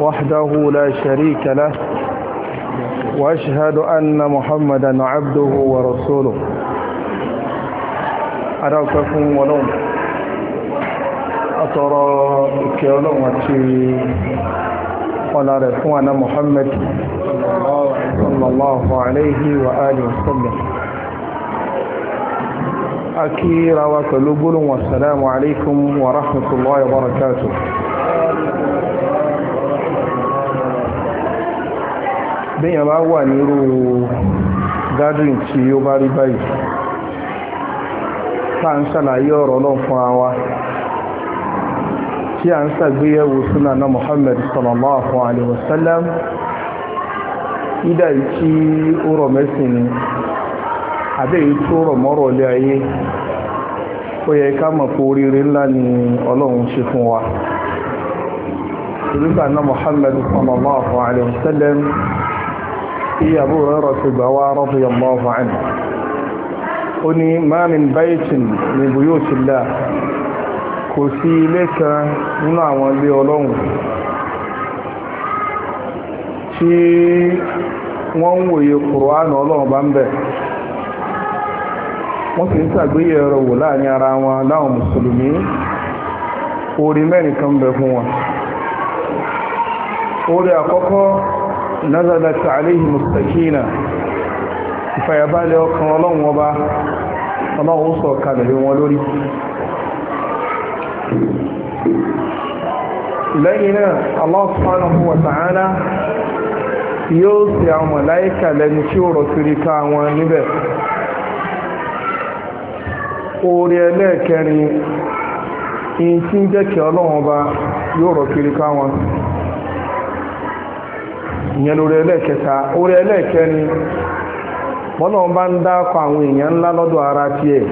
وحده لا شريك له وأشهد أن محمدا عبده ورسوله أراكم ولوم أترى كيولوم ولا رسول محمد صلى الله عليه وآله وسلم أكيرا وكلبل والسلام عليكم ورحمة الله وبركاته bẹ́yàn bá wà nírò gathering tí ó bá rí báyìí tá ń ṣàlàyé ọ̀rọ̀ náà fún àwa tí a ń ṣàgbéyẹ̀wò súnà náà Muhammad sallallahu alaihi wasallam ìdá ìtí ó rọ̀ mẹ́sìn ni àbẹ́ èyí tó rọ̀ mọ́rọ̀ lé ayé ó yẹ ká mọ̀ pé oríire ńlá ni ọlọ́run ṣe fún wa. Ìrúgbà náà Muhammad sallallahu alaihi wasallam tí Abu Hurairah ti gbà wá radiyallahu anhu ó ní ma min baytin min buyutillah kò sí ilé kan nínú àwọn ilé ọlọ́run tí wọ́n ń wòye kùránù ọlọ́run bá ń bẹ̀ wọ́n sì ń sàgbéyẹ̀ ẹ̀rọ wò láàrin ara wọn láwọn mùsùlùmí orí mẹ́rin kan bẹ fún wọn orí àkọ́kọ́ نزلت عليهم السكينة فيبالي وكان ولون وبا الله وصل كان بهم ولوري lẹ́yìn náà Allah subhanahu wa ta'ala yóò sì àwọn láìka lẹ́ni tí ó rọ̀ sírí ká wọn níbẹ̀ orí ẹlẹ́ẹ̀kẹrin in tí ń jẹ́ kí ọlọ́wọ́n yóò rọ̀ sírí ká wọn ìyẹn lórí ẹlẹ́ẹ̀kẹta orí ẹlẹ́ẹ̀kẹrin bọ́nà bá ń dákọ̀ àwọn èèyàn ńlá lọ́dọ̀ ara tiẹ̀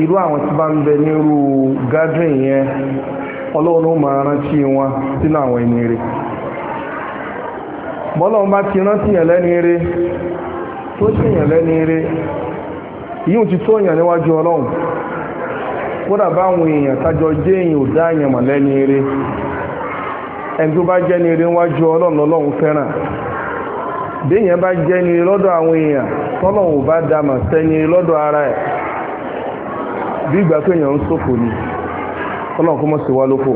irú àwọn tí bá ń bẹ nírú gathering yẹn ọlọ́run ó máa rántí wọn sínú àwọn ẹni rẹ̀ bá ti rántí yẹn lẹ́ni rẹ̀ tó lẹ́ni rẹ̀ ti tó níwájú èèyàn ẹni tó bá jẹ́ ní eré wájú ọlọ́run lọ́lọ́run fẹ́ràn béèyàn bá jẹ́ ní lọ́dọ̀ àwọn èèyàn tọ́lọ́run bá dámà sẹ́ni lọ́dọ̀ ara ẹ̀ bí ìgbà tó èèyàn ń ṣòfò ni tọ́lọ́run kó mọ̀ sí wá lóko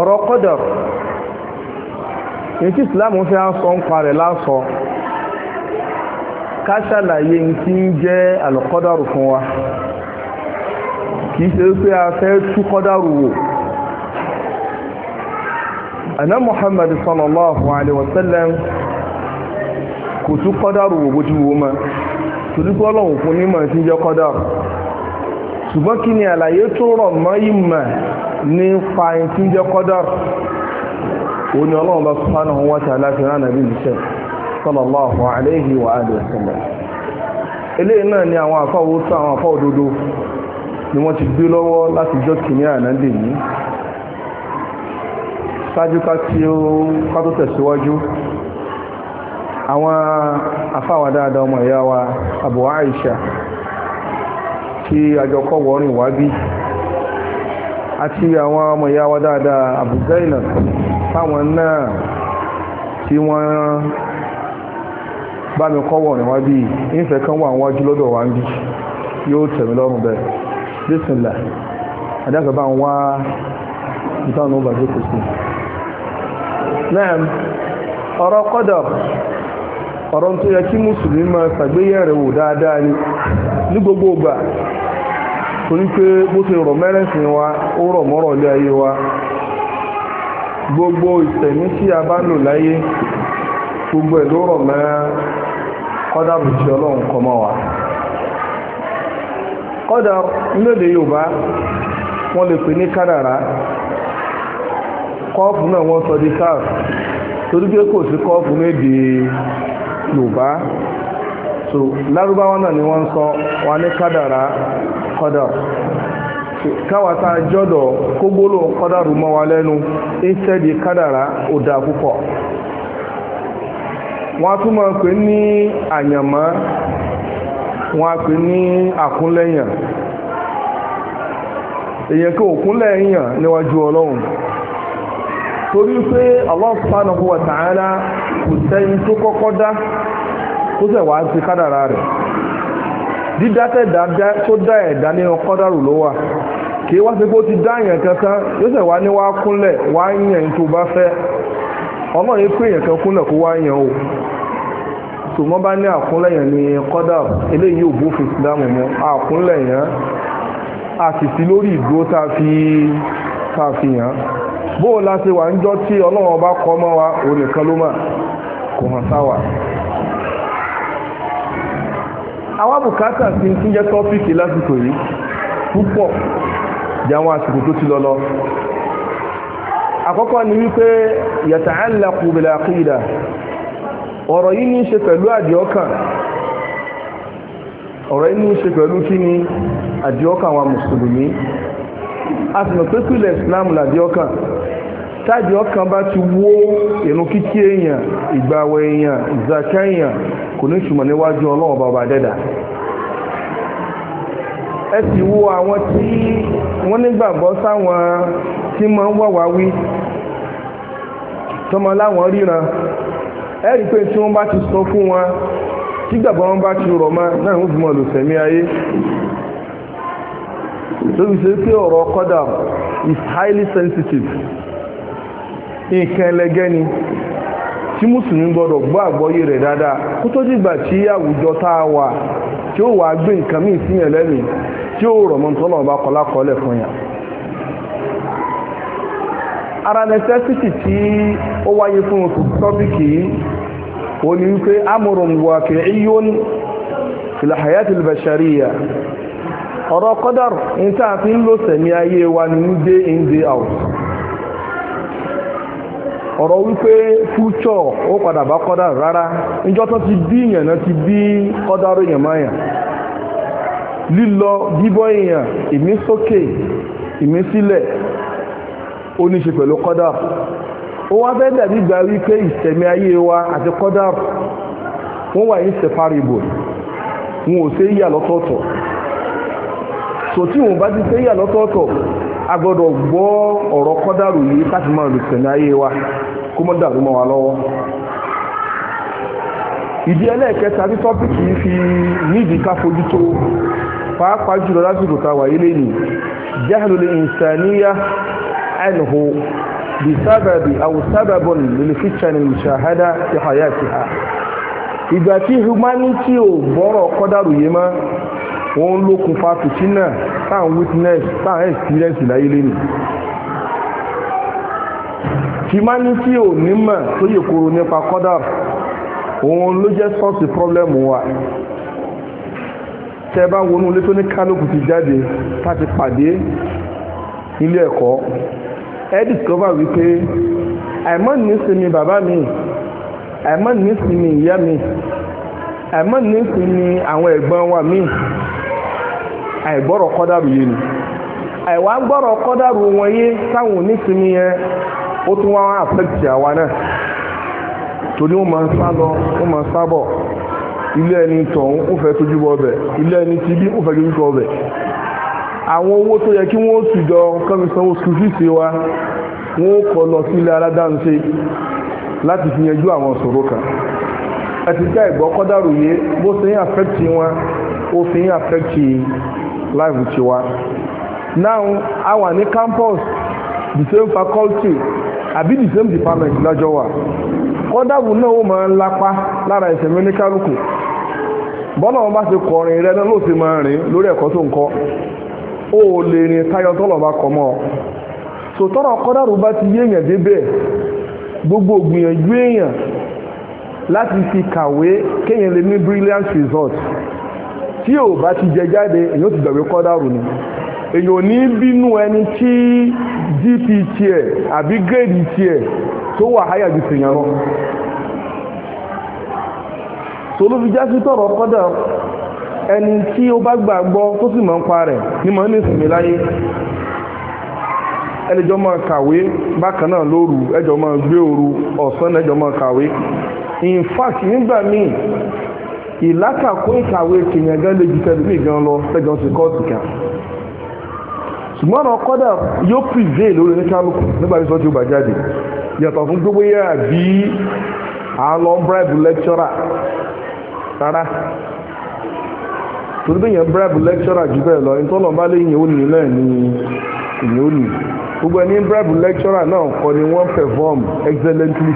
ọ̀rọ̀ kọ́dọ̀ ní tí ìsìláàmù fi hàn sọ ń parẹ̀ lásọ ká ṣàlàyé ní tí ń jẹ́ àlùkọ́dọ̀rù fún wa kì í ṣe pé a fẹ́ tú kọ́dọ̀rù wò àná Muhammad sallallahu alaihi wasallam kò tún kọ́dàrù wò bójú wo ma torí pé ọlọ́run fún nímọ̀ tí jẹ́ kọ́dàrù ṣùgbọ́n kí ni àlàyé tó rọ̀ mọ́ ìmọ̀ nípa tí jẹ́ kọ́dàrù ó ní ọlọ́run bá subhanahu wa ta'ala fi rán nàbí ìṣẹ́ sallallahu alaihi wa alihi wasallam náà ni àwọn àfáwòsàn àwọn àfáwòdodo ni wọ́n ti gbé lọ́wọ́ láti jọ́ kìnìún ànádé yìí ṣáájú ká tí ó ká tẹ̀síwájú àwọn afáwà dáadáa ọmọ ìyá wa Aisha tí àjọkọ́ wọ́rin wá bí àti àwọn ọmọ ìyá wa dáadáa Abu Zainab táwọn náà tí wọ́n bá mi kọ́ wọ̀rìn wá bí ìfẹ́ kan wà wájú lọ́dọ̀ wá ń bí yóò tẹ̀mí lọ́rùn bẹ́ẹ̀ ń wá bàjẹ́ kò naanị ọ̀rọ̀ kọ́dọ̀ ọ̀rọ̀ tó yẹ kí mùsùlùmí máa ṣàgbéyẹ̀ rẹ̀ wò dáadáa ni ní gbogbo ìgbà torí pé bó ṣe rọ̀ mẹ́rẹ̀sìn wa ó rọ̀ mọ́rọ̀ ilé ayé wa gbogbo ìtẹ̀mí tí a bá lò gbogbo ẹ̀ ló rọ̀ mọ́ kọ́dàrù tí ọlọ́run mọ́ wa Yorùbá wọ́n lè pè ní kádàrá kọ́ọ̀fù náà wọ́n sọ di caf torí pé kò sí kọ́ọ̀fù méde yorùbá so lárúbáwá náà ni wọ́n sọ wọn ní kádàrá kọ́dà káwàtá jọdọ kógbóló kọ́dàrú mọ́ wa lẹ́nu ìṣẹ́dì kádàrá ò dáa wọn tún máa pè ní àyànmọ́ pè ní àkúnlẹ̀yàn èyàn torí pé Allah subhanahu wa ta'ala kò sẹ́yìn tó kọ́kọ́ dá tó sẹ̀ wá sí kádàrá rẹ̀ dídátẹ̀dá tó dá ẹ̀dá ló wà ti dá èèyàn kankan yóò sẹ̀ wá ní wá kúnlẹ̀ wá yàn tó bá fẹ́ yìí pé èèyàn kan kúnlẹ̀ kó yàn o tòmọ́ bá ní àkúnlẹ̀ yàn ní eléyìí ò bófin mọ́ àkúnlẹ̀ yàn lórí fi yàn. bóò láti wà ń jọ tí ọlọ́run bá kọ́ mọ́ wa òun nìkan ló mà kò hàn sáwà àwọn bùkátà sí ń jẹ́ tọ́pìkì lásìkò yìí púpọ̀ jáwọn àsìkò tó ti lọ àkọ́kọ́ ni wípé yata'allaqu bil aqida ọ̀rọ̀ yìí ní ṣe pẹ̀lú àdíọ́kàn ọ̀rọ̀ yìí ní ṣe pẹ̀lú kí ni mùsùlùmí a sì mọ̀ pé kílẹ̀ Islam táàdì ọkàn bá ti wó ìrun kíkí èèyàn ìgbàwẹ̀ èèyàn ìzàkà èèyàn kò ní ìtumọ̀ níwájú ọlọ́run bàbá dẹ́dà ẹ sì wo àwọn tí wọ́n nígbàgbọ́ sáwọn tí máa ń wàwá wí tọmọ láwọn ríran ẹ rí pé tí wọ́n bá ti sọ fún wọn tí gbàgbọ́ wọn bá ti rọ̀ mọ́ náà wọ́n fi mọ̀ lòsẹ̀mí ayé lóbi ṣe pé ọ̀rọ̀ kọ́dà is highly sensitive nǹkan ẹlẹgẹ́ ni tí mùsùlùmí gbọ́dọ̀ gbọ́ àgbọ́yé rẹ̀ dáadáa kó tó dìgbà tí àwùjọ tá a wà tí ó wàá gbé nǹkan míì sí yẹn lẹ́mìí tí ó rọ̀ mọ́ tọ́lọ̀ ọba kọlákọọ́lẹ̀ fún yàn. ara necessity tí ó wáyé fún oṣù tọ́pìkì yìí ó ní wípé amúrùn waqi'iyun fil hayatil bashariyya ọ̀rọ̀ kọ́dàrù ní tá a fi ń lò sẹ̀mí ayé wa ní ní in day out. ọ̀rọ̀ wípé fúchọ̀ ó padà bá kọ́dà rárá níjọ́ tó ti bí èèyàn náà ti bí kọ́dáró èèyàn máa lílọ bíbọ́ èèyàn ìmí sókè ìmí sílẹ̀ ó ní ṣe pẹ̀lú kọ́dà ó wá fẹ́ dàbí gba wípé wa àti kọ́dà wọ́n inseparable wọn ò agbọ́dọ̀ gbọ́ ọ̀rọ̀ kọ́dàrú yìí láti máa lò tẹ̀lé ayé wa kó mọ́ dàrú mọ́ wa lọ́wọ́ ìdí ẹlẹ́ẹ̀kẹta tí tọ́pìkì yìí fi nídìí ká fojú tó pàápàá jùlọ lásìkò tá a wà yí lẹ́yìn jahlul insaniya anhu bisababi aw sababun lil fitnati al mushahada fi hayatiha ìgbà tí humanity ò gbọ́rọ̀ kọ́dàrú yìí mọ́ wọ́n ló kun fa fìtínà táwọn witness táwọn experience láyé lé nì humanity ò nímọ̀ tó yẹ kóró nípa kọ́dà òun ló jẹ́ sọ́ọ̀sì problem wa tẹ́ bá wọnú ilé tó ní kálukú ti jáde láti pàdé ilé ẹ̀kọ́ ẹ discover wípé àìmọ́ nísìnyí bàbá mi àìmọ́ nísìnyí ìyá mi àìmọ́ nísìnyí àwọn ẹ̀gbọ́n wa mi. àìgbọ́rọ̀ kọ́dàrú yìí ni àìwà gbọ́rọ̀ kọ́dàrú wọn yé sáwọn onísìnmi yẹn ó tún wá wọn àfẹ́tì àwa náà torí wọn máa sábọ̀ ilé ẹni tọ̀hún ó fẹ́ tójú ẹni bí fẹ́ tójú àwọn owó tó yẹ kí wọ́n sì jọ wa wọ́n lọ sí ilé láti fi yanjú àwọn ìṣòro kan ẹ ti já yé bó ṣe ń àfẹ́tì live tiwa now a wà ní campus the same faculty àbí the same department lọ́jọ́ wa kọ́dàbù náà ó máa ń lápá lára ní wọn bá ti kọrin rẹ náà ló ti máa rìn lórí ẹ̀kọ́ tó ń kọ́ ó lè rìn tayọ tọ́lọ̀ bá kọ́ mọ́ ọ ti yéèyàn gbogbo gbìyànjú èèyàn láti fi kàwé kéèyàn lè ní brilliant results tí ò bá ti jẹ jáde èyàn ti gbàgbé ni èyàn ò ní bínú ẹni tí gp tiẹ̀ àbí gírèdì tiẹ̀ tó wà háyà ju tèèyàn lọ tòló fi jásí tọ̀rọ̀ kọ́dà ẹni tí ó bá gbàgbọ́ tó sì mọ̀ ń pa ni mọ̀ ní ìsinmi láyé ẹlẹ́jọ́ máa kàwé bákan náà lóru ẹjọ́ máa gbé ọ̀sán ẹjọ́ máa kàwé in ìlákàkó ìkàwé kìnyàn gan lè ju tẹlifí gan lọ fẹjọ sí kóòtù kan ṣùgbọ́n ọ̀nà kọ́dà yóò pìvé lórí ní kálukú nígbà tí sọ ti gbà jáde yàtọ̀ fún gbogbo yẹ́ àbí àlọ́ bribe lecturer rárá torí bí yẹn bribe lecturer jù bẹ́ẹ̀ lọ ìtọ́nà bá lè yẹn ó nì náà ní ìyẹn ó nì gbogbo ẹni bribe lecturer náà kọ́ ni wọ́n perform excellently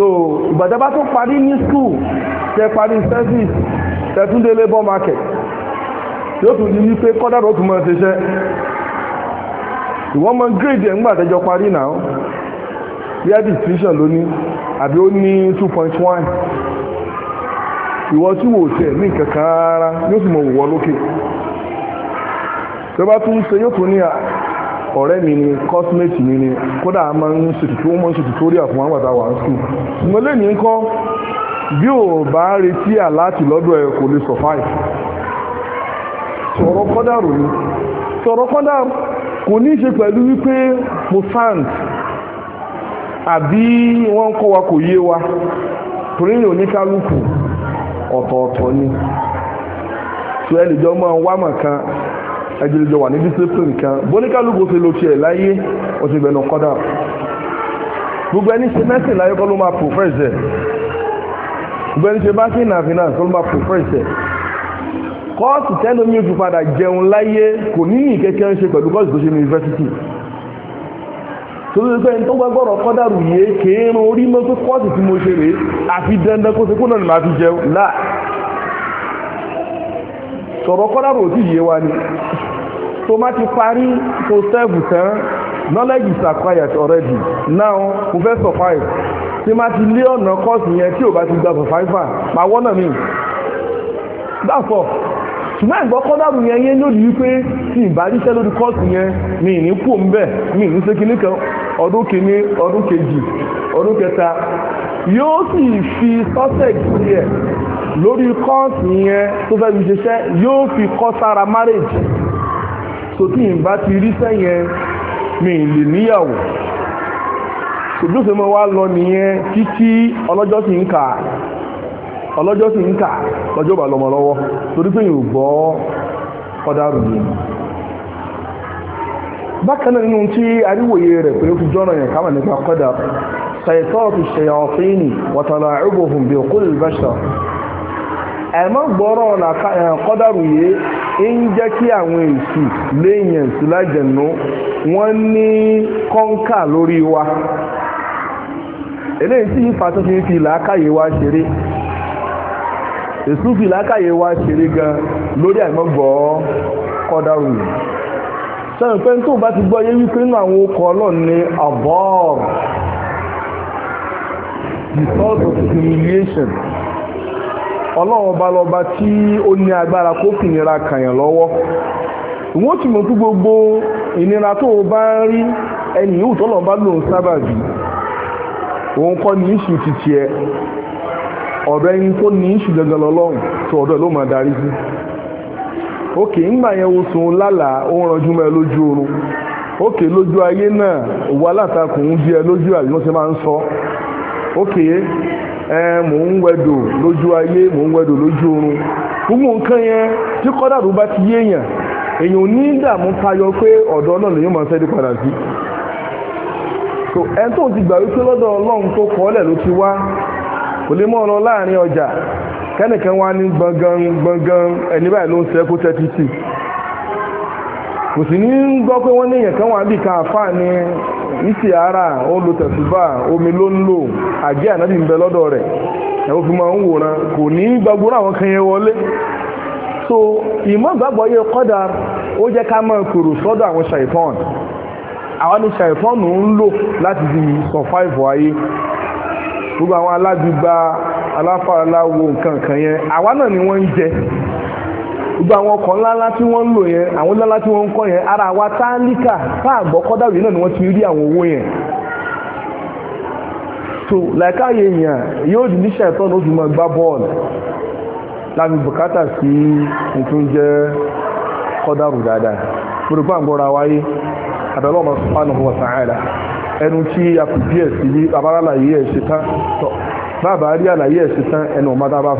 so ìgbàjọba tó parí ní school tẹ parí service tẹtúndé labour market yóò tún di wípé kọ́dàrọ̀ tún máa ṣiṣẹ́ ìwọ́n mọ grade ẹ̀ ńgbà tẹjọ parí náà bí ẹ́ distinction ló ní àbí ó ní two point one ìwọ tí wò tẹ̀ ní kankan rárá yóò sì mọ òwò lókè tó bá tún ṣe yóò tún ní ọ̀rẹ́ mi ni cosmate mi ni kódà a máa ń ṣètùtù ó máa ń ṣètùtù orí àfọwọ́n àgbàdà wà sùn mo lè ní kọ́ bí ò bá retí àláàtì lọ́dọ̀ ẹ kò lè survive sọ̀rọ̀ kọ́dàrò ni sọ̀rọ̀ kọ́dàrò kò ní í ṣe pẹ̀lú wípé mo sant àbí wọ́n ń kọ́ wa kò yé wa torí ní oníkálukú ọ̀tọ̀ọ̀tọ̀ ni tí ẹ lè jọ máa wá mọ̀ ẹjọ́jọ́ wà ní discipline kan bóníkálùkù ṣe lo tiẹ̀ láyé ó ti gbẹ̀nu kọ́dà gbogbo ẹni ṣe mẹ́sìn láyé kọ́ ló máa profess ẹ̀ gbogbo ẹni ṣe banking and finance kọ́ ló máa profess ẹ̀ kọ́ọ̀sì tẹ́lómi fi padà jẹun láyé kò ní ìkẹ́kẹ́ ń ṣe pẹ̀lú kọ́ọ̀sì tó ṣe yunifásitì torí pé tó gbàgbọ́rọ̀ kọ́dàrú yìí kéèrún orí mọ́ kọ́ọ̀sì tí mo ṣe rèé àfi dandan kó ṣe kó náà ni màá fi jẹun láà sọ̀rọ̀ kọ́dàrú ò tí yé wa ni So má ti parí tó sẹ́ẹ̀bù tán knowledge is acquired already now mo fẹ́ survive tí má ti lé ọ̀nà kọ́ọ̀sì yẹn tí ò bá ti gba survivor máa wọ́nà mi that's all ṣùgbọ́n ìgbọ́ kọ́dàrú yẹn yé lórí wípé tí ìbáríṣẹ́ lórí kọ́ọ̀sì yẹn mi ní kú ń bẹ̀ mi ní ṣe kíní kan ọdún kìíní ọdún kejì ọdún kẹta yóò sì fi sọ́sẹ̀gì díẹ̀ lórí kọ́ọ̀sì yẹn tó fẹ́ fi ṣiṣẹ́ yóò fi kọ́ sára marriage so tí n bá ti rí sẹ́yẹn mi lè níyàwó ṣùgbọ́n mo wá lọ nìyẹn títí ọlọ́jọ́ sì ń kà ọlọ́jọ́ sì ń kà lọ́jọ́ bá lọ́mọ lọ́wọ́ torí pé yóò gbọ́ ọ̀dà rùdì bákan náà nínú tí aríwòye rẹ̀ pé ó fi jọ́nà yẹn káwọn ẹ̀mọ́ gbọ́rọ̀ ọ̀nà kọ́dàrú yìí ń jẹ́ kí àwọn èsù léèyàn sí lájẹ̀nú wọ́n ní kọ́ńkà lórí wa eléyìí tí ìfàtún fi fi làákàyè wa ṣeré èsù fi làákàyè wa ṣeré gan lórí ẹ̀mọ́ gbọ́ kọ́dàrú yìí sẹ́yìn pé tó bá ti gbọ́ yé wípé nínú àwọn okọ̀ ọlọ́run ní abọ́ọ̀rù the source of humiliation ọlọ́run ọba lọ́ba tí ó ní agbára kó fìnira kàyàn lọ́wọ́ wọ́n ti mọ̀ pé gbogbo ìnira tó o bá ń rí ẹni yìí tó lọ́ba lòun sábàbí òun kọ́ ní ìṣù títí ẹ ọ̀dọ̀ ẹni tó ní ìṣù gangan lọ́lọ́run tó ọ̀dọ̀ ló máa darí sí òkè ńgbà yẹn o sùn lálàá ó ń ranjú mọ́ ẹ lójú oorun òkè lójú ayé náà òwò alátakùn ń bí ẹ lójú àlùmọ́sẹ̀ máa ń sọ òkè mò ń wẹ̀dò lójú ayé mò ń wẹ̀dò lójú oorun gbogbo nǹkan yẹn tí kọ́dàrú bá ti yéèyàn èèyàn ò ní dààmú tayọ pé ọ̀dọ̀ náà lèyàn máa sẹ́dí padà sí so ẹni tó ti gbà wípé lọ́dọ̀ ọlọ́run tó kọ́lẹ̀ ló ti wá kò lè mọ́ ọ lọ láàrin ọjà kẹ́nìkan wá ní gbọ̀ngàn gbọ̀ngàn ẹni báyìí ló ń sẹ́kó tẹ́tí sí kò sì ní gbọ́ pé wọ́n ní èèyàn kan wà bí kan àfáà ní ìsì ara ó omi ló ń lò àjẹ́ ànábì ń bẹ lọ́dọ̀ rẹ̀ ẹ̀wọ́n fi máa ń wòran kò ní gbogbo àwọn kan wọlé so ìmọ̀ yẹ kọ́dà ó jẹ́ ká máa kúrò sọ́dọ̀ àwọn ṣàìfọ́n àwọn ni ṣàìfọ́n ń lò láti di sọ̀fáìfọ̀ ayé gbogbo àwọn nǹkan kan yẹn àwa náà gbogbo àwọn ọkọ̀ ńláńlá tí wọ́n ń lò yẹn àwọn ńláńlá tí wọ́n ń kọ́ yẹn ara wa táálíkà tá àgbọ̀ kọ́dàwé náà ni wọ́n ti rí àwọn owó yẹn so làkàyè èèyàn yóò ya níṣẹ́ ẹ̀tọ́ ní oṣù mọ́ bọ́ọ̀lù láti bùkátà sí nǹkan jẹ́ kọ́dàrú dáadáa gbogbo àgbọ̀ra wáyé àbẹ̀lọ́ ọmọ sùpánù wọ̀ sàáìlà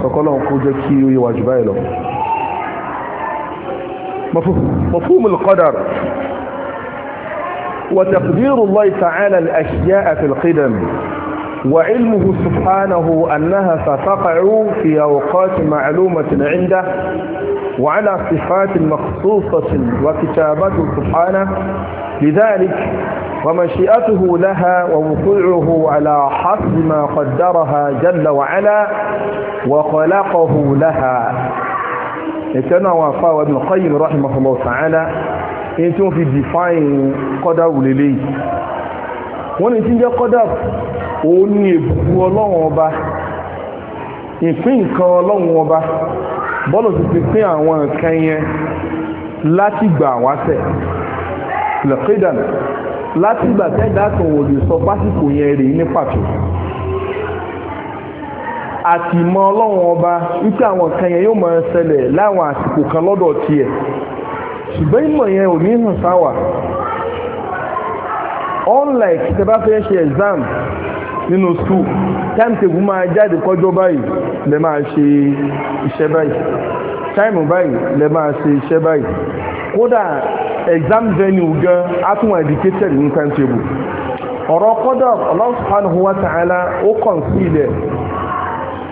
kó jẹ́ kí مفهوم, القدر وتقدير الله تعالى الأشياء في القدم وعلمه سبحانه أنها ستقع في أوقات معلومة عنده وعلى صفات مخصوصة وكتابته سبحانه لذلك ومشيئته لها ووقوعه على حسب ما قدرها جل وعلا وخلقه لها ìkẹ́nu àwọn àfáwà Ibn Qayyim rahimahullah ta'ala èyí tí wọ́n fi define kọ́dà wùlélé yìí wọ́n ní tí ń jẹ́ kọ́dà òun ní èbùkù ọlọ́run ọba ìpín nǹkan ọlọ́run ọba bọ́ọ̀lù ti fi pín àwọn nǹkan yẹn láti gbà wáṣẹ̀ lẹ́kídàn láti gbà tẹ́dà kan wò sọ pásìkò yẹn rèé ní pàtó àti mọ ọlọ́run ọba wípé àwọn nǹkan yẹn yóò máa ṣẹlẹ̀ láwọn àsìkò kan lọ́dọ̀ tiẹ̀ ṣùgbọ́n ìmọ̀ yẹn ò ní hàn sáwà unlike tẹ bá fẹ́ ṣe exam nínú school time table máa jáde kọjọ́ báyìí lẹ máa ṣe iṣẹ́ báyìí time báyìí lẹ máa ṣe iṣẹ́ báyìí kódà exam venue gan á tún educated ní time table ọ̀rọ̀ kọ́dọ̀ Allah subhanahu wa ta'ala ó kàn sí ilẹ̀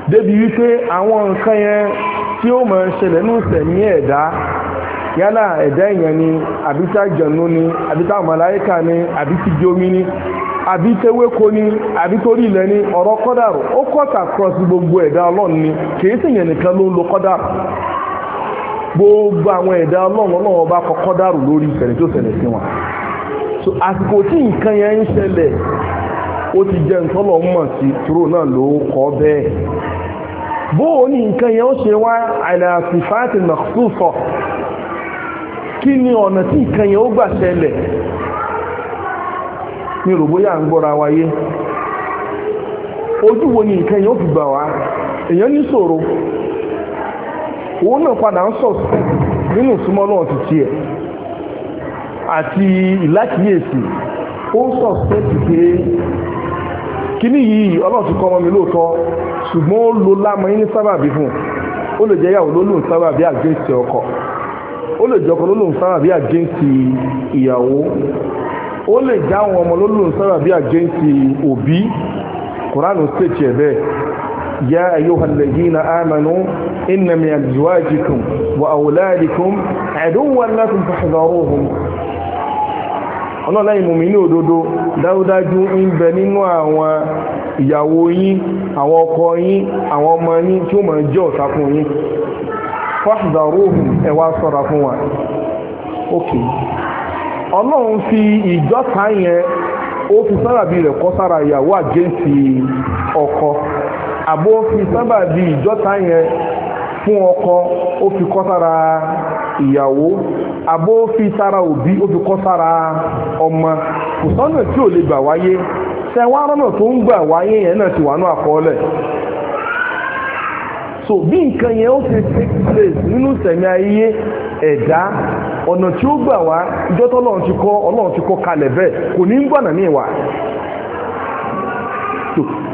débi wípé àwọn nǹkan yẹn tí ó máa ń ṣẹlẹ̀ ní ìsẹ̀mí ẹ̀dá yálà ẹ̀dá ni àbí tájọ̀nú ni àbí táwọn màláíkà ni àbí tíjì omi ni àbí ni àbí torí ilẹ̀ ni ọ̀rọ̀ kọ́dàrú gbogbo ẹ̀dá ọlọ́run ni kì í sì yẹn nìkan ló ń gbogbo àwọn ẹ̀dá ọlọ́run ọlọ́run ọba kọ kọ́dàrú lórí ìṣẹ̀lẹ̀ tó ṣẹlẹ̀ sí àsìkò tí nǹkan yẹn ń ṣẹlẹ̀ ti jẹ́ ntọ́lọ́ mọ̀ sí náà ló kọ́ bẹ́ẹ̀ bóò ní nǹkan yẹn ó ṣe wá àìlàfífàtì mọ̀kúsọ̀ kí ni ọ̀nà tí nǹkan yẹn ó gbà ṣẹlẹ̀ ní rògbóyà ń gbọ́ra wáyé ojú wo ni nǹkan yẹn ó fi gbà wá èèyàn ní ṣòro òun náà padà ń nínú ìsúmọ́ náà ti kíní yìí ọlọ́run ti kọ́ ọmọ mi lóòótọ́ ṣùgbọ́n ó lo lámọ́ yín ní sábàbí fún ó lè jẹ́ ìyàwó ló lòun sábàbí àgẹ́sì ọkọ ó lè jẹ́ ọkọ ló lòun sábàbí àgẹ́sì ìyàwó ó lè já àwọn ọmọ ló lòun sábàbí àgẹ́sì òbí kùránù ṣèkì ẹ̀ bẹ́ẹ̀ yá ayyuhal ladhina amanu inna min azwajikum wa awladikum aduwwan lakum fahdharuhum ọlọ́lá ìmùmí ní òdodo dáúdájú ń bẹ nínú àwọn ìyàwó yín àwọn ọkọ yín àwọn ọmọ yín tí ó mọ̀ jẹ́ ọ̀tá fún yín fọ́sìdàróhùn ẹ wá ṣọ́ra fún wa ok ọlọ́run fi ìjọta yẹn ó fi sábàbí rẹ̀ kọ́ sára ìyàwó àjẹ́sì ọkọ àbó fi sábàbí ìjọta yẹn fún ọkọ ó fi kọ́ sára ìyàwó àbó fi sára òbí ó fi kọ́ sára ọmọ kò sọ́nà tí ò lè gbà wáyé ṣe wá rọ́nà tó ń gbà wáyé yẹn náà ti wà ní àkọọ́lẹ̀ so bí nǹkan yẹn ó ti take place nínú sẹ̀mí ayé ẹ̀dá ọ̀nà tí ó gbà wá ìjọ tó ọlọ́run ti kọ́ ọlọ́run ti kọ́ kalẹ̀ bẹ́ẹ̀ kò ní ń gbọ̀nà ní ìwà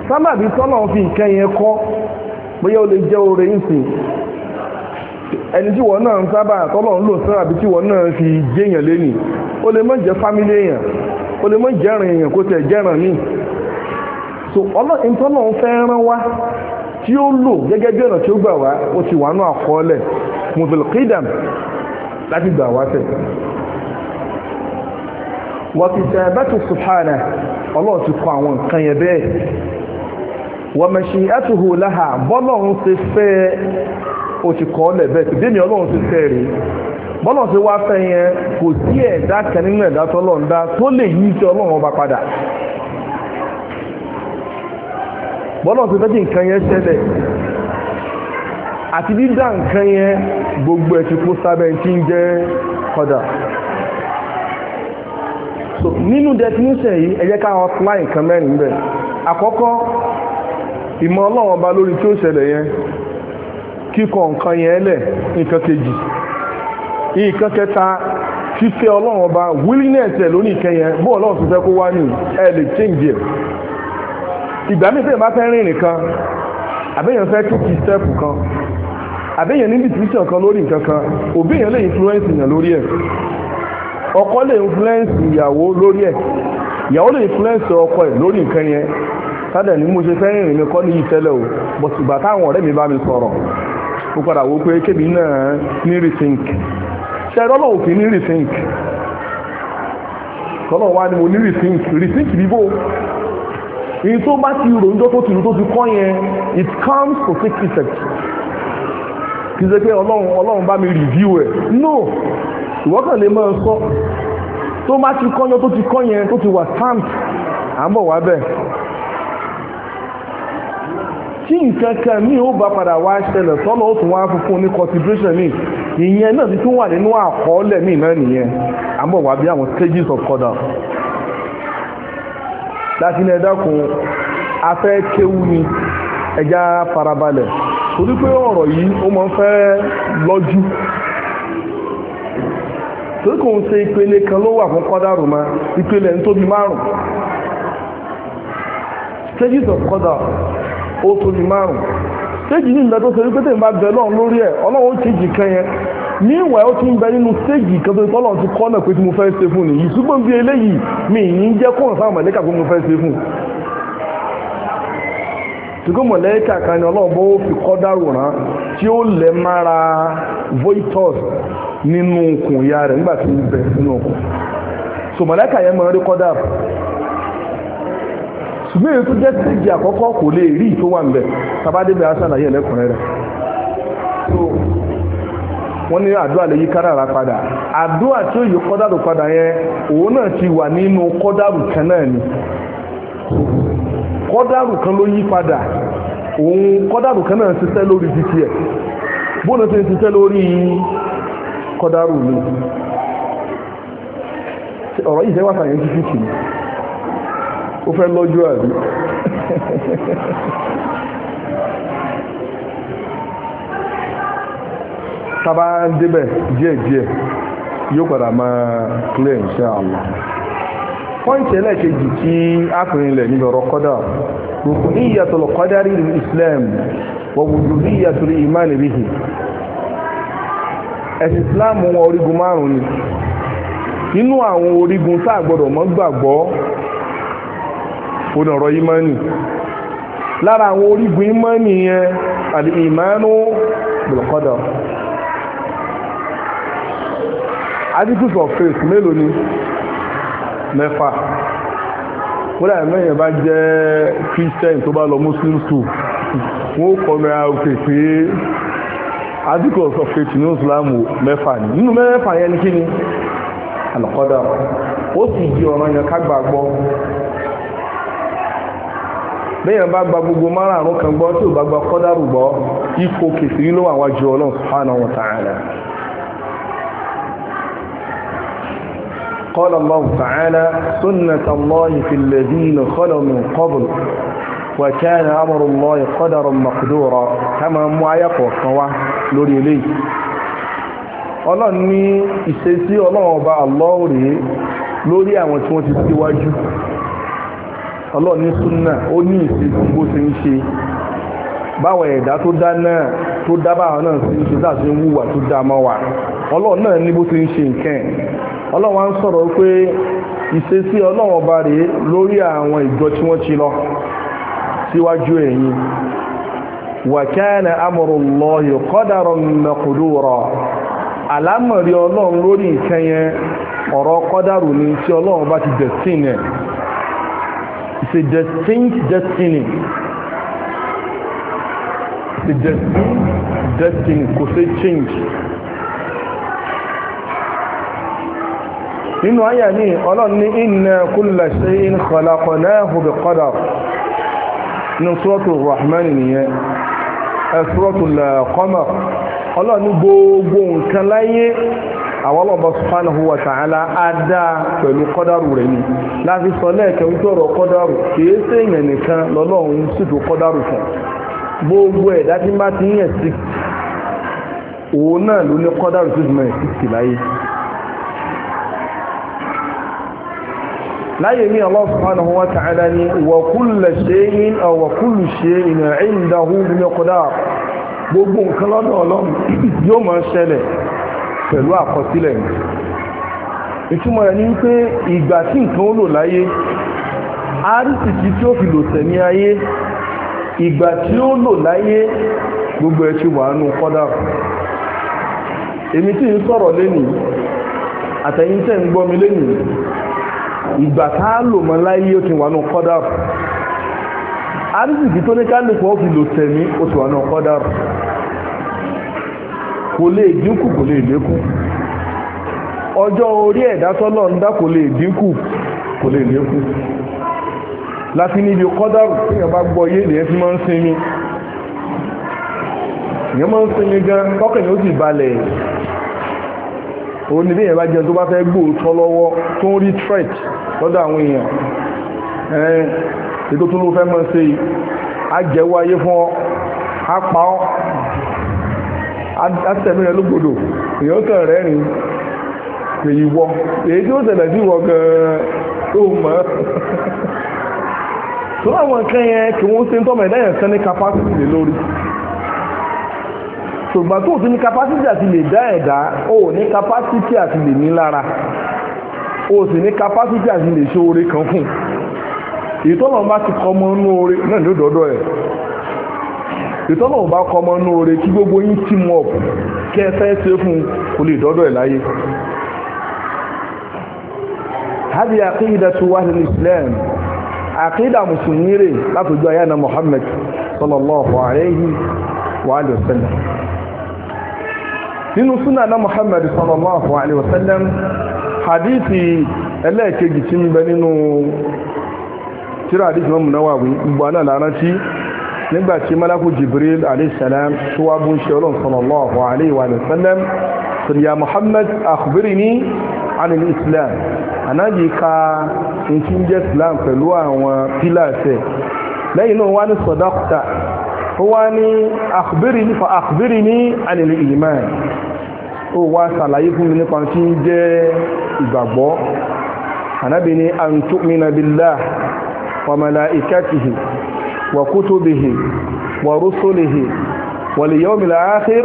sábàbí tọ́lọ́run fi nǹkan yẹn kọ́ bóyá o lè jẹ́ oore ìsìn ẹni tí wọ́n náà ń sábà tọ́lọ̀ ń lò sára àbí tí wọ́n náà fi jẹ́yàn lẹ́nì o lè má jẹ́ fámílì èèyàn o lè má jẹ́ràn èèyàn kó tẹ̀ jẹ́ràn míì so ọlọ́ ìtọ́nà ń fẹ́ rán wá tí ó lò gẹ́gẹ́ bí ọ̀nà tí ó gbà wá ó ti wà nú àkọọ́lẹ̀ mùsùlùmí láti gbà wá tẹ̀ wọ́n ti tẹ̀ bẹ́tù subhana ọlọ́ọ̀ ti kọ àwọn nǹkan yẹn bẹ́ẹ̀ wọ̀mẹ̀ṣì ẹ̀tùhù láhà bọ́lọ́run ṣe fẹ́ òṣìkọ́ lẹ̀bẹ̀ tí bí mi ọlọ́run ṣe fẹ́ rí bọ́lọ́run ṣe wá fẹ́ yẹn kò sí ẹ̀dá kan ẹ̀dá tọ́lọ́run dá tó lè yí iṣẹ́ ọlọ́run ọba padà ṣe fẹ́ kí nǹkan yẹn ṣẹlẹ̀ gbogbo sábẹ́ ń jẹ́ nínú yìí ìmọ̀ ọlọ́run ọba lórí tí ó ṣẹlẹ̀ yẹn kíkọ nǹkan yẹn lẹ̀ nǹkan kejì nǹkan kẹta fífẹ́ ọlọ́run ọba willingness ẹ̀ lónìí kẹyẹn bó ọlọ́run ti fẹ́ kó wá ní ẹ lè change ẹ̀ ìgbà mi fẹ́ẹ̀ bá fẹ́ rìn nìkan àbẹ́yẹn fẹ́ tó kí step kan àbẹ́yẹn ní decision kan lórí nǹkan kan òbí yẹn lè influence yẹn lórí ẹ̀ ọkọ lè influence ìyàwó lórí ẹ̀ ìyàwó lè influence ọkọ ẹ̀ lórí nǹkan yẹn sádẹ̀ ní mo ṣe fẹ́ rìnrìn mi kọ́ ní ìtẹ́lẹ̀ o bọ̀ ṣùgbà táwọn ọ̀rẹ́ mi bá mi sọ̀rọ̀ mo padà wo pé kébì náà ní rethink ṣe rọ́lọ́ òfin ní rethink tọ́lọ̀ wá ni mo ní rethink rethink bíbó èyí tó bá ti rò níjọ́ tó ti rò tó ti kọ́ yẹn it comes to take effect kì í ṣe pé ọlọ́run ọlọ́run bá mi review ẹ̀ no ìwọ́kàn lè máa sọ tó bá ti kọ́ yẹn tó ti kọ́ yẹn tó ti wà stamped à ń bọ̀ wá bẹ́ẹ̀. tí nǹkan kan míì ó bá padà wá ṣẹlẹ̀ sọ́nà ó tún wá fúnfún ní consideration míì ìyẹn náà ti tún wà nínú àkọọ́lẹ̀ mi náà nìyẹn àmọ́ wà bí àwọn stages of kọ́dà láti ilẹ̀ dákun afẹ́ kéwú ni ẹja farabalẹ̀ torí pé ọ̀rọ̀ yìí ó máa ń ó tó ní márùn stéèjì ní ìgbà tó ṣe wípé tèmi bá bẹ lọ́run lórí ẹ̀ ọlọ́run ó change kan yẹn ó ti ń bẹ nínú stéèjì kan ti kọ́ náà pé tí mo fẹ́ ṣe fún eléyìí mi ìyìn jẹ́ sáwọn mọ̀lẹ́kà mo fẹ́ ṣe fún ni ọlọ́run bó fi kọ́ tí ó lẹ̀ mára nínú okùn ìyá rẹ̀ nígbà tí ṣùgbọ́n èyí tó jẹ́ stéèjì àkọ́kọ́ kò lè rí ìtó wà nbẹ̀ tàbádébẹ̀ aṣàlàyé ẹlẹ́kùnrin rẹ̀ wọ́n ní àdúrà lè yí kádàrà padà àdúrà tí ó yí kọ́dàrù padà yẹn òun náà ti wà nínú kọ́dàrù kan náà ni kọ́dàrù kan ló yí padà òun kọ́dàrù kan náà ṣiṣẹ́ lórí títí ẹ̀ bóun ti ṣiṣẹ́ lórí ó fẹ́ lọ́jọ́ àbí tàbá ń débẹ̀ díẹ̀díẹ̀ yóò padà máa clear insha Allah pọ́ǹtì ẹlẹ́ẹ̀kejì tí a ilẹ̀ níbi ọ̀rọ̀ kọ́dà rùkù ìyàtọ̀lọ̀ kọ́dárí ìlú Islam wọ̀wùdù bí ìyàtọ̀lọ̀ ìmáàlì ẹ̀sìn Islam wọn orígun ni nínú àwọn orígun tá a gbọ́dọ̀ mọ́ òun ọ̀rọ̀ ìmánì lára àwọn orígun ìmánì yẹn àti ìmánú articles of faith mélòó ni mẹ́fà kódà mẹ́yìn bá jẹ́ christian tó bá lọ muslim school wọ́n kọ́ mẹ́ra òkè pé articles of faith ní islam mẹ́fà ni nínú mẹ́fà yẹn ní àlọ́kọ́dọ̀ ó bẹ́yàn bá gba gbogbo márààrún kan gbọ́ tí ò bá gba kọ́dárù gbọ́ ipò kèfèrí ló wà wájú ọlọ́run subhanahu wa ta'ala قال الله تعالى سنة الله في الذين خلوا من قبل وكان أمر الله قدرا مقدورا كما معيقوا كوا lórí eléyìí ọlọ́run ní ìṣesí ọlọ́run ọba Allah rèé lórí àwọn tí wọ́n ti síwájú ọlọ́run ní súnà ó ní ìṣègùn bó ti ń ṣe báwọn ẹ̀dá tó dá náà tó dá báwọn náà sí ṣe dá sí ń wùwà tó dá mọ́ wa ọlọ́run náà ní bó ti ń ṣe nǹkan ọlọ́run á ń sọ̀rọ̀ pé ìṣesí ọlọ́run ọba rèé lórí àwọn ìjọ tí wọ́n ti lọ síwájú ẹ̀yìn wàkẹ́ẹ̀nà amrullahi qadaran maqdura àlámọ̀rí ọlọ́run lórí nǹkan yẹn ọ̀rọ̀ kọ́dàrù ni tí ọlọ́run bá ti dẹ̀sìn ẹ̀ It's a distinct destiny. It's a distinct destiny. Kò sí change. Nínú ayà ní ọlọ́run ní inna kulla shay'in khalaqnahu bi qadar. Ní Suratul Rahman nìyẹn. Ẹ Suratul Ọlọ́run gbogbo nǹkan láyé àwọn ọlọ́ọ̀bọ subhanahu wa ta'ala á dáa pẹ̀lú kọ́dàrú rẹ̀ ni láti sọ lẹ́ẹ̀kẹ́ ń tọrọ kọ́dàrú kìí ṣe èèyàn nìkan lọ́lọ́run ṣètò kọ́dàrú fún gbogbo ẹ̀dá tí bá ti ń yẹ̀ sí òun náà ló ní kọ́dàrú tó dùn ẹ̀ sí sí láyé láyé ní Allah subhanahu wa ta'ala ni wa kullu shay'in aw wa kullu shay'in 'indahu bi miqdar gbogbo nǹkan lọ́dọ̀ Ọlọ́run yóò máa ṣẹlẹ̀ pẹ̀lú àkọsílẹ̀ mi ìtumọ̀ rẹ̀ ní pé ìgbà tí nǹkan ó lò láyé àrísìkí tí ó fi lò tẹ̀mí ayé ìgbà tí ó lò láyé gbogbo ẹ̀ ti wà nù kọ́dà èmi tí ń sọ̀rọ̀ lénìí àtẹ̀yìn tẹ́ ń gbọ́ mi lénìí ìgbà tá a lò mọ́ láyé ó ti wà nù kọ́dà àrísìkí tó ní kálukú ó fi lò tẹ̀mí ó ti wà nù kọ́dà kò lè dínkù kò lè lékù ọjọ́ orí ẹ̀dá tọ́lọ̀ ń dá kò lè dínkù kò lè lékù láti níbi kọ́dárù tí èèyàn bá gbọ́ yé lè fi máa ń sinmi èèyàn máa ń sinmi gan tọ́kàn yóò sì balẹ̀ òun ni bí bá jẹun tó bá fẹ́ lọ́wọ́ tó ń rí threat lọ́dọ̀ àwọn èèyàn tó ló fẹ́ máa yìí ayé fún ọ á pa àtẹ̀mí rẹ̀ lógbòdò èyàn kàn rẹ́rìn èyí wọ èyí tí ó ṣẹlẹ̀ sí wọ gan-an tó mọ̀ tó àwọn nǹkan yẹn kí wọ́n ṣe ń tọ́mọ̀ ẹ̀dá yẹn kan ní capacity lè lórí ṣùgbọ́n tó ti ní capacity àti lè dá ẹ̀dá o ní capacity àti lè ní lára o sì ní capacity àti lè ṣe oore kan fún ìtọ́nà bá ti kọ́ mọ́ inú oore náà ní òdòdó ẹ̀ ìtọ́nà ò bá kọ ọmọ inú oore kí gbogbo yín team up kẹ́ ẹ fẹ́ ṣe fún kò lè dọ́dọ̀ ẹ̀ láyé. hadi àkíyídà tó wá nínú Islam àkíyídà mùsùlùmí rè látòjú ayé àná Muhammad sallallahu alayhi wa sallam nínú súnà àná Muhammad sallallahu alayhi wa sallam hadithi ẹlẹ́ẹ̀kejì tí ń bẹ nínú tíra àdìsí mọ́mù náà wà wí nígbàtí malakú jibril alaihissalam tó wá bú ṣe ọlọ́n sallallahu alaihi wa sallam sirya muhammad akhbirni anil islam anájì ka nkin jẹ́ islam pẹ̀lú àwọn pílàṣẹ lẹ́yìn náà wá ní sadaqta ó wá ní akhbirni fa akhbirni anil iman ó wá sàlàyé fún mi nípa tí ń jẹ́ ìgbàgbọ́ anábì ni an tu'mina billah wa malaikatihi وكتبه ورسله واليوم الآخر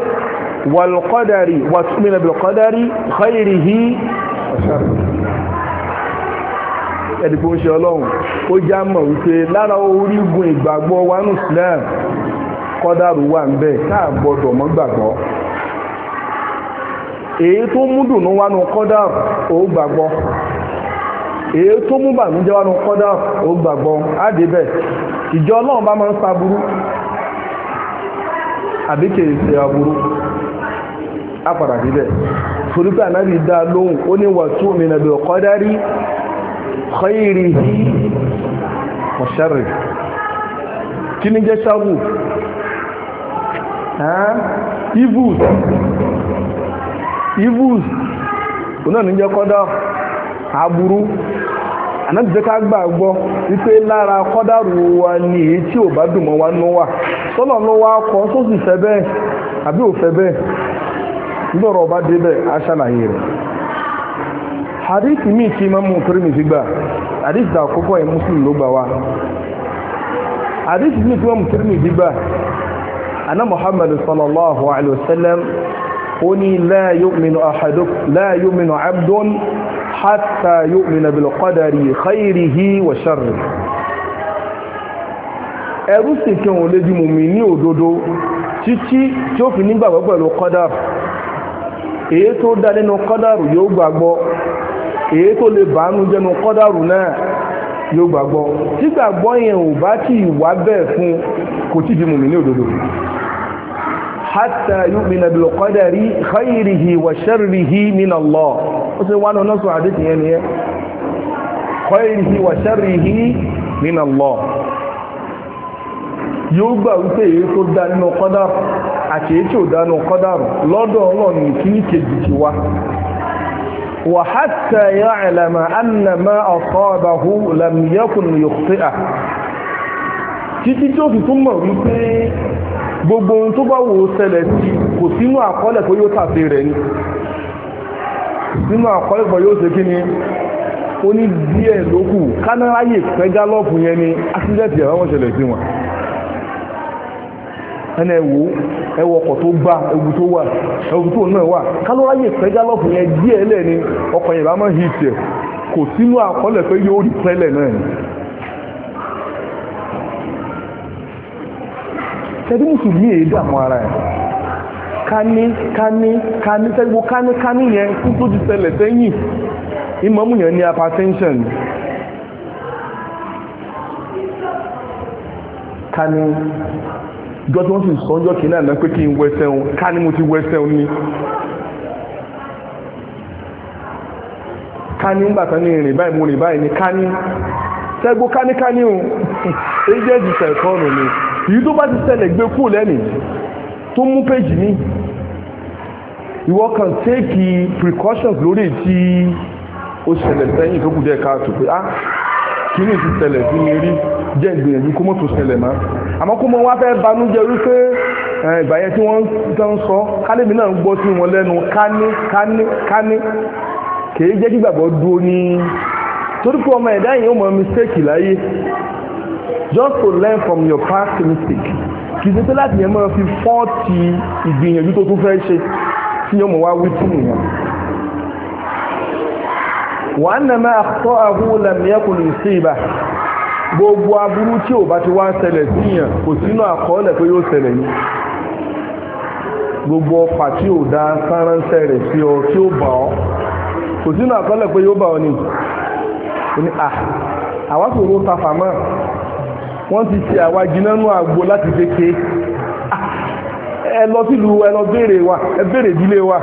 والقدر وتؤمن بالقدر خيره وشره ẹ̀dìbò ṣe ọlọ́run ó já mọ̀ wípé lára orígun ìgbàgbọ́ wa nù Islam kọ́dàrú wà ń bẹ̀ káà gbọ́dọ̀ mọ́ gbàgbọ́ èyí tó mú dùnú wa nù ó gbàgbọ́ èyí tó mú bànújẹ́ wa nù ó gbàgbọ́ á débẹ̀ ìjọ ọlọ́run bá máa ń sàbúrú àbí kìí ṣe àbúrú apàdà níbẹ̀ torípé ànábì dá lóhùn ó ní wà tó mi nàbẹ̀ ọ̀kọ́dárí kọ́yìrì ọ̀ṣẹ́rì kí ní jẹ́ ṣáàbù evils evils ànábìjẹ́ ká gbàgbọ́ wípé lára kọ́dàrú wa ni èyí tí ò bá dùn mọ́ wa nú wà sọ́nà ló wá kọ́ tó fẹ́ bẹ́ẹ̀ àbí ò fẹ́ bẹ́ẹ̀ nígbọ̀rọ̀ ọba débẹ̀ á ṣàlàyé rẹ̀ hadith mi ti máa mú torí mi fi gbà hadith dà kókó ẹ̀ muslim ló gbà wá hadith mi ti máa mú torí mi fi gbà ana muhammadu sallallahu alayhi wa sallam ó ní la yu'minu ahadukum la yu'minu abdun hatta yu'mina bil qadari khayrihi wa sharrihi ẹrú sì kí òun lè di mùmínì òdodo títí tí ó fi nígbàgbọ́ pẹ̀lú kọ́dàrù èyí tó dá nínú kọ́dàrù yóò gbàgbọ́ èyí tó lè bàánú jẹnu kọ́dàrù náà yóò gbàgbọ́ tí yẹn ò bá tí ì bẹ́ẹ̀ fún kò tí di mùmínì òdodo hatta yu'mina bil qadari khayrihi wa sharrihi min Allah ó sì wá náà sọ àdéhùn yẹn nìyẹn khayrihi wa sharrihi min Allah yóò gbà wípé èyí tó dá nínú kọ́dàrù àti èyí tí ò dá nínú kọ́dàrù lọ́dọ̀ ọlọ́run ìkíní kejì ti wá wa hatta ya'lama anna ma asabahu lam yakun yukhti'ah títí tó fi tún wípé gbogbo ohun tó bá wò ó ṣẹlẹ̀ sí kò sínú àkọọ́lẹ̀ pé yóò tàbí rẹ̀ ni sínú àkọọ́lẹ̀ pé yóò ṣe kí ni ó ní díẹ̀ lókù kánáráyè pẹ́ gálọ́ọ̀pù yẹn ni ásídẹ̀tì ẹ̀rọ wọn ṣẹlẹ̀ sí wọn ẹnẹ wo ẹwọ ọkọ̀ tó bá ewu tó wà ewu tó náà wà kálọ́ráyè pẹ́ gálọ́ọ̀pù yẹn díẹ̀ lẹ́ni ọkọ̀ yẹn bá mọ́ hìtì ẹ̀ kò sínú àkọọ́lẹ̀ pé yóò rí pẹ́lẹ̀ náà tẹ́bí mùsùlùmí èyí dàmú ara ẹ̀ kání kání kání tẹ́gbó kání kání yẹn fún tó ti ṣẹlẹ̀ sẹ́yìn ìmọ̀mù yẹn ní hypertension kání jọ tí wọ́n sì sọ ọjọ́ kìíní àná pé kí n wẹsẹ̀ kání mo ti wẹsẹ̀ ni kání ń bàtà ní ìrìn báyìí mo rìn báyìí ní kání ni. èyí tó bá ti ṣẹlẹ̀ gbé kú lẹ́nì tó mú péjì ní ìwọ kan tẹ́ẹ̀kì precautions lórí tí ó ṣẹlẹ̀ sẹ́yìn tó kù jẹ́ káàtó pé ah kí ni ti ṣẹlẹ̀ sí mi rí jẹ́ ìgbìyànjú kó mọ́ tó ṣẹlẹ̀ mọ́ àmọ́ kó mọ́ wá fẹ́ banújẹ́ wípé ìgbà yẹn tí wọ́n ń sọ kálẹ̀mí náà ń gbọ́ sí wọn lẹ́nu kání kání kání kì í jẹ́ kí gbàgbọ́ dúró ní torí ọmọ ẹ̀dá yìí ó mọ mistake láyé just to learn from your past mistake kì í ṣe pé láti yẹn máa fi fọ́ọ̀tì ìgbìyànjú tó tún fẹ́ ṣe tí yóò mọ̀ wá wí fún ìyẹn wà á nàmẹ́ àtọ́ àhúlẹ̀ mìíràn lè ṣe ìbá gbogbo aburú tí ò bá ti wá ṣẹlẹ̀ síyàn kò sínú àkọọ́lẹ̀ pé yóò ṣẹlẹ̀ yìí gbogbo ọfà tí ò dá sáránsẹ́ rẹ̀ sí ọ tí ó bà ọ́ kò sínú àkọọ́lẹ̀ pé yóò bà ọ́ ni à ah, àwọn kò ro tafà máa wọ́n ti ṣe àwa jiná nú àgbo láti ah, ẹ lọ sílùú ẹ lọ wa ẹ béèrè ìdílé wa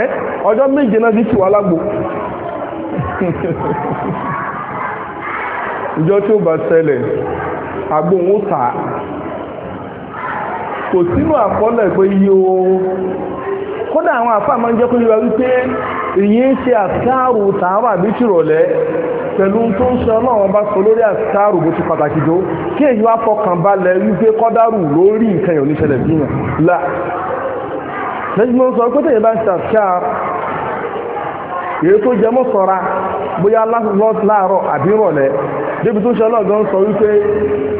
ẹ ọjọ́ méje náà ti ṣì wá lágbo ìjọ tí ó bá ṣẹlẹ̀ àgbo òun tà á kò sínú àkọọ́lẹ̀ pé yíyó kódà èyí ń ṣe àtàrù tààrà bí tìrọ̀lẹ́ pẹ̀lú tó ń sọ náà bá sọ lórí àtàrù bó ti pàtàkì tó kí èyí wá fọkàn balẹ̀ wípé kọ́dárù lórí nǹkan yóò níṣẹ̀lẹ̀ bí yàn là lẹ́yìn mọ́ sọ pé tẹ̀yẹ bá ń ṣe àtàrù èyí tó jẹmọ́ sọ́ra bóyá láàárọ̀ àbí rọ̀lẹ́ débi tó ṣe lọ́gán sọ wípé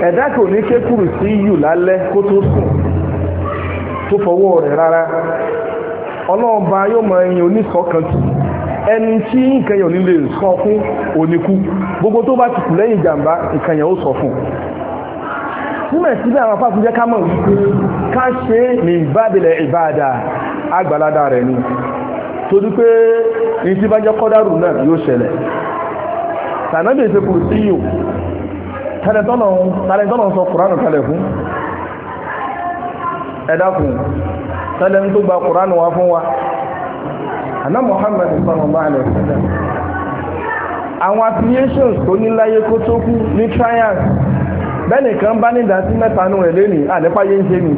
ẹ̀dá kò ní kékùrù sí yù lálẹ́ kó tó sùn tó fọwọ́ rẹ̀ rárá ọlọ́ọ̀ba yóò mọ ẹyin onísọ̀kan tù ẹni tí nǹkan yẹn ò ní lè sọ fún oníkú gbogbo tó bá ti kù lẹ́yìn ìjàmbá nǹkan yẹn ó sọ fún síbẹ̀síbẹ̀ àwọn afáàfin jẹ́ ká mọ̀ wípé ká ṣe ní ìbádìlẹ̀ ìbáadà àgbàládà rẹ̀ ni torí pé ní tí bá jẹ́ kọ́dárù náà yóò ṣẹlẹ̀ tànàbí ìṣekù sí yìí tàlẹ́tọ́nà sọ kùránù kalẹ̀ fún ẹ̀dàkùn tẹ́lẹ̀ ń tó gba Qur'an wá fún wa àná Muhammad sallallahu alaihi wasallam àwọn affiliations tó ní láyé kó tó kú ní trials bẹ́ẹ̀ni kan bá ní ìdásí mẹ́ta nù rẹ̀ lẹ́nìí àlẹ́pá yé ń ṣe mi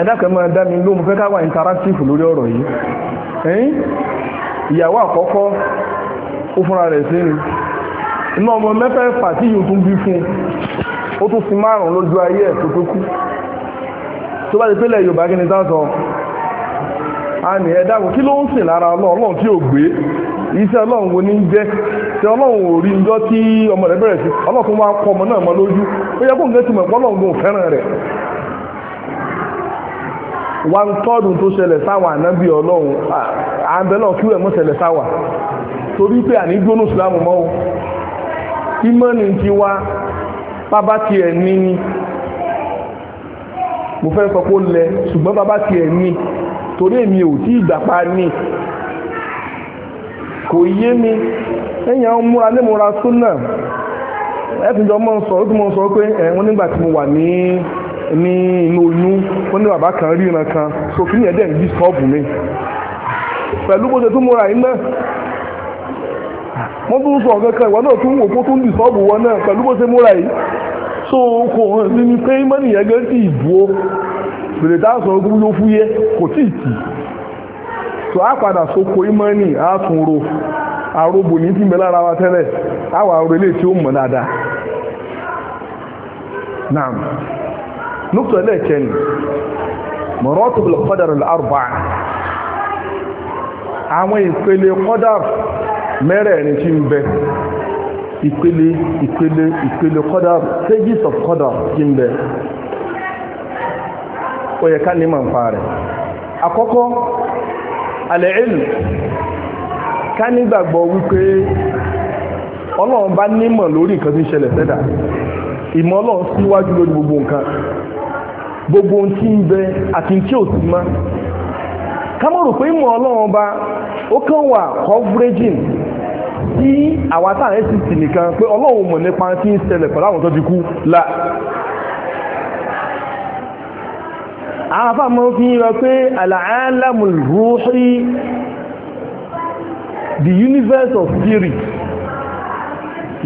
ẹ̀dá kan máa dá mi ló mo fẹ́ ká wà interactive lórí ọ̀rọ̀ yìí ẹ̀yìn ìyàwó àkọ́kọ́ ó fúnra rẹ̀ sí mi iná ọmọ mẹ́fẹ́ fà tún bí fún ó tún fi márùn-ún lójú ayé ẹ̀ tó tó kú tó bá ti pélẹ̀ Yorùbá kí ni dáńtọ́ a ní ẹ dákun kí ló ń sìn lára Ọlọ́run tí ò gbé iṣẹ́ Ọlọ́run wo ní ń jẹ́ tí Ọlọ́run ò rí njọ́ tí ọmọ rẹ̀ bẹ̀rẹ̀ sí Ọlọ́run wá kọ ọmọ náà mọ lójú ó yẹ kó mọ̀ Ọlọ́run fẹ́ràn rẹ̀ wá ń tọ́dún tó ṣẹlẹ̀ sáwà Ọlọ́run mo fẹ́ sọ pé ó lẹ ṣùgbọ́n bàbá tiẹ̀ ní torí èmi ò tí ìjàpá ní kò yé mi ẹ̀yìn àwọn múra ní múra súnà ẹ̀tùjọ́ mọ́ sọ ó tún mọ́ sọ pé ẹ̀wọ́n nígbà tí mo wà ní ní inú oyún wọ́n ní bàbá kan ríran kan so kí ni ẹ̀dẹ̀ ń disturb mi pẹ̀lú bó ṣe tún múra yìí náà wọ́n tún sọ ọ̀gẹ́kẹ́ ìwọ náà tún wò kó tún disturb wọn náà pẹ̀lú bó ṣe múra yìí so kò hàn sí iman'i pé mọ́nì yẹn gẹ́gẹ́ tí ìdúró bèrè táwọn ogun ló fúyẹ́ kò tí ì tì so a padà sóko ìmọ́nì á tún ro àrobò ní tí ń bẹ lára wa tẹ́lẹ̀ àwọn àrò ilé tí ó mọ̀ dáadáa naam nukta lẹ́ẹ̀kẹ́ ni mọ̀rọ́tò bìlọ̀ kọ́dàrà lárùbá àwọn ìpele ń bẹ ìpele ìpele ìpele kọ́dà stages of kọ́dà ti ń bẹ ó yẹ ká ní màá fa rẹ̀ àkọ́kọ́ alẹ́ ìlú ká nígbàgbọ́ wípé ọlọ́run bá nímọ̀ lórí nǹkan tí ń ṣẹlẹ̀ sẹ́dà ìmọ̀ ọlọ́run síwájú lórí gbogbo nǹkan gbogbo ohun tí ń bẹ àti tí ò sí mọ́ ká mọ̀ tí àwọn àtàrẹ sì sì nìkan pé ọlọ́run mọ̀ nípa tí ń ṣẹlẹ̀ pẹ̀lú àwọn tó ti kú la àwọn afá mọ́ fi rọ pé al the universe of spirit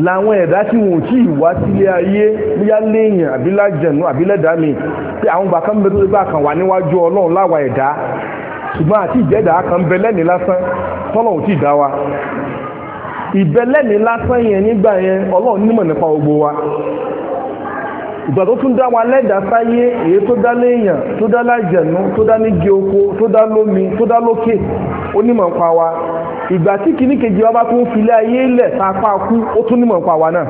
láwọn ẹ̀dá tí wọn ò tí ì wá sílé ayé bóyá léèyàn àbílájẹ̀nú àbílẹ̀dámi tí àwọn gbà kan bẹ̀rẹ̀ bá kan wà níwájú ọlọ́run láwa ẹ̀dá ṣùgbọ́n àti ìjẹ́dá kan bẹ lẹ́ni lásán tọ́lọ̀ ò tí ì dá wa ìbẹ́lẹ́ni lásán yẹn nígbà yẹn ọlọ́run nímọ̀ nípa gbogbo wa ìgbà tó tún dá wa lẹ́dà sáyé èyí tó dá léèyàn tó dá lájẹ̀nú tó dá nígi oko tó dá lómi tó dá lókè onímọ̀ nípa wa ìgbà tí kìíní kejì wa bá tún filé ayé lẹ̀ tá a pa kú ó tún nímọ̀ nípa wa náà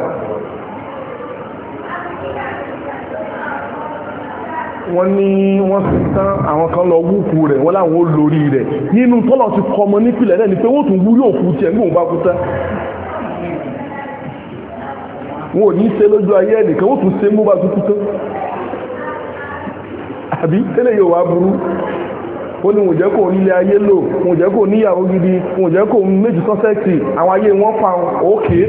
wọ́n ní wọ́n ti tán àwọn kan lọ wúkú rẹ̀ wọ́n láwọn ó lórí rẹ̀ nínú tọ́lọ̀ ti kọ́ ọmọ nípìnlẹ̀ náà ni pé wọ́n tún wú yóò kú tiẹ̀ nígbà bá kú tán ò ní ṣe lójú ayé ẹnìkan wọ́n tún ṣe mú bá tuntun tán àbí tẹ́lẹ̀ yóò wá burú ó ní wọ́n jẹ́ kó nílé ayé lò wọ́n jẹ́ kó níyàwó gidi wọ́n jẹ́ kó méjì sọ́sẹ́ẹ̀tì àwọn ayé wọn pa òkè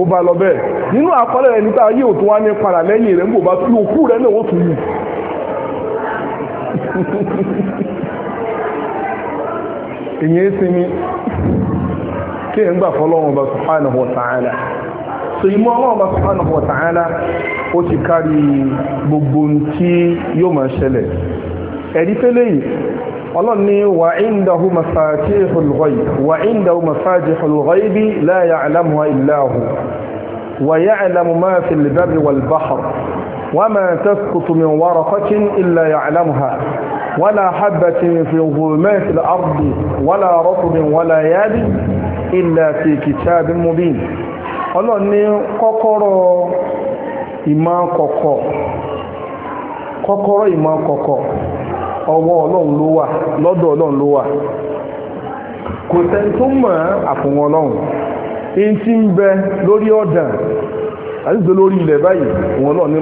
ó bá lọ bẹ́ẹ̀ nínú àkọọ́lẹ̀ rẹ̀ nípa ayé òtún wá ní padà lẹ́yìn rẹ̀ ń bò bá tún òkú rẹ̀ náà wọ́n tún yìí ìyẹn sinmi kí ẹ ń gbà fọ́lọ́run ọba subhanahu wa ta'ala so ìmọ̀ ọlọ́run ọba subhanahu wa ta'ala ó ti kárí gbogbo tí yóò máa ṣẹlẹ̀ ẹ̀rí pélé yìí ọlọ́run ní wà indahu mafatihul ghaib wà indahu mafatihul ghaibi la ya'lamuha وما تسقط من ورقة إلا يعلمها ولا حبة في ظلمات الأرض ولا رطب ولا يابس إلا في كتاب مبين Ọlọ́run ní kọ́kọ́rọ́ ìmọ̀ kọ̀kọ̀ kọ́kọ́rọ́ ìmọ̀ kọ̀kọ̀ ọwọ́ Ọlọ́run ló wà lọ́dọ̀ Ọlọ́run ló wà kò sẹ́ni tó mọ̀ àfòwọ́n Ọlọ́run èyí tí ń bẹ lórí ọ̀dàn àdìsọ lórí ilẹ̀ báyìí wọn ní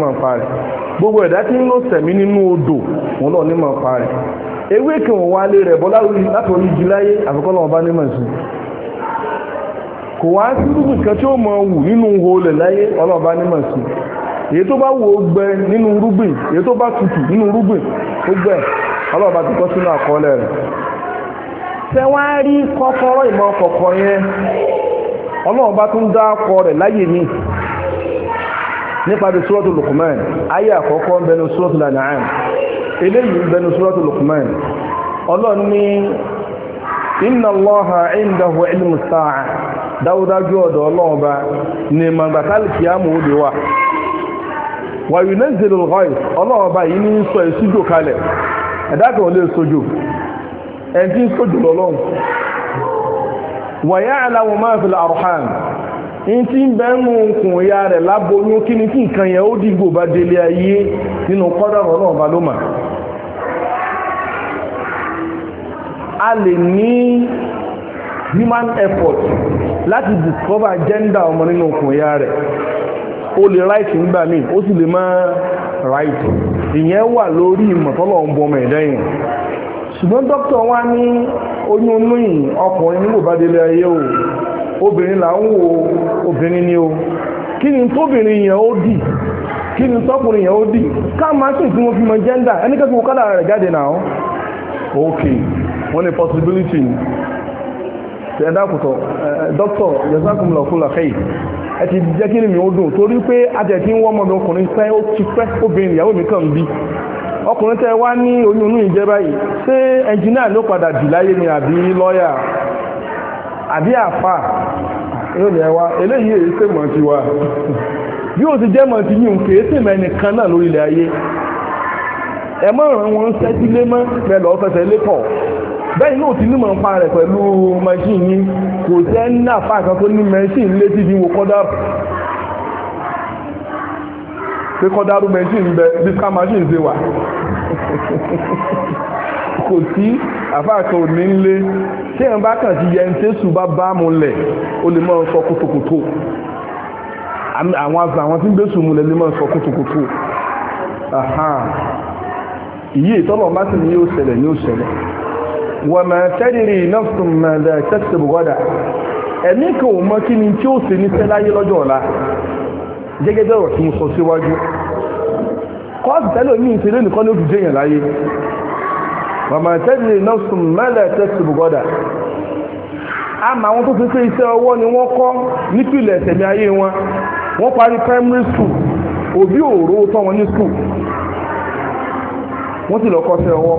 gbogbo ẹ̀dá tí ń lọ sẹ̀mí nínú odò wọn lọ ní máa pa rẹ̀ ewé kí wọn wá rẹ̀ bá ní màá kò wá sí kan tí ó mọ wù nínú olè láyé ọlọ́ọ̀ bá ní màá èyí tó bá wo gbẹ nínú èyí tó bá tutù nínú ó gbẹ ọlọ́ọ̀ bá ti kọ́ sínú àkọọ́lẹ̀ rẹ̀ rí kọ́kọ́rọ́ ìmọ̀ nípa bí sọ́ọ̀tù Luqman ayé àkọ́kọ́ ń bẹnu sọ́ọ̀tù Lan'am eléyìí ń bẹnu sọ́ọ̀tù Luqman ọlọ́run ní inna Allaha indahu ilmu sa'a dáwúdájú ọ̀dọ̀ ọlọ́run bá ní màgbàkálì kìámù ó lè wà wa yunazzilu al-ghayth ọlọ́run bá yìí ní sọ ìsújò kalẹ̀ n ti ń nkùn ìyá rẹ̀ láboyún kí ni kí nǹkan yẹn ó dìgbò bá délé ayé nínú ló a lè ní human effort láti discover gender ọmọ nínú nkùn ya rẹ̀ ó lè right nígbà míì ó sì lè má right ìyẹn wà lórí ìmọ̀tọ́lọ̀ ń bọmọ ẹ̀dẹ́yìn ṣùgbọ́n dókítà wa ní oyún inú ọkùnrin nígbò bá délé o obìnrin là ń wo obìnrin ni o kí ni tóbìnrin yẹn ó dì kí ni tọ́kùnrin yẹn ó dì ká máa tún rẹ̀ jáde náà ok wọ́n possibility ni ẹ̀dá kùtọ̀ dókítọ̀ yẹ̀sákùnmùlọ̀ fún làkẹ́yì ẹ ti jẹ́ kí ni mi ó dùn torí pé ń wọ́n ọkùnrin pẹ́ ó obìnrin ìyàwó mi kàn bí ọkùnrin tẹ́ wá ní oyún báyìí ṣé ẹnjìnà ló padà láyé àbí àbí àfà yóò ní ẹwà eléyìí èyí tè mọ̀ ti wá bí ó ti jẹ́ mọ̀ ti yìí nǹkan èyí tè mọ̀ ẹnìkan náà lórí ilẹ̀ ayé ẹ mọ̀ ràn wọn sẹ́tí lé mọ́ pẹ̀lú ọ̀fẹ́sẹ̀ lépọ̀ bẹ́ẹ̀ náà ti ní mọ̀ ń pa rẹ̀ pẹ̀lú machine yìí kò sẹ́ ń ní àfà kan tó ní machine létí ní wo kọ́dà pé kọ́dà rú machine bẹ bí ká machine ṣe wà lásìkò tí àfáàkàn ò ní ń lé tí èèyàn bá kàn sí yẹn tẹ́sù bá bá mu lẹ̀ ó lè máa sọ kótókótó àwọn àgbà àwọn tí ń gbèsù mu lẹ̀ lè máa sọ kótókótó ìyí ìtọ́lọ̀ bá sì ní yóò ṣẹlẹ̀ yóò ṣẹlẹ̀ wọ́n máa tẹ́lẹ̀ nafsun máa dà tẹ́sì bọ́dà ẹ̀mí kan ò mọ kí ni tí ó sì ní sẹ́láyé lọ́jọ́ ọ̀la gẹ́gẹ́ bẹ́ẹ̀ rọ̀ tí mo sọ síwájú kọ́ọ̀sì tẹ́lẹ̀ mi ìṣẹ̀lẹ̀ nìkan ló fi jẹ́yàn láyé wàmà tẹ́lẹ̀ náà sùn mẹ́lẹ̀ tẹ́sí bùgọ́dà àmà àwọn tó ti ṣe iṣẹ́ ọwọ́ ni wọ́n kọ́ nípìnlẹ̀ tẹ̀mí ayé wọn wọ́n parí primary school òbí òòró tọ́ wọn ní school wọ́n ti lọ kọ́ iṣẹ́ ọwọ́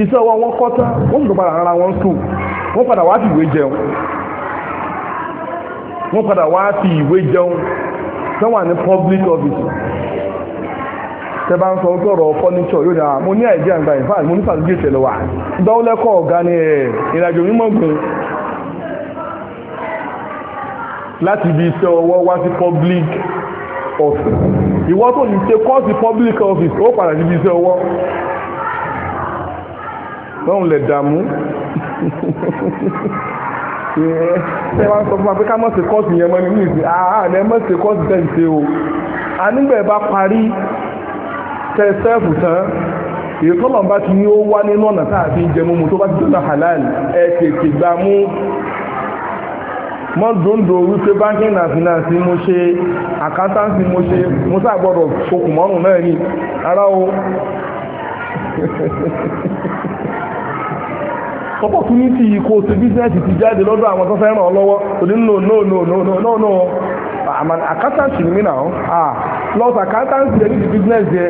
iṣẹ́ ọwọ́ wọn kọ́ tán wọ́n sì tó padà ara wọn school wọ́n padà wá fi ìwé jẹun wọ́n padà wá fi ìwé jẹun tán wà ní public office tẹ bá ń sọ ojú ọ̀rọ̀ fọ́níṣọ̀ yóò dáa mo ní àìdí àgbà ìfà mo ní sàdúgbò ìṣẹ̀lẹ̀ wà dọ́wọ́lẹ́kọ̀ ọ̀gá ni ìrìnàjò mímọ́ gbìn láti ibi iṣẹ́ ọwọ́ wá sí public office ìwọ tó ní ṣe kọ́ọ̀sì public office ó padà sí ibi iṣẹ́ ọwọ́ lọ́run lẹ̀ dààmú ṣe wá ń sọ fún wa pé ká mọ̀ sí kọ́ọ̀sì yẹn mọ́ ní ìsìn àá lẹ́ mọ̀ sí kọ́ọ̀sì tẹ̀ o ànígbẹ̀ bá parí tẹ sẹ́ẹ̀fù tán ìrìkọ́lọ̀ bá ti ní ó wá nínú ọ̀nà a fi tó bá ti dọ́nà halal ẹ tètè gbà mú mọ́dúndò wípé banking and finance mo ṣe accountancy mo ṣe mo sàgbọ́dọ̀ sokùn mọ́rùn náà ara o opportunity yìí kó ti jáde lọ́dọ̀ àwọn tó fẹ́ràn ọ lọ́wọ́ no no no no no no no àmàlà ah plus accountancy ẹni ti business yẹ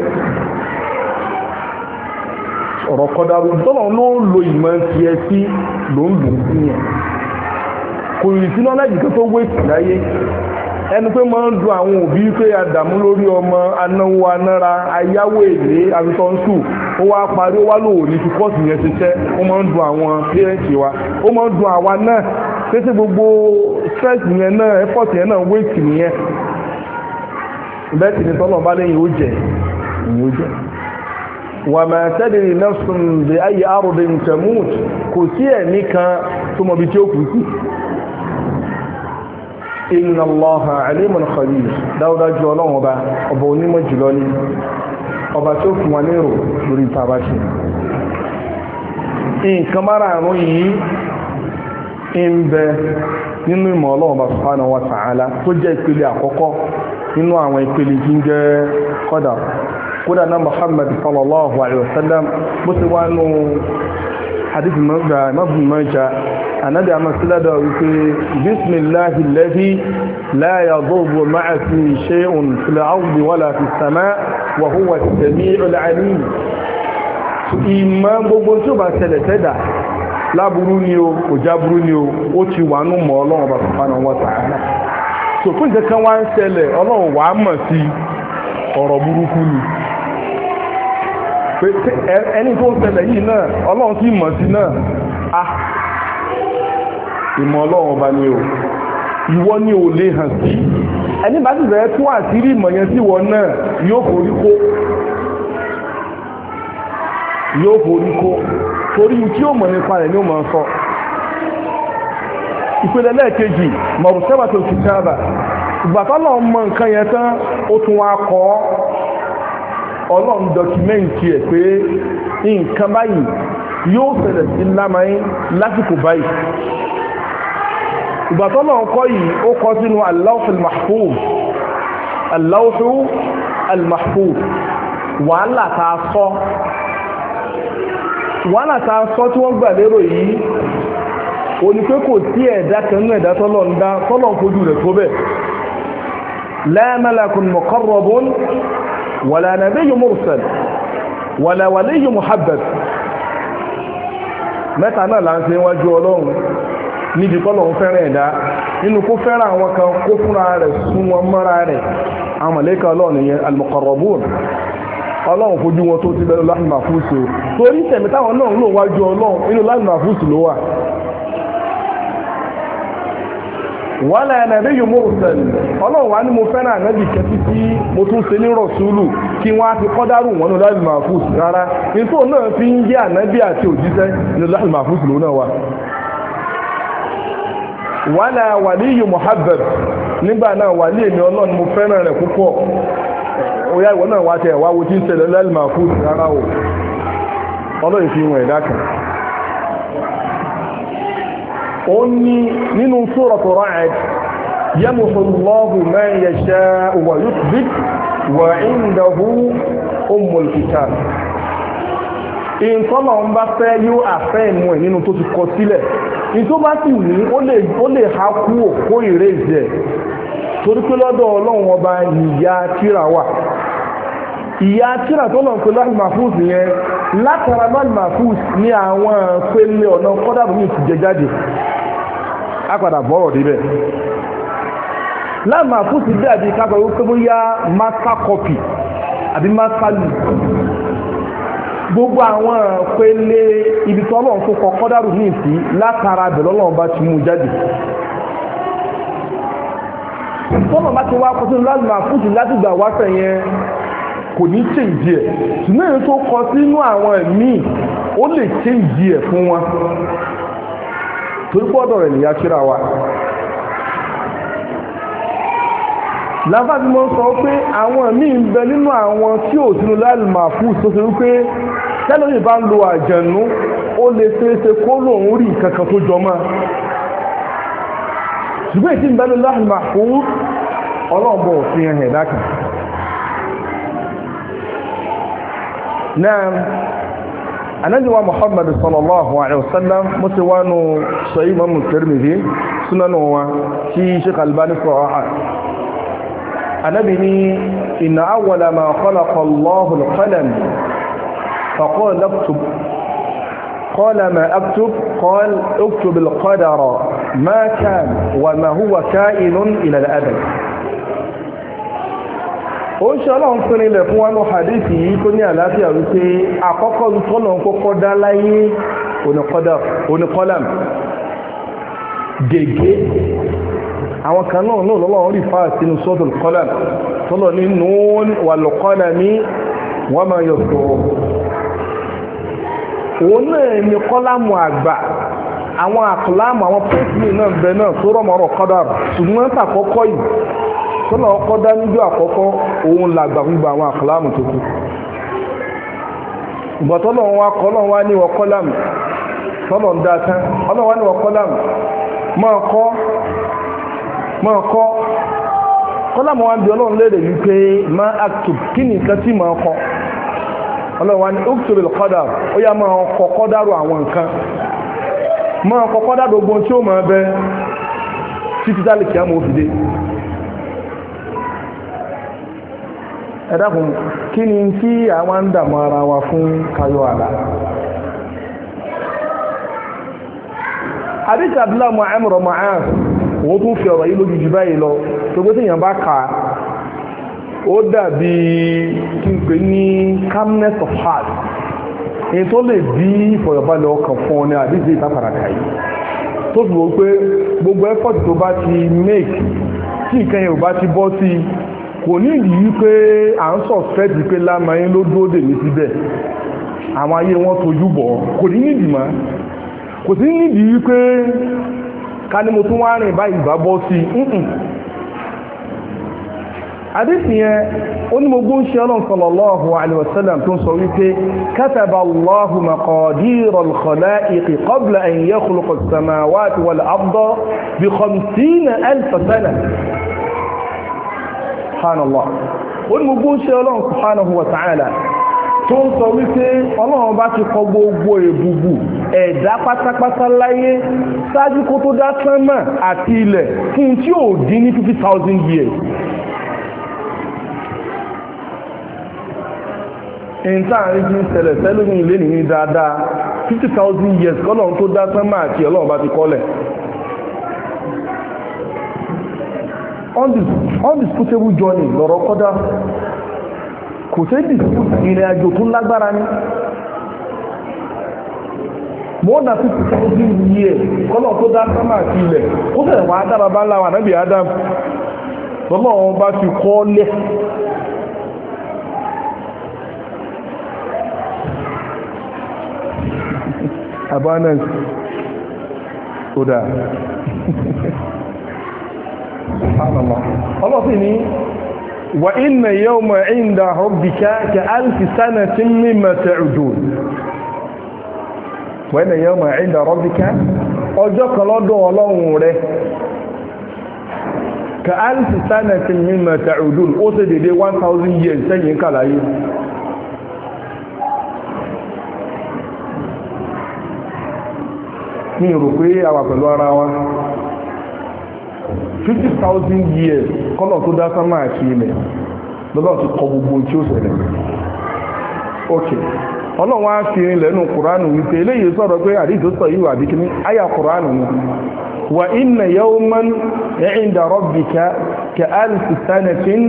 ọ̀rọ̀ kọ́dáró tọ́nà ló ń lo ìmọ̀ ti ẹ sí ló ń lò ó sí yẹn kò rìn sí knowledge kan tó wé sí láyé ẹni pé máa ń dun àwọn òbí pé àdàmú lórí ọmọ anáwó anára ayáwó èlé asọ́nsù ó wá parí ó wá lòwò ní ti kọ́ọ̀sì yẹn ṣiṣẹ́ ó máa ń dun àwọn pẹ́ẹ́ǹtì wa ó máa ń dun àwa náà pé sí gbogbo stress yẹn náà effort yẹn náà wé sí nìyẹn ìbẹ́tì ní tọ́lọ̀ bá lẹ́yìn ó jẹ ìyìn ó jẹ wà máa tadri nafsun bi ayyi ardin tamut kò sí ẹ̀mí kan tó mọ̀ bí tí ó kù sí inna allaha alimun khabir dáúdá ju ọlọ́run ọba ọba onímọ̀ jùlọ ní ọba tó fún wa nínú àwọn ìpele tí ń jẹ́ kọ́dà kódà náà Muhammad sallallahu alayhi wa sallam bó ti wá nù hadithi mọ́gbà mọ́bùn mọ́jà anáda amasíládà wípé bismillahi alladhi la yadurru ma'ahu shay'un fil ardi wala fis sama' wa huwa as-sami'ul 'alim ìmọ̀ gbogbo tí ó bá ṣẹlẹ̀ tẹ́dà láburú ni o kò jáburú ni o ó ti wà nù mọ́ ọlọ́run bàbá subhanahu wa ta'ala so pé nǹkan kan wá ń ṣẹlẹ̀ ọlọ́run wàá mọ̀ sí ọ̀rọ̀ burúkú ni pé ẹni tó ń ṣẹlẹ̀ yìí náà ọlọ́run sì mọ̀ sí náà a ìmọ̀ ọlọ́run ọba ni o ìwọ ni ò lè hàn sí ẹni bá sì bẹ̀rẹ̀ tún àṣírí ìmọ̀ yẹn sí ìwọ náà yóò forí kó yóò forí kó torí tí ó mọ̀ nípa rẹ̀ ni ó mọ̀ sọ ìpele lẹ́ẹ̀kejì mọ̀rùsẹ́bà tó ti káàbà ìgbàtọ́ náà mọ nǹkan yẹn tán ó tún wá kọ́ ọlọ́run dọ́kímẹ́ǹtì ẹ̀ pé nǹkan báyìí yóò ṣẹlẹ̀ sí lámáyín lásìkò báyìí ìgbàtọ́ náà kọ́ yìí ó kọ́ sínú aláwọ̀fẹ́ mahfuz aláwọ̀fẹ́ almahfuz wàhálà tá a sọ wàhálà tá a sọ tí wọ́n gbà lérò yìí ó ní pé kò sí ẹ̀dá kan nínú ẹ̀dá tọ́lọ̀ ń dá tọ́lọ̀ ń fojú rẹ̀ tó bẹ́ẹ̀ la malakun muqarrabun wala nabiyyun mursal wala waliyyun muhabbab mẹ́ta náà là ń ṣe wájú ọlọ́run níbi tọ́lọ̀ ń fẹ́ràn ẹ̀dá nínú kó fẹ́ràn àwọn kan kó fúnra ọlọ́run fojú wọn tó ti bẹ́ẹ̀ lọ́hìn màfúùsù torí tẹ̀mí táwọn náà ń lò wájú ọlọ́run inú láhìn màfúùsù ló wà wọ́n lẹ́yìn ẹ̀nà ẹ̀bí yìí mú sẹ́lì ọlọ́run wa ni mo fẹ́ràn ànábì kẹtí tí mo tún ṣe ní rọ̀ṣúlù kí wọ́n á fi kọ́dárù wọn nínú láti máa fún rárá nítorí náà fi ń jẹ́ ànábì àti òjíṣẹ́ nínú láti máa fún lòun náà wa. wọ́n wàlí yìí muhabbab nígbà náà wàlí èmi ọlọ́run mo fẹ́ràn rẹ̀ púpọ̀ òyà ìwọ náà wá tẹ̀ wá wo tí ń ṣẹlẹ̀ láti máa rárá o ọlọ́run fi hàn ẹ̀dá kan onu n'inu suratu Ra'd yamhu Allahu ma yasha'u wa yuthbit wa indahu ummul kitab nǹkan náà ń bá fẹ́ yóò àfẹ́ ìmọ̀ ẹ̀ nínú tó ti kọ sílẹ̀ ní tó bá sì o le ha ku o, ìrèzì ẹ̀ torí pé lọ́dọ̀ ọlọ́run ọba iya tíra wà ìyá tíra tó lọ́n pé mahfuz mahfuz ti á padà bọ́rọ̀ débẹ̀ láàmà fún ti dàbí kápẹ̀ wípé bóyá master copy àbí master leaf gbogbo àwọn pele ibi tí ọlọ́run tó kọ kọ́dárù ní ìsí látara bẹ̀lọ́lọ́run bá ti mú jáde tọ́nà bá ti wá kọ́ sínú láti máa fún sí láti gbà wáṣẹ̀ yẹn kò ní change ẹ̀ ṣùgbọ́n èyí tó kọ sínú àwọn míì ó lè change ẹ̀ fún wọn torí pọ́dọ̀ rẹ̀ nìyà kíra wa láfàbí mọ́ sọ pé àwọn míì ń bẹ nínú àwọn tí ò sínú láìlùmàfú tó ṣe wípé tẹ́lómi bá ń lo àjẹ̀nú ó lè ṣeéṣe kó lòun rí kankan tó jọmọ́ ṣùgbọ́n ìtì ń bẹ nínú láìlùmàfú ọlọ́ọ̀bọ̀ fi hàn ẹ̀dá kan anájúwá muhammadu sallallahu alaihi wasallam mo ti wá nù sọ́yí mọ́mù tẹ́rìmìdì súnánù wa tí sheikh albani sọ ọ́hà anábì ní inna awwala ma khalaqa Allahu al-qalam faqala aktub qala ma aktub qala uktub al-qadara ma kan wa ma huwa ka'inun ila al-abad ó ṣe ọlọ́run fún ilẹ̀ fún wa ní hadith yìí tó ní àlàáfíà wípé àkọ́kọ́ tọ́nà kọ́kọ́ dá láyé oníkọ́làm gègé àwọn kan náà náà lọ́lọ́run rí fáà sínú sọ́tòl kọ́làm tọ́lọ̀ ní nùún wà lọ́kọ́là ní wọ́n máa yọ sọ̀rọ̀ òun náà ní kọ́lámù àgbà àwọn àkùlámù àwọn pẹ́ẹ́sì náà bẹ náà tó rọ̀mọ́rọ̀ kọ́dà ṣùgbọ́n tàkọ́kọ́ yìí tọ́lọ̀ ọkọ́ dáníjọ́ àkọ́kọ́ òun làgbà gbogbo àwọn àkọlámù tó kù ìgbọ̀tọ́lọ̀ wọn kọ́lọ̀ wá ní ọkọ́lámù tọ́lọ̀ ń dáa tán ọlọ́wà ní ọkọ́lámù máa kọ́ máa kọ́ kọ́lámù bí ọlọ́run léèrè wípé máa àtò kí ni nǹkan tí ní kọ́dà ó yá kọ́dàrú àwọn nǹkan ẹ dákun kí ni tí àwọn ń ara wa fún kayo àlà àdíkà abdullahi wọ́n tún fi ọ̀rọ̀ yìí lójú báyìí lọ tó gbé tíyàn bá kà ó dàbí kí n pè ní calmness of heart èyí tó lè bí ọkàn fún ọ ní àdíjẹ́ ìtàpàràkà yìí tó fi wọ́n pé gbogbo effort tó bá ti make tí nǹkan yẹn ò bá kò ní ìdí wípé à ń suspect pé lámàáyín ló dúró dè mí síbẹ̀ àwọn ayé wọn tojú bọ̀ kò ní nídì mọ́ kò sí nídì wípé ká ní mo tún wá rìn báyìí bá bọ́ sí nǹkan àdísìyẹn ó ní gbogbo ń ṣe ọlọ́n sallallahu alaihi wasallam tó ń sọ wípé kataba Allahu maqadira al-khalaiqi qabla an yakhluqa as-samawati wal-arda bi khamsina alf sana subhanallah ó ní gbogbo ṣe ọlọ́run subhanahu wa ta'ala tó ń sọ wípé ọlọ́run bá ti kọ gbogbo èbùbù ẹ̀dá pátápátá láyé ṣáájú kó tó dá sánmà àti ilẹ̀ fún tí ò dín ní fifty thousand years ìntàrí jí ń ṣẹlẹ̀ sẹ́lómi ilé nìyí dáadáa fifty thousand years kọ́lọ́run tó dá sánmà àti ọlọ́run bá ti kọ́lẹ̀ undisputable journey lọ́rọ̀ kọ́dá kò sí dispute ìrìn àjò tó lágbára ní more than fifty thousand years kọ́lọ̀ tó dá sámà àti ilẹ̀ ó tẹ̀lẹ̀ wá dára bá láwà náàbì adam lọ́nà wọn bá fi kọ́ lẹ̀ abundance ó dáa ọlọ́sì ní wà inna yawma inda rabbika ka alfi sanatin mimma ta'udun wà inna yawma inda rabbika ọjọ́ kan lọ́dọ̀ ọlọ́run rẹ ka alfi sanatin mimma ta'udun ó sì dédé 1000 years sẹ́yìn kàlàyé ní ìrò pé àwà pẹ̀lú ara fifty thousand years kọ́nà tó dá sánmà àti ilẹ̀ lọ́lọ́ ti kọ gbogbo tí ó ṣẹlẹ̀ ok ọlọ́wọ́n á fi rinlẹ̀ nù kùránù wípé eléyìí sọ̀rọ̀ pé àdìjọ́ sọ yìí wà bí kíní àyà kùránù ni wà inna yawman inda rabbika ka alfi sanatin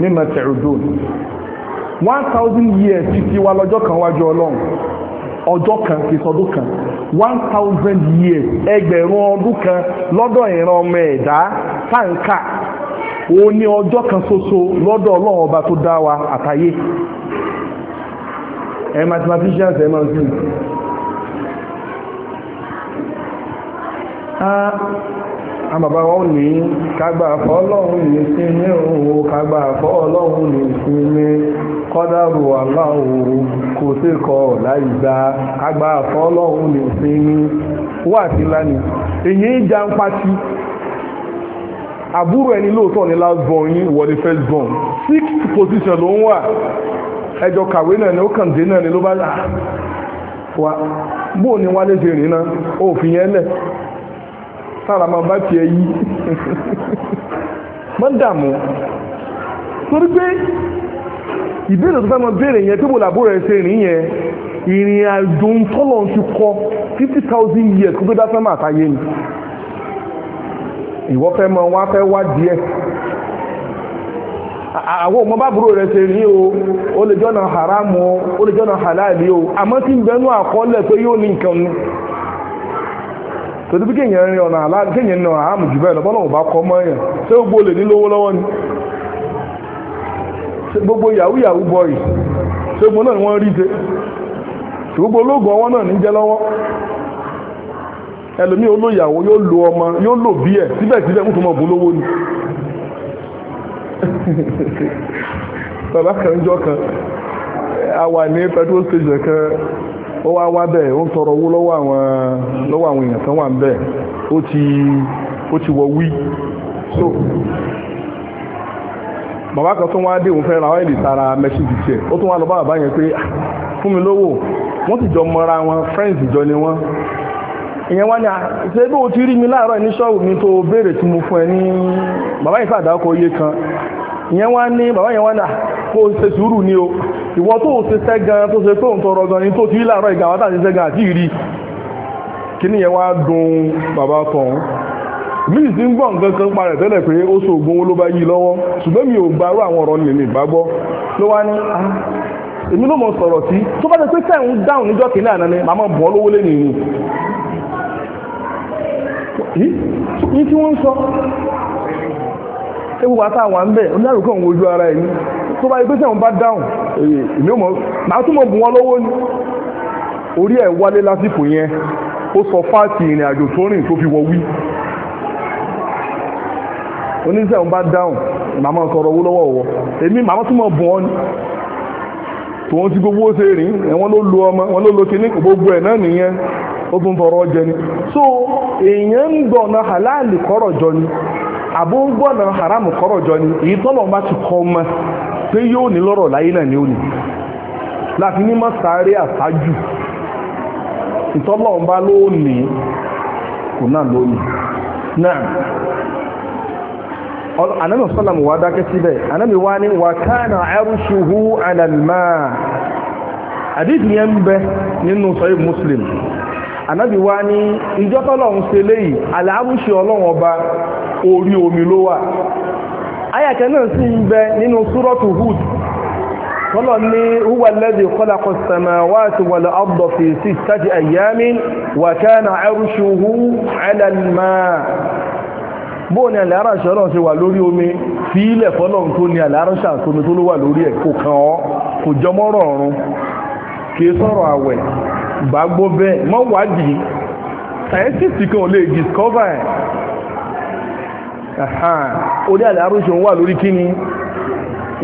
mimma ta'udun one thousand years ti ti wa lọ́jọ́ kan wájú ọlọ́run ọjọ́ kan kì í sọdún kan one thousand years ẹgbẹ̀rún ọdún kan lọ́dọ̀ ìran ọmọ ẹ̀dá táǹkà òun ni ọjọ́ kan ṣoṣo lọ́dọ̀ ọlọ́run ọba tó dá wa àtayé ẹ mathematicians ẹ máa ń sìn. Ah, àmàbá wọn ní kágbà fọ́lọ́hun ní sí ní òun kágbà fọ́lọ́hun ní sí ní kọ́dàrú aláwòrú kò sí kọ láìgbà kágbà fọ́lọ́hun ní sí ní wà sí lánìí èyí ìjà ń pàtí àbúrò ẹni lóòótọ́ ní last born yín wọlé first born sixth position ló ń wà ẹjọ kàwé náà ni ó kàn dé náà ni ló bá wà bóò ni wálé ṣe rìn náà òfin yẹn lẹ̀ sára máa bá tiẹ̀ yí má dààmú torí pé ìbéèrè tó fẹ́ máa béèrè yẹn tó bò làbó rẹ̀ ṣe rìn yẹn ìrìn àjò ń tọ́lọ̀ ti kọ fifty thousand years kó tó dá sẹ́mà àtàyè ni ìwọ fẹ́ mọ wá fẹ́ wá díẹ̀ àwọn ọmọ bábúrò rẹ̀ ṣe rí o ó lè jọ́nà haramu o ó lè jọ́nà halali o àmọ́ tí ń bẹnu àkọọ́lẹ̀ pé yóò ní nǹkan ni. tòdí bí kéèyàn rìn na ala kéèyàn nà àmù jù bẹ́ẹ̀ ọ náà bá kọ́ ya yẹn ṣé gbogbo lè ní lówó lọ́wọ́ gbogbo yahoo yahoo boy ṣé gbogbo náà gbogbo ní ẹlòmí olóyàwó yóò lo ọmọ yóò lò bí síbẹ̀síbẹ̀ ni bàbá kan jọ kan ní ó wá wá bẹ́ẹ̀ ó ń tọrọ owó lọ́wọ́ àwọn èèyàn kan wà ń bẹ́ẹ̀ ó ti wọ wí so bàbá kan tó wá dé òun fẹ́ ra ọ́ìlì tara mẹ́ṣíìtì tiẹ̀ ó tún wá lọ bá bàbá yẹn pé ah, fún mi lówó wọ́n ti jọ mọ́ra wọn friends jọ ni wọ́n ìyẹn wá ní ah, ṣe bí o ti rí mi láàárọ̀ ní ṣọ́ọ̀bù mi tó béèrè tí mo fún ẹ ní bàbá yìí fàdákọ̀ iye kan ìyẹn wá ní bàbá yẹn wá náà kó ṣe sùúrù ni o ìwọ tó ṣe sẹ́gan tó ṣe tó ń tọrọ gan ni tó ti láàárọ̀ ìgbà wátà ṣe sẹ́gan àti ìrí kíní yẹn wá dùn bàbá tọ̀hún mi ti ń gbọ́ nǹkan kan parẹ̀ tẹ́lẹ̀ pé ó ṣoògùn owó ló bá yí lọ́wọ́ ṣùgbọ́n mi ò gbarú àwọn ọ̀rọ̀ nìyẹn ìgbàgbọ́ ló wá ní èmi ló mọ̀ sọ̀rọ̀ sí tó bá ti pé tẹ̀ ń dáhùn níjọ́ kìíní àná ni màmá bọ̀ lówó lé nìyí ní tí wọ́n ń sọ ewúwa tá àwọn àmbẹ̀ onírànlọ́kọ̀ òun ojú ara ẹ̀yìn tó bá yẹ pé sẹ́wọ̀n bá dáhùn èmi ò mọ̀ màá túmọ̀ bù wọn lọ́wọ́ ni orí ẹ̀ wálé lásìkò yẹn ó sọ fáàtì ìrìn àjò tó rìn tó fi wọ wí oníṣẹ́wọ̀n bá dáhùn màmá sọ̀rọ̀ owó lọ́wọ́ ọ̀wọ́ èmi màmá túmọ̀ bù wọn ni tòun ti gbogbo ṣe rìn wọn ló lo ọmọ wọn ló lo kíní gbogbo ẹ̀ náà nìyẹn ó tún tọrọ jẹ ni so èèyàn ń gbọ̀nà àbó ń gbọ́nà haramu kọ́rọ̀ jọ ni èyí tọ́lọ̀ bá ti kọ́ ọmọ pé yóò ní lọ́rọ̀ láyé náà ni ó ní láti ní mọ́ sáré àṣájù ìtọ́lọ̀ bá ló ní kò náà ló ní náà anábì sọ́lá mọ̀ wá dákẹ́ síbẹ̀ anábì wá ní wà káàna ẹrùsùhù alàlmá àdìsí bẹ nínú sọ́yìn muslim anábì wá ní ìjọ́tọ́lọ̀ ń ṣe léyìí alàárùsù ọlọ́run ọba orí omi ló wà ayàkẹ́ náà sì ń bẹ nínú súrọ́tù Hud tọ́lọ̀ ní huwa alladhi khalaqa as-samawati wal arda fi sittati ayyamin wa kana 'arshuhu 'ala al-ma' bóò ni àlàárà ṣọ́rọ̀ ṣe wà lórí omi fi ilẹ̀ fọ́lọ́n tó ni àlàárà ṣàtúnmi tó ló wà lórí ẹ̀ kò kàn ọ́ kò jọmọ́rọ̀ ọ̀run kì í sọ̀rọ̀ àwẹ̀ gbàgbọ́ bẹ́ẹ̀ mọ́ wádìí sáyẹ́ntìsì kan lè discover orí àlàárùsùn wà lórí kíni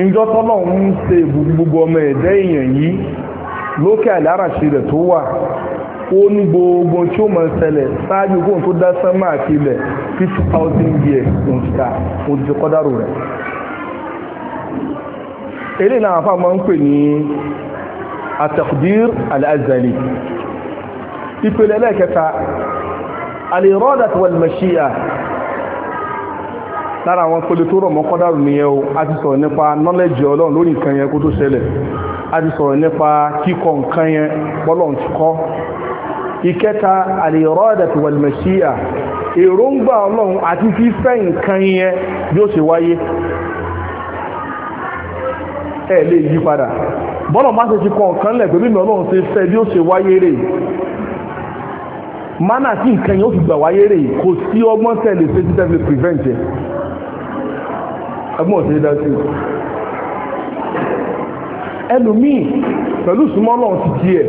ìjọ tọ́lọ̀ ń ṣe gbogbo ọmọ ẹ̀dẹ́ èèyàn yìí lókè àlàáràṣì rẹ̀ tó wà ó ní gbogbo tí ó máa ṣẹlẹ̀ ṣáájú kóhùn tó dá sánmà àti ilẹ̀ 50,000 years òun ti ta òun ti kọ́dárò rẹ̀ eléyìí náà àfáà máa ń pè ní at-taqdir al-azali ìpele ẹlẹ́ẹ̀kẹta al-irada wal lára àwọn pele tó rọ̀ mọ́ kọ́dàrú nìyẹn o a ti sọ̀rọ̀ nípa nọ́lẹ́jì ọlọ́run lórí nǹkan yẹn kó tó ṣẹlẹ̀ a ti sọ̀rọ̀ nípa kíkọ nǹkan yẹn bọ́lọ́run ti kọ́ ìkẹta al-iradatu wal-mashi'a èròǹgbà ọlọ́run àti fífẹ́ nǹkan yẹn bí ó ṣe wáyé ẹ̀ lè yí padà bọ́lọ̀ má ṣe ti kọ nǹkan lẹ̀ pé mímọ̀ ọlọ́run ṣe fẹ́ bí ó ṣe wáyé rè mánà tí nǹkan yẹn ó fi gbà wáyé rè kò sí ọgbọ́n tẹ̀lé ṣe títẹ́ fi prevent yẹn ẹgbọ́n òṣèré dájú ẹlòmíì pẹ̀lú súnmọ́ Ọlọ́run ti di ẹ̀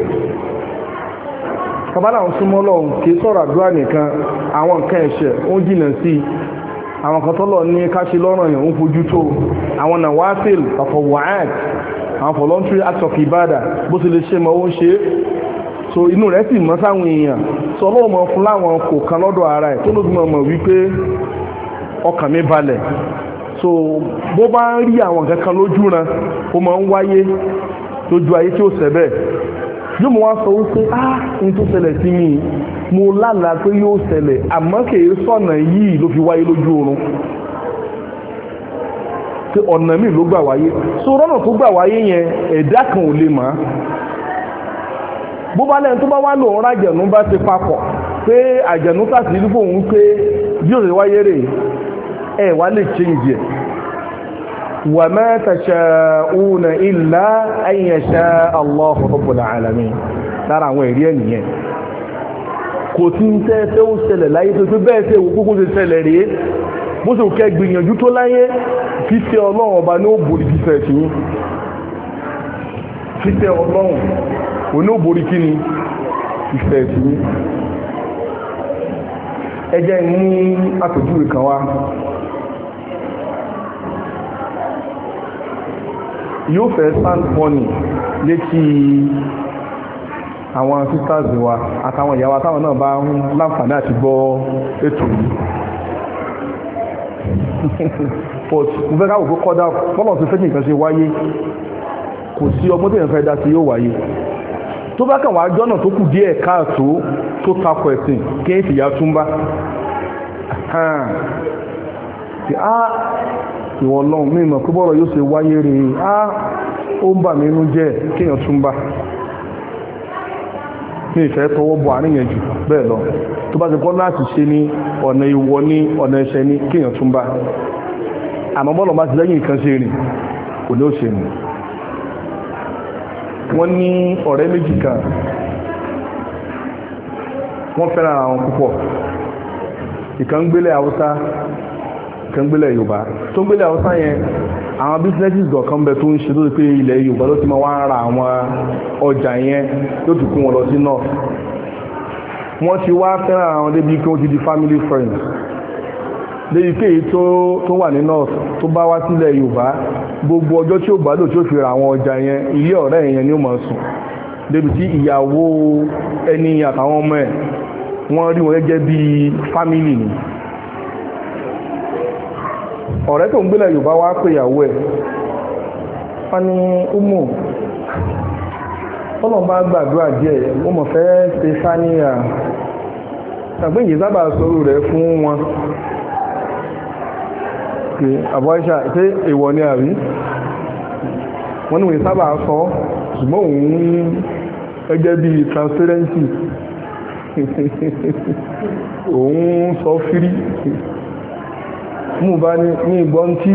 babaláwọn súnmọ́ Ọlọ́run kì í sọ̀rọ̀ àdúrà nìkan àwọn nǹkan ẹ̀ṣẹ̀ ó ń jìnà sí i àwọn kan tọ́lọ̀ ní káṣe lọ́rùn yẹn ń fojú tó àwọn náà wáá fèl ọ̀fọ̀ wàhálà àwọn voluntary act of ibada bó ti lè ṣe mọ́ ó ń ṣe é so inú rẹ̀ sì mọ́ sáwọn èèyàn sọ lọ́wọ́ mọ́ fún láwọn kò kan lọ́dọ̀ ara ẹ̀ tó ló fi wípé ọkàn mi balẹ̀ so bó bá ń rí àwọn nǹkan kan lójú ran ó máa ń wáyé lójú ayé tí ó ṣẹ bẹ́ẹ̀ yóò mọ̀ wá sọ wípé ah n tó ṣẹlẹ̀ sí mi mo lálàá pé yóò ṣẹlẹ̀ àmọ́ kèé sọ̀nà yìí ló fi wáyé lójú oorun pé ọ̀nà míì ló gbà wáyé so rọ́nà tó gbà wáyé yẹn ẹ̀dá kan ò lè mọ̀ bó bá lẹ́nu tó bá wá lòun rájẹ̀nú bá ti papọ̀ pé àjẹ̀nú sàtìlú fòun pé bí òṣèlú wáyé ẹ̀ wà lè change ẹ̀ wà ma tasha'una illa an yasha Allahu rabbul alamin lára àwọn ẹ̀rí ẹ̀nìyàn kò tí ń tẹ́ tẹ́ ó ṣẹlẹ̀ láyé tó tó bẹ́ẹ̀ tẹ́ òkúkú ti ṣẹlẹ̀ rèé bó ṣe kẹ́ gbìyànjú tó láyé fífẹ́ ọlọ́run ọba ní ó borí yóò fẹ́ stand funny létí àwọn sisters wa àtàwọn ìyá wa táwọn náà bá ń láǹfààní àti gbọ́ ètò yìí but mo fẹ́ káwò pé kọ́dá bọ́lọ̀ tó fẹ́ kí nǹkan ṣe wáyé kò sí ọgbọ́n tó yẹn fẹ́ dá sí yóò wáyé tó bá kàn wá jọ́nà tó kù díẹ̀ káàtó tó takọ̀ ẹ̀sìn kéèyàn fìyà túmbá ti a ah, ìwọ ọlọ́run mi mọ̀ yóò se wáyé rè á ó ń bà mí jẹ́ tún bá ní ìfẹ́ tọwọ́ bọ̀ àríyàn jù bẹ́ẹ̀ lọ tó bá ti kọ́ láti ṣe ní ọ̀nà ìwọ ní ọ̀nà ẹ̀ṣẹ̀ ní kéèyàn tún bá àmọ́ bá ti lẹ́yìn nǹkan ṣe rìn kò ní kan gbélẹ̀ yorùbá tó gbélẹ̀ haúsá yẹn àwọn businesses kọ̀ọ̀kan bẹ tó ń ṣe tó ti pé ilẹ̀ yorùbá ló ti máa wá ra àwọn ọjà yẹn yóò ti kún wọn lọ sí north wọ́n ti wá fẹ́ràn àwọn débi pé wọ́n ti di family friends léyìí kéyìí tó tó wà ní north tó bá wá sílẹ̀ yorùbá gbogbo ọjọ́ tí ó gbádùn tí ó fi ra àwọn ọjà yẹn ilé ọ̀rẹ́ yẹn ni ó máa sùn débi tí ìyàwó ẹni àtàwọn ọmọ ẹ̀ wọ́n rí wọn gẹ́gẹ́ bíi family ni ọ̀rẹ́ tó ń gbélẹ̀ Yorùbá wá pé ìyàwó ẹ̀ wọ́n ní umu ọlọ́run bá gbàdúrà díẹ̀ mo mọ̀ fẹ́ ṣe sáníyà tàbí ìyè sábà sọ̀rọ̀ rẹ̀ fún wọn pé àbọ̀ṣà ṣé èèwọ̀ ni àrí wọ́n níwèé sábà sọ ṣùgbọ́n òun gẹ́gẹ́ bí transparency òun sọ fírí mú bá ní ìgbọ́n tí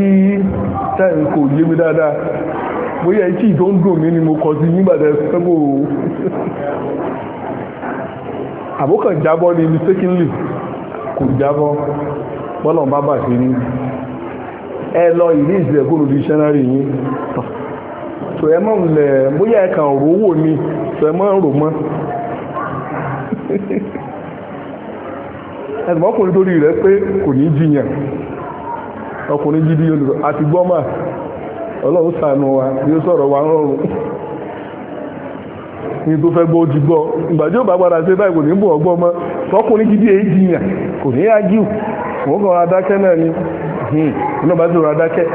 táìmù kò yé mi dáadáa bóyá etí tó ń dùn mí ni mo kọ sí nígbàdà sẹ́gbò àbókàn jábọ́ ni mistakenly kò jábọ́ bọ́lọ̀ bá bà sí ní ẹ lọ ìrí ìsìlẹ̀ kó lórí dictionary yín tò ẹ mọ̀ lẹ̀ bóyá ẹ kàn rówó ni tò ẹ mọ̀ rò mọ́ ẹ̀sùn ọkùnrin torí rẹ pé kò ní jiyàn ọkùnrin jíbi olùrọ̀ àti gbọ́mà ọlọ́run ṣàánú wa yóò sọ̀rọ̀ wa rọrùn ní tó fẹ́ gbọ́ ó ti gbọ́ ìgbàjọ́ bá padà ṣe báyìí kò ní bù ọgbọ́n mọ́ tọkùnrin èyí kò ní ágíù wọ́n kàn adákẹ́ náà ni iná hmm, bá adákẹ́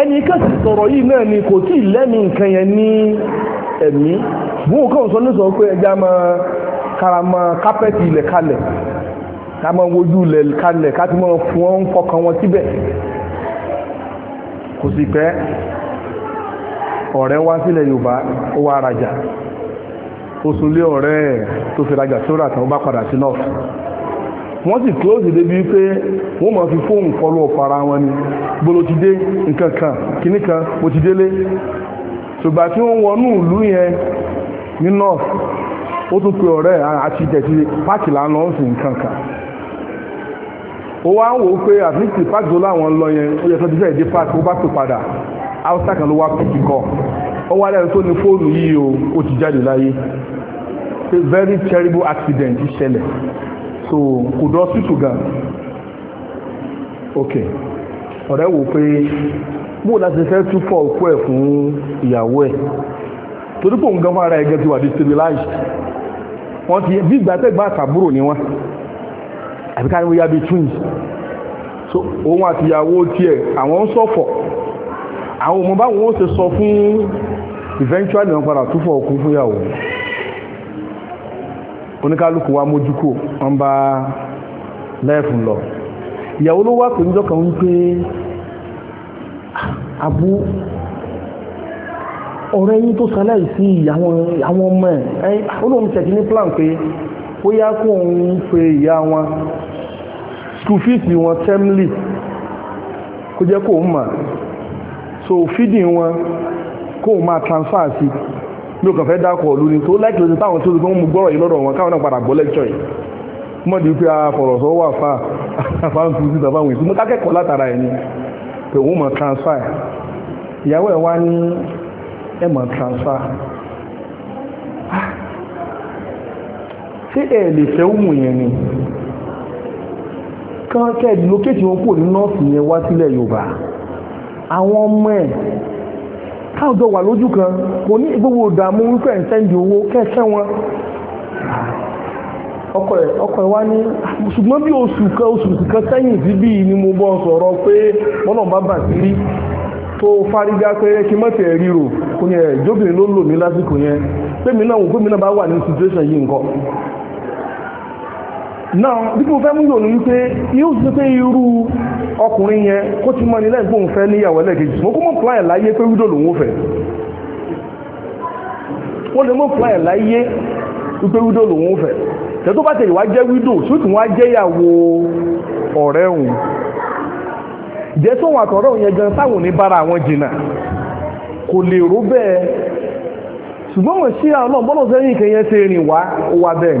ẹni kẹ́sì sọ̀rọ̀ yìí náà ni kò tí ì ní ẹ̀mí sọ ní sọ pé ẹja máa karama ilẹ̀ kalẹ̀ ká máa wojú ilẹ̀ kalẹ̀ ká ti máa fún wọn síbẹ̀ kò sí pẹ́ ọ̀rẹ́ wá sílẹ̀ yorùbá ó wá rajà ó súnlé ọ̀rẹ́ ẹ̀ tó fi rajà tó rà bá padà sí north wọ́n sì close débi pé wọ́n máa fi fóònù kọlu ọ̀pọ̀ wọn ni gbolo ti dé nǹkan kan kìíní kan mo ti délé ṣùgbà tí wọ́n wọnú ìlú yẹn ní north ó tún pe ọ̀rẹ́ ó wá ń wò ó pé àfíìsì pàtó láwọn lọ yẹn ó yẹ sọ́dún fẹ́ẹ̀ dé pàtó bá tó padà haúsá kan ló wá pìkì kọ́ ó wá lẹ́nu tó ní fóònù yìí o ó ti jáde láyé a very terrible accident ṣẹlẹ̀ so kò dọ́ sí ṣùgà ok ọ̀rẹ́ wò pé bóò láti fẹ́ túfọ̀ òkú ẹ̀ fún ìyàwó ẹ̀ torí pò ń gan fara ẹgẹ ti wà destabilized wọ́n ti bí ìgbà tẹ́gbà àtàbúrò ni wọ́n àbíká ní wíyá bíi twins òun àtìyàwó tiẹ̀ àwọn ń sọ̀fọ̀ àwọn ọmọ báwọn ó ṣe sọ fún eventually wọn padà túfọ̀ òkú fúnyàwó oníkálukú wa mójúkò wọn bá lẹ́ẹ̀fún lọ ìyàwó ló wá pèjọ́ kan wípé abú ọ̀rẹ́ yín tó ṣaláìsí àwọn ọmọ ẹ̀ olóhùn tẹ̀kí ní plan pé ó yá kó òun pe ìyá wọn school fees wọn tẹ́mìlì kó jẹ́ kó mọ̀ so feeding wọn kó máa transfer sí mi ò kàn fẹ́ dákọ̀ ọ̀lú ni tó láìkì lóṣù táwọn tó gbọ́n mú gbọ́rọ̀ yìí lọ́dọ̀ wọn káwọn náà padà gbọ́ lecture yìí mọ́ di pé afọ̀rọ̀sọ wà fà àfáàǹtù sí tàbáwọn èsì mo kákẹ́kọ̀ọ́ látara ẹ̀ ni pé òun mọ̀ transfer ìyàwó ẹ̀ wá ní ẹ̀ mọ̀ transfer ah! ṣé ẹ̀ lè fẹ́ òun yẹn ni kán kẹ́ẹ̀dì lókèjì wọn kò ní nọ́ọ̀sì yẹn wá sílẹ̀ yorùbá àwọn ọmọ ẹ̀ káàdọ̀ wà lójú kan kò ní gbogbo ìdààmú wípé ẹ̀ ń sẹ́ndì owó wọn ọkọ̀ ẹ̀ wá ní ṣùgbọ́n bí oṣù kan oṣù kan sẹ́yìn sí bíi ni mo bọ́ sọ̀rọ̀ pé mọ́nà bá bà sí rí tó fárígá pé kí mọ́tì ẹ̀ ríro kò jóbìnrin ló lò lásìkò yẹn pé mi náà wò náà bí mo fẹ́ mú yòó ní wípé yóò ti pé irú ọkùnrin yẹn kó ti mọ́ ní lẹ́gbọ́n fẹ́ níyàwó ẹlẹ́kejì mo kó mọ̀ plan ẹ̀ láyé pé wídò lòun fẹ́ ó lè mọ̀ plan ẹ̀ láyé wípé wídò lòun fẹ́ tẹ́ tó bá tẹ̀ ìwá jẹ́ wídò tí ó ti wá jẹ́ ìyàwó ọ̀rẹ́ òun jẹ́ tó wọn àtọ̀rọ̀ òun yẹn gan táwọn ní bára àwọn jìnnà kò lè ró bẹ́ẹ̀ ṣùgbọ́n wọn sí àwọn ọlọ́ọ̀bọ́lọ̀ sẹ́yìn kẹyẹ ṣe rìn wá wá bẹ́ẹ̀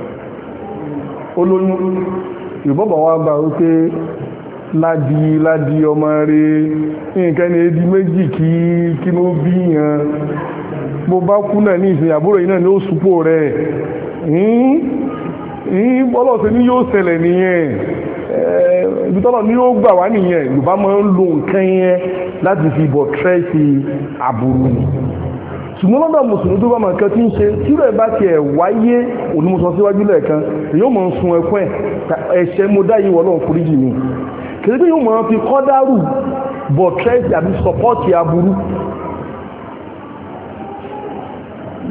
olóyún ìbọ̀bọ̀ wa gbà wípé ládi ládi ọmọ rẹ̀ nǹkan méjì kí kí ló bí yàn bó bá kú náà ní ìsìn àbúrò yìí náà ni ó súpò rẹ̀ yìí bọ́lọ̀sẹ̀ ni yóò ṣẹlẹ̀ nìyẹn ibi tọ́lọ̀ ni yóò gbà wá nìyẹn Yorùbá lo nǹkan yẹn láti fi bọ̀ àbúrò ṣùgbọ́n lọ́dọ̀ mùsùlùmí tó bá mọ̀ nǹkan tí ń ṣe tí rẹ̀ bá tiẹ̀ wáyé onímọ̀sọ síwájú lẹ́ẹ̀kan yóò mọ̀ ń sun ẹkún ẹ̀ ẹ̀ṣẹ̀ mo dá yìí wọ́lọ́ foríjì mi kìí pé yóò mọ̀ fi kọ́dárù bọ̀ tẹ́sì àbí sọpọ́ọ̀tì aburú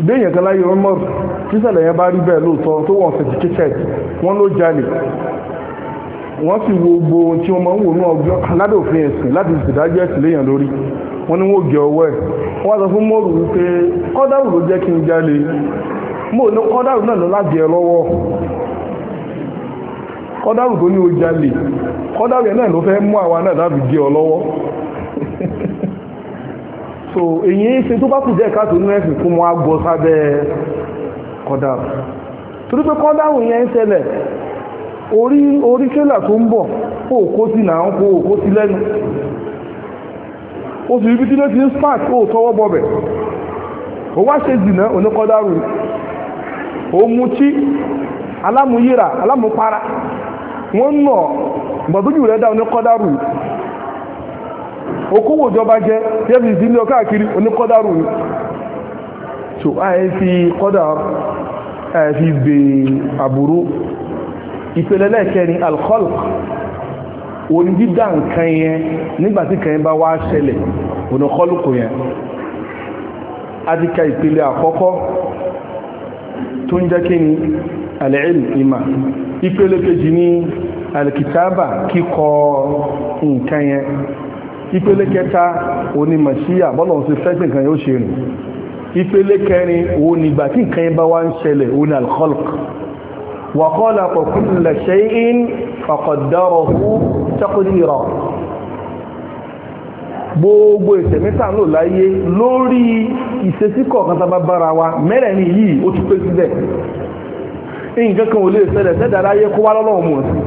béèyàn kan láyé ọmọ tíṣẹ̀lẹ̀ yẹn bá rí bẹ́ẹ̀ lóòótọ́ tó wọ́n certificate wọ́n ló jalè wọ́n sì wo gbogbo tí wọ́n máa ń wò náà ládòfin ẹ̀sìn láti ìṣèdájọ́ ẹ̀sìn léèyàn lórí wọ́n ni wọ́n gẹ ọwọ́ ẹ̀ wọ́n sọ fún mọ́rù wípé kọ́dàrù ló jẹ́ kí n jalè mọ́ ní náà lọ́wọ́ tó ní o jalè kọ́dáwù ẹ̀ náà ló fẹ́ mú àwa náà láti ọ lọ́wọ́ so ṣe tó náà kó ó sì rí tílé ti ń spark ó tọwọ́ bọ̀bẹ̀ ó wá ṣe jìnà oníkọ́dárù ó mú tí alámúyíra alámúpara wọ́n nà gbọ̀dújù rẹ̀ dá oníkọ́dárù okòwò ìjọba jẹ́ tẹ́bí sí ní ọkọ̀ àkiri oníkọ́dárù ni so àyè fi kọ́dà àyè fi gbé àbúrú ìpele lẹ́ẹ̀kẹrin alkọ́lù òní dídá nǹkan yẹn nígbàtí kan yẹn bá wá ṣẹlẹ̀ òní kọlùkù yẹn adìka ìpele àkọ́kọ́ tó ń jẹ́ kí ni al-ilm ìmà ìpele kejì ní alìkìtàbà kíkọ nǹkan yẹn ìpele kẹta òní màṣíyà bọ́lọ̀ sí fẹ́gbẹ̀ nǹkan yóò ṣe rìn ìpele kẹrin òní ìgbà tí nǹkan yẹn bá wá ń ṣẹlẹ̀ òní al وخلق كل شيء فقدره تقديرا gbogbo ìsẹ̀mítà ló láyé lórí ìṣesí kọ̀ọ̀kan tàbá bára wa mẹ́rẹ̀ẹ̀rin yìí ó ti pé síbẹ̀ nǹkan kan ò lè ṣẹlẹ̀ ṣẹ̀dá láyé kó wá lọ́lọ́run mọ̀ sí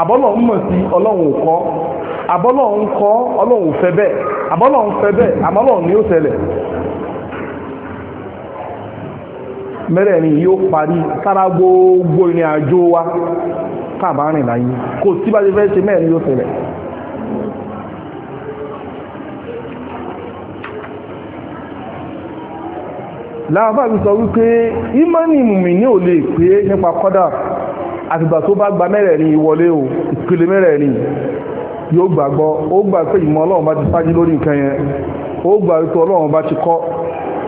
àbọ́lọ́run mọ̀ sí ọlọ́run ò kọ́ àbọ́lọ́run kọ́ ọlọ́run ò fẹ́ bẹ́ẹ̀ fẹ́ bẹ́ẹ̀ ni ó mẹ́rẹ̀ẹ̀rin yóò parí sára gbogbo ìrìn àjò wa tàbá rìn láyé kò tí bá ti fẹ́ ṣe mẹ́rin yóò tẹ̀lẹ̀ láàbàbí sọ wípé ìmánì mùmí ní ò lè pé nípa kọ́dà àtìgbà tó bá gba mẹ́rẹ̀ẹ̀rin ìwọlé o ìpele mẹ́rẹ̀ẹ̀rin yóò gbàgbọ́ ó gbà pé ìmọ̀ ọlọ́run bá ti lórí nǹkan yẹn ó gbà pé ọlọ́run bá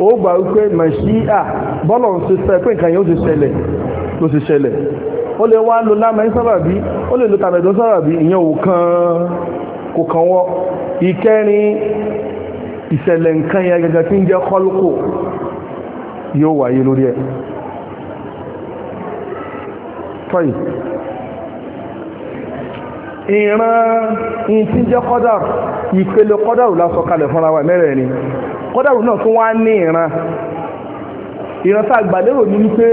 ó gbà wípé màṣíà bọ́lọ̀ ń ṣe sẹ́ pé nǹkan yẹn ó ti ṣẹlẹ̀ ló ti ṣẹlẹ̀ ó lè wá lo lámẹ́ sábàbí ó lè lo tàbẹ̀dọ́ sábàbí ìyẹn ò kan kò kan wọ́ ìkẹrin ìṣẹ̀lẹ̀ nǹkan yẹn gẹ́gẹ́ tí ń jẹ́ kọ́lùkù yóò wáyé lórí ẹ̀ tọ́yì ìran ìtíjẹ́ kọ́dàrù ìpele kọ́dàrù lásọ kalẹ̀ fúnra mẹ́rẹ̀ ni kọ́dàrù náà tún wá ní ìran ìran tá àgbàlérò ní wípé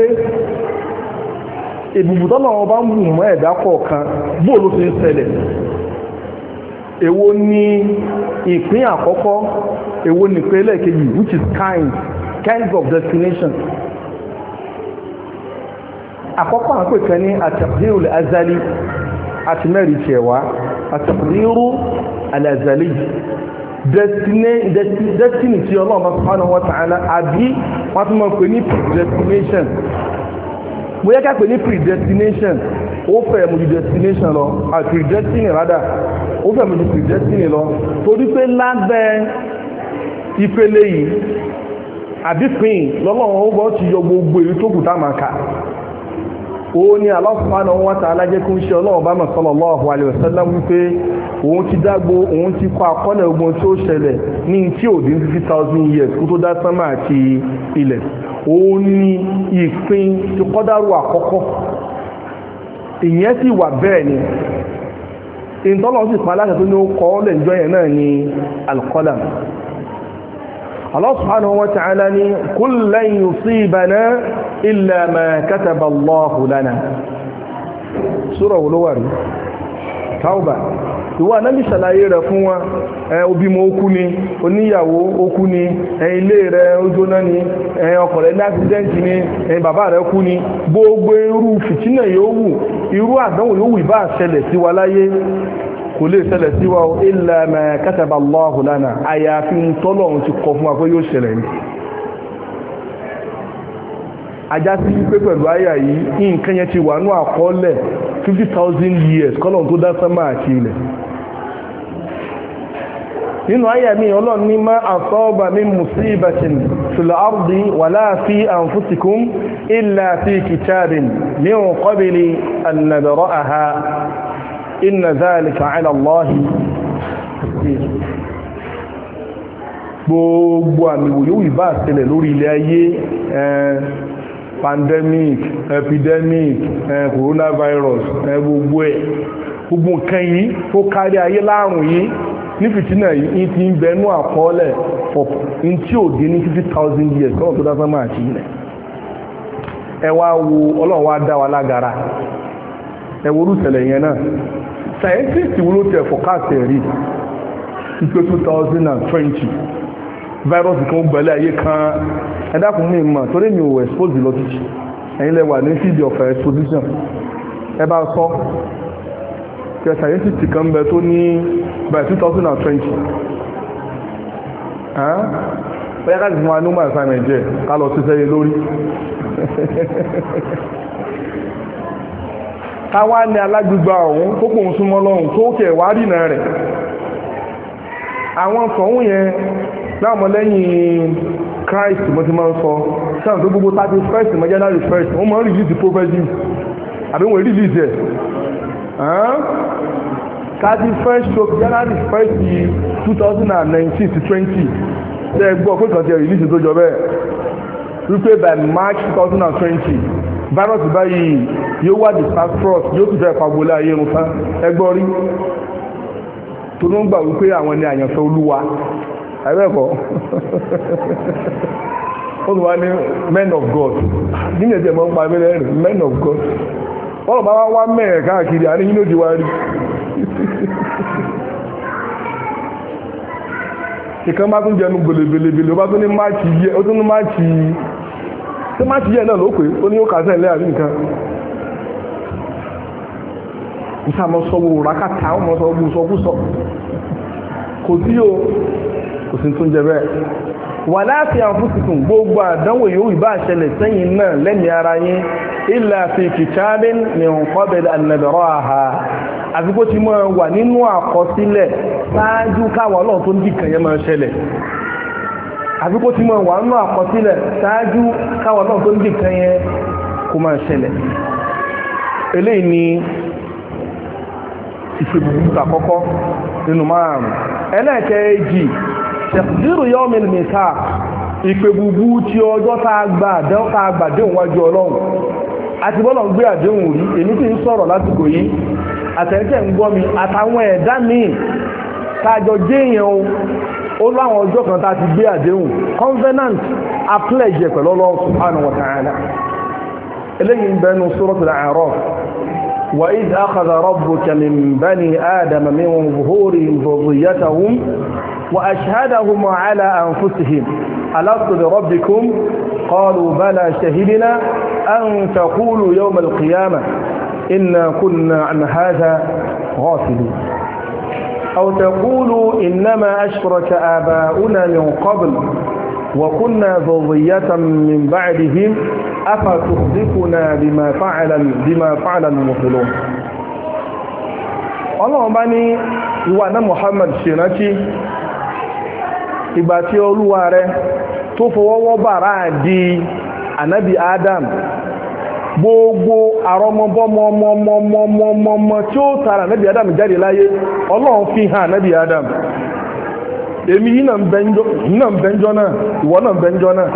ìbùbùdọ́nà ọba ń wù mọ́ ẹ̀dá kọ̀ọ̀kan bóò ló fi ń ṣẹlẹ̀ èwo ni ìpín àkọ́kọ́ èwo ni ìpín ẹlẹ́ẹ̀kejì which is kind kinds of destination àkọ́kọ́ àpèkẹ́ ní àtàkùnrin azali àti mẹ́rin tiẹ̀ wá alazali destiny tí ọlọ́run bá subhanahu wa ta'ala àbí wọ́n tún máa pè ní predestination mo yẹ ká pè ní predestination ó fẹ́ mo ju destination lọ àti predestiny rádà ó fẹ́ mo ju predestiny lọ torí pé lábẹ́ ìpele yìí àbí pin lọ́lọ́run ó bọ́ ti yọ gbogbo èyí tó kù tá a máa kà òun ni Allah subhanahu wa ta'ala jẹ́ kó ń ṣe ọlọ́run bá mọ̀ sallallahu alaihi wasallam wípé òun ti dágbo òun ti kọ àkọọ́lẹ̀ ogun tí ó ṣẹlẹ̀ ní tí ò dín thousand years kó tó dá sánmà àti ilẹ̀ òun ni ìpín ti àkọ́kọ́ ni ìtọ́lọ́sì pa aláṣẹ tó ní ó kọ́ yẹn náà Allah subhanahu wa ta'ala ni kul lan yusibana illa ma kataba Allahu lana sura olówàrí tauba ìwà anábì ṣàlàyé rẹ̀ fún wa ẹ obìmọ̀ okú ni oníyàwó okú ni ẹ ilé rẹ̀ ojóná ni ẹ ọkọ rẹ̀ ní àkídẹ́ǹtì ni bàbá rẹ̀ kú ni gbogbo irú fìtínà yóò wù irú àdánwò yóò wù ìbá ṣẹlẹ̀ sí wa láyé kò lè ṣẹlẹ̀ sí wa illa ma kataba Allahu lana àyàfi ń tọ́lọ́run ti kọ fún wa pé yóò ṣẹlẹ̀ ní ajá sí pé pẹ̀lú àyà yìí nǹkan yẹn ti wà ní àkọọ́lẹ̀ 50,000 years kọ́lọ̀n tó dá sánmà àti ilẹ̀ nínú àyà mi ọlọ́run ní má àsọ́ọ̀bà min musibatin fil ardi wala fi anfusikum illa fi kitabin min qabli an nadra'aha inna zalika ala Allahi gbogbo àmìwò yóò ìbá àṣẹlẹ̀ lórí ile ayé pandemic epidemic coronavirus gbogbo ẹ̀ gbogbo nǹkan yìí tó kárí ayé láàrùn yìí ní fìtínà yìí ti ń bẹnú àkọọ́lẹ̀ in tí ò dé ní 50,000 years lọ́wọ́ tó dá sánmà àti ilẹ̀ ẹ wá wo ọlọ́run wá dá wa lágara ẹ wo scientists wo ló tẹ̀ forecast rí ipe two thousand virus kan gbẹ̀lẹ̀ ayé kan ẹ̀dá kún mi mọ̀ torí mi ò expose lọ títí ẹ̀yin lẹ wà ní field of exposition ẹ bá sọ kẹ scientist kan bẹ tó ní by two thousand and twenty bóyá ká ti fún wa ní human assignment jẹ ká lọ sí sẹ́yìn lórí. káwá ní alágbègbà ọ̀hún tó pòun súnmọ́ lọ́hùn tó kẹ̀ wá rìnà rẹ̀ àwọn sọ̀hún yẹn láàmọ́lẹ́yìn Christ mo ti máa ń sọ sáà tó gbogbo thirty first mọ January first wọ́n máa ń release the prophecy àbí wọ́n release ẹ̀ thirty first to January first two thousand and nineteen to twenty ṣe é gbọ́ pé kàn ti release tó jọ bẹ́ẹ̀ wípé by March two thousand and twenty virus báyìí yóò wà disastrous yóò tún fẹ́ pagbolé ayé irun tán tó ló ń gbà wípé àwọn ni men of God mọ́ ń pa abẹ́rẹ́ men of God wọ́n bá wá mẹ́rẹ̀ káàkiri ló di wá rí ìkan bá tún jẹnu gbèlègbèlègbèlè bá tún ní máàkì yẹ ó tún ní máàkì yẹ náà ó ní ó kà sẹ́yìn àkúsà mọ́ sọ́wọ́ rákàtà ọmọ sọ́wọ́ sọ́kúsọ kò sí o kò sí tún jẹ bẹ́ẹ̀ wà láti àfúsìkùn gbogbo àdánwò yóò ìbá ṣẹlẹ̀ sẹ́yìn náà lẹ́mìí ara yín ilà fi kìtàbín ní ọ̀pọ̀bẹ̀ ànàbẹ̀rọ̀ àhà àfikó ti mọ́ wà nínú àkọsílẹ̀ sáájú káwọn ọlọ́run tó ń dì kàn yẹn máa ṣẹlẹ̀ àfikó ti mọ́ wà nínú àkọsílẹ̀ sáájú káwọn ọlọ́run tó ń dì kàn yẹn kó máa ṣẹlẹ̀ eléyìí ni ìṣòbùbù àkọ́kọ́ nínú márùn-ún ẹlẹ́ẹ̀kẹ́ẹ̀jì tẹ̀síìrù yọ́mìn mìta ìpèbùbù tí ọjọ́ wájú ọlọ́run àti bọ́lọ̀ ń gbé àdéhùn rí èmi tí ń sọ̀rọ̀ lásìkò yìí ń gbọ́ mi àtàwọn ẹ̀dá míì tájọ jéèyàn o ó láwọn ọjọ́ kan tá a ti gbé àdéhùn covenant apilẹ̀jẹ̀ pẹ̀lú ọlọ́run وإذ أخذ ربك من بني آدم من ظهورهم ذريتهم وأشهدهم على أنفسهم ألست بربكم قالوا بلى شهدنا أن تقولوا يوم القيامة إنا كنا عن هذا غافلين أو تقولوا إنما أشرك آباؤنا من قبل وكنا ذرية من بعدهم أفتخذفنا بما فعل بما فعل المرسلون ọlọ́run bá ní ìwà náà Muhammad ṣèrántí ìgbà tí olúwa rẹ tó fọwọ́wọ́ bàrá di ànábì Adam gbogbo àrọmọbọmọmọmọmọmọmọ tí ó tara ànábì Adam jáde láyé ọlọ́run fi hàn ànábì Adam èmi yìí náà ń bẹ́njọ́ náà ìwọ náà ń bẹ́njọ́ náà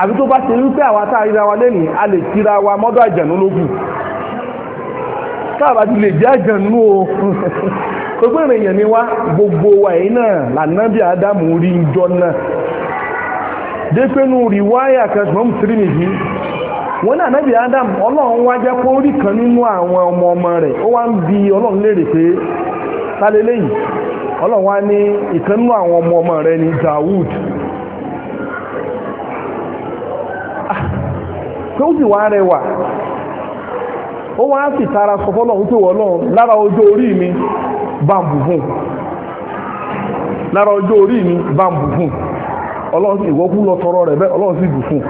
àbí tó bá ṣe wípé àwa tá a ríra wa lẹ́nìí a lè tira wa mọ́dọ̀ àjànú lókù káàbà ti lè jẹ́ àjànú o gbogbo ènìyàn ni wá gbogbo wa yìí náà lànàbí àdámù rí ìjọ náà dépénú rí wáyà kan ṣùgbọ́n mùsùlùmí nìyí wọn náà nábì Adam ọlọ́run wá jẹ́ kó rí kan nínú àwọn ọmọ ọmọ rẹ̀ ó wá ń bi ọlọ́run léèrè pé ta lélẹ́yìn ọlọ́run ní ìkannú àwọn ọmọ ọmọ rẹ n'i Dawud ah, pé ó sì wá rẹwà ó wá sì tara sọ fọ́lọ́run tó wọ́n náà lára ọjọ́ orí mi bàbù fún lára ọjọ́ orí mi bàbù fún ọlọ́run ìwọ́kú lọ tọrọ rẹ̀ ọlọ́run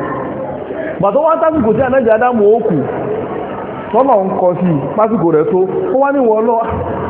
bàtọ́ wá tásìkò tí anájà ń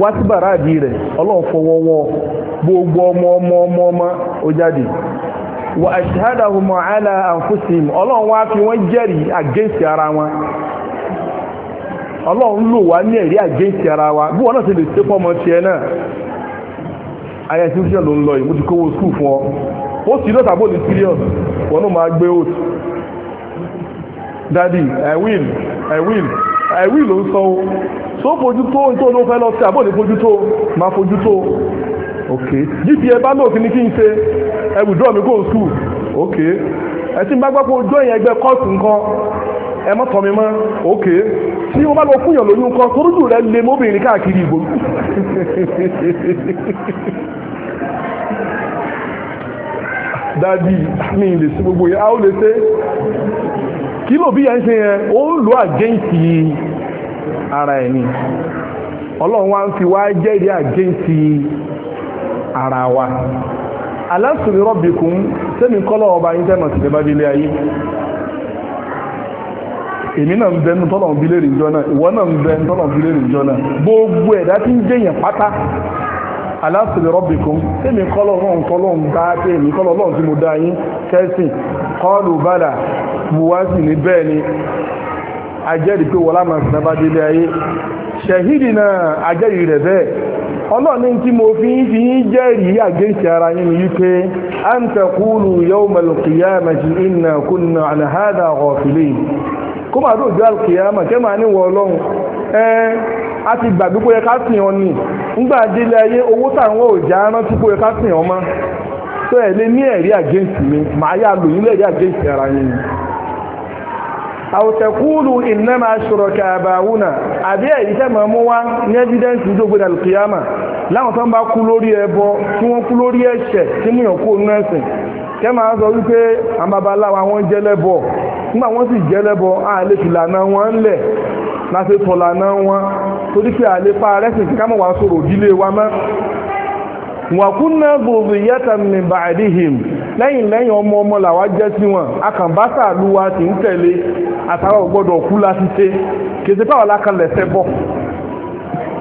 wá sí bàràdì rẹ̀ ọlọ́run fọwọ́ wọn gbogbo ọmọ ọmọ ọmọ ọmọ ó jáde wà ashhadahum ala anfusihim ọlọ́run wá fi wọ́n jẹ́rìí àgẹ́sì ara wọn ọlọ́run lò wá ní ẹ̀rí àgẹ́sì ara wa bí wọ́n náà ti lè ṣe fọ́mọ tiẹ̀ náà ayé tí ó ṣe ló ń lọ yìí mo ti kówó skul fún ọ ó sì lọ́tà bó ní serious wọn náà máa gbé oat daddy i will i will i will ló ń sọ tó fojú tó tó ló fẹ́ lọ sí àbò lè fojú tó máa fojú tó ok gp ẹ bá lóòfin ní kí n ṣe ẹ withdraw mi kó o school ok ẹ ti ń bá gbọ́ pé ojú ẹ̀yìn ẹgbẹ́ kọ́ọ̀tù nǹkan ẹ mọ́ tọ́mi mọ́ ok tí wọ́n bá lọ fún yàn lóyún nǹkan torújù rẹ lè mọ́bìnrin káàkiri ìbò dadi mi lè sí gbogbo yẹn a ó lè ṣe kí ló bí yẹn ṣe yẹn ó ń lo àgẹ́ǹtì yìí. ara ẹ̀ ọlọ́run wa ń fi wá ara wa alásùnmí rọ́bìkún sẹ́mi kọ́lọ̀ ọba yín tẹ́mọ̀ sí délé ayé èmi náà ń bẹ ní tọ́lọ̀ bílé náà ìwọ náà ń gbogbo ẹ̀dá tí ń jẹ́yàn pátá alásìlè rọ́bìkún tèmi kọ́lọ̀ náà ń kọ́lọ̀ tí mo yín kẹ́sìn ajẹ́rìí pé wọlá máa sàn bá délé ayé ṣẹ̀hídì náà ajẹ́rìí rẹ̀ bẹ́ẹ̀ ọlọ́ọ̀ni tí mo fi ń jẹ́rìí ara ni à ń tẹ̀kúlù yawmal qiyamati inna kunna an hadha ghafilin kó máa tó ìjọ alùkìyàmà kẹ́ máa níwọ̀ ọlọ́run ẹ a ti gbàgbé pé ká sìn ni ńgbà délé ayé owó táwọn ò já rántí pé ká sìn mọ́ tó lé ní ẹ̀rí mi màá àwòtẹ́kúlù ìnáma ṣùrọ̀kà àbáwùnà àbí ẹ̀yí tẹ́ máa mú wá ní ẹ́fídẹ́ǹsì ìjọgbìn alkiyama láwọn tán bá kú lórí ẹbọ tí wọ́n kú lórí ẹ̀ṣẹ̀ tí mú yàn kú nẹ́sìn kẹ́ máa sọ wípé àmàbaláwa wọn jẹ́lẹ́bọ̀ nígbà wọ́n sì jẹ́lẹ́bọ̀ àlè fìlànà wọn ńlẹ̀ láti tọ̀lànà wọn torí pé àlè pa rẹ́sìn kí ká mọ̀ wá sọ̀rọ̀ òdílé wa mọ́ wa gbogbo yẹ́ta mi ba'dihim lẹ́yìn lẹ́yìn ọmọ ọmọ làwa jẹ́ sí wọn akànbásà lúwa ti ń tẹ̀lé àtàwọn ọgbọ́dọ̀ kú láti ṣe kèsì pàwọn lákan lẹ̀sẹ̀ bọ̀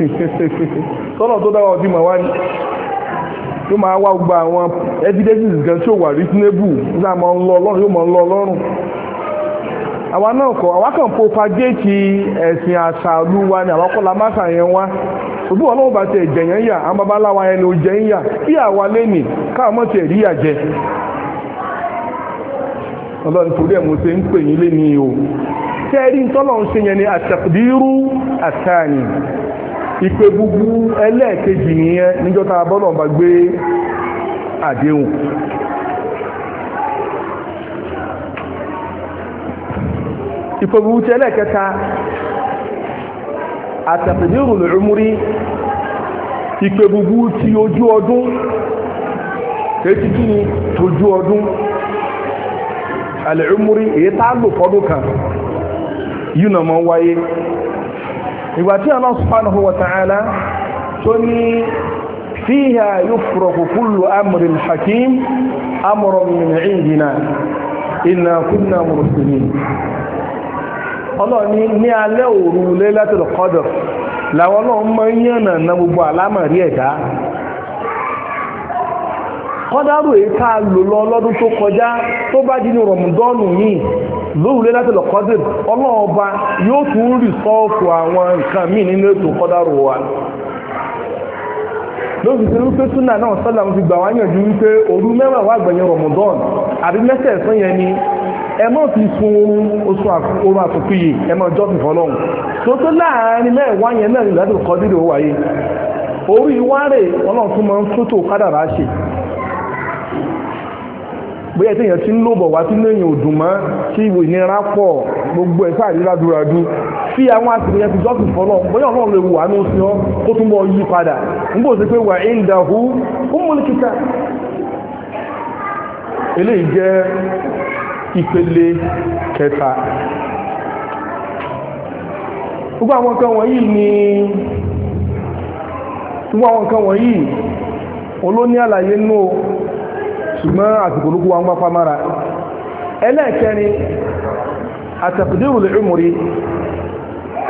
tọ́nà tó dáwọ́ ọdún màá wá tó máa wá gba àwọn evidences gan tí ó wà reasonable nígbà máa ń lọ ọlọ́run yóò máa ń lọ ọlọ́run àwa náà kọ àwa kàn propagate ẹ̀sìn àṣà olúwa ni àwa kọ́ la má ṣàyẹn wá òbí wọn náà bá tẹ jẹyàn yà àwọn babaláwa yẹn ló jẹyàn yà kí àwa lẹ́nì káwọn mọ̀ rí yà jẹ ọlọ́run torí ẹ̀ mo ṣe ń pè yín o ń ṣe yẹn ni àtàkùdírú àtàní ìpè gbogbo ẹlẹ́ẹ̀kejì nìyẹn níjọ́ta bọ́lọ̀ bá gbé àdéhùn ìfòmùtẹ́ lẹ́ẹ̀kẹta àtàtàdírù lòrùmúrí ìpèbùbù ti ojú ọdún kẹ́ẹ̀tì kí ni tójú ọdún àlẹ̀rùmúrí èyí tá lò fọ́dún kan yìí nà mọ́ wáyé ìgbà tí Allah subhanahu wa ta'ala tó ní fíhà yufraku ọlọ́ọ̀ni ní alẹ́ òru Lailatul Qadr làwọn náà mọ́ yànnà na gbogbo àlámọ̀rí ẹ̀dá kọ́dárù èyí tá a lò lọ lọ́dún tó kọjá tó bá di ní rọ̀mùdọ́ọ̀nù yìí lóru Lailatul Qadr ọlọ́ọ̀ba yóò tún rí sọ́ọ̀fù àwọn nǹkan míì nínú ètò kọ́dárù wa ló fi ṣe wípé súnà náà sọ́là mo fi gbà wá yànjú wípé òru mẹ́wàá wà gbẹ̀yìn rọ̀mùdọ́ọ̀nù àbí mẹ́sẹ̀ẹ̀sán yẹn ni ẹ má fi sun oṣù oorun àtòkù yìí ẹ má jọ́sìn fọlọ́hún tó tó láàárín mẹ́wàá yẹn náà ìlàdùn kọ́dìrì ó wáyé orí wárè ọlọ́run tún máa ń tótó ṣe bóyá tí èèyàn ti ń lóbọ̀ wá tí ìwò ìnira pọ̀ gbogbo ẹ̀fà fi àwọn ti ọ kó yí padà sí pé wà ń ìpele kẹta gbogbo àwọn kan wọ̀nyí ni gbogbo àwọn kan wọ̀nyí olóní àlàyé nù ṣùgbọ́n àsìkò olókù wa ń gbápá mára ẹlẹ́ẹ̀kẹrin àtàkùdérù lè rímúrí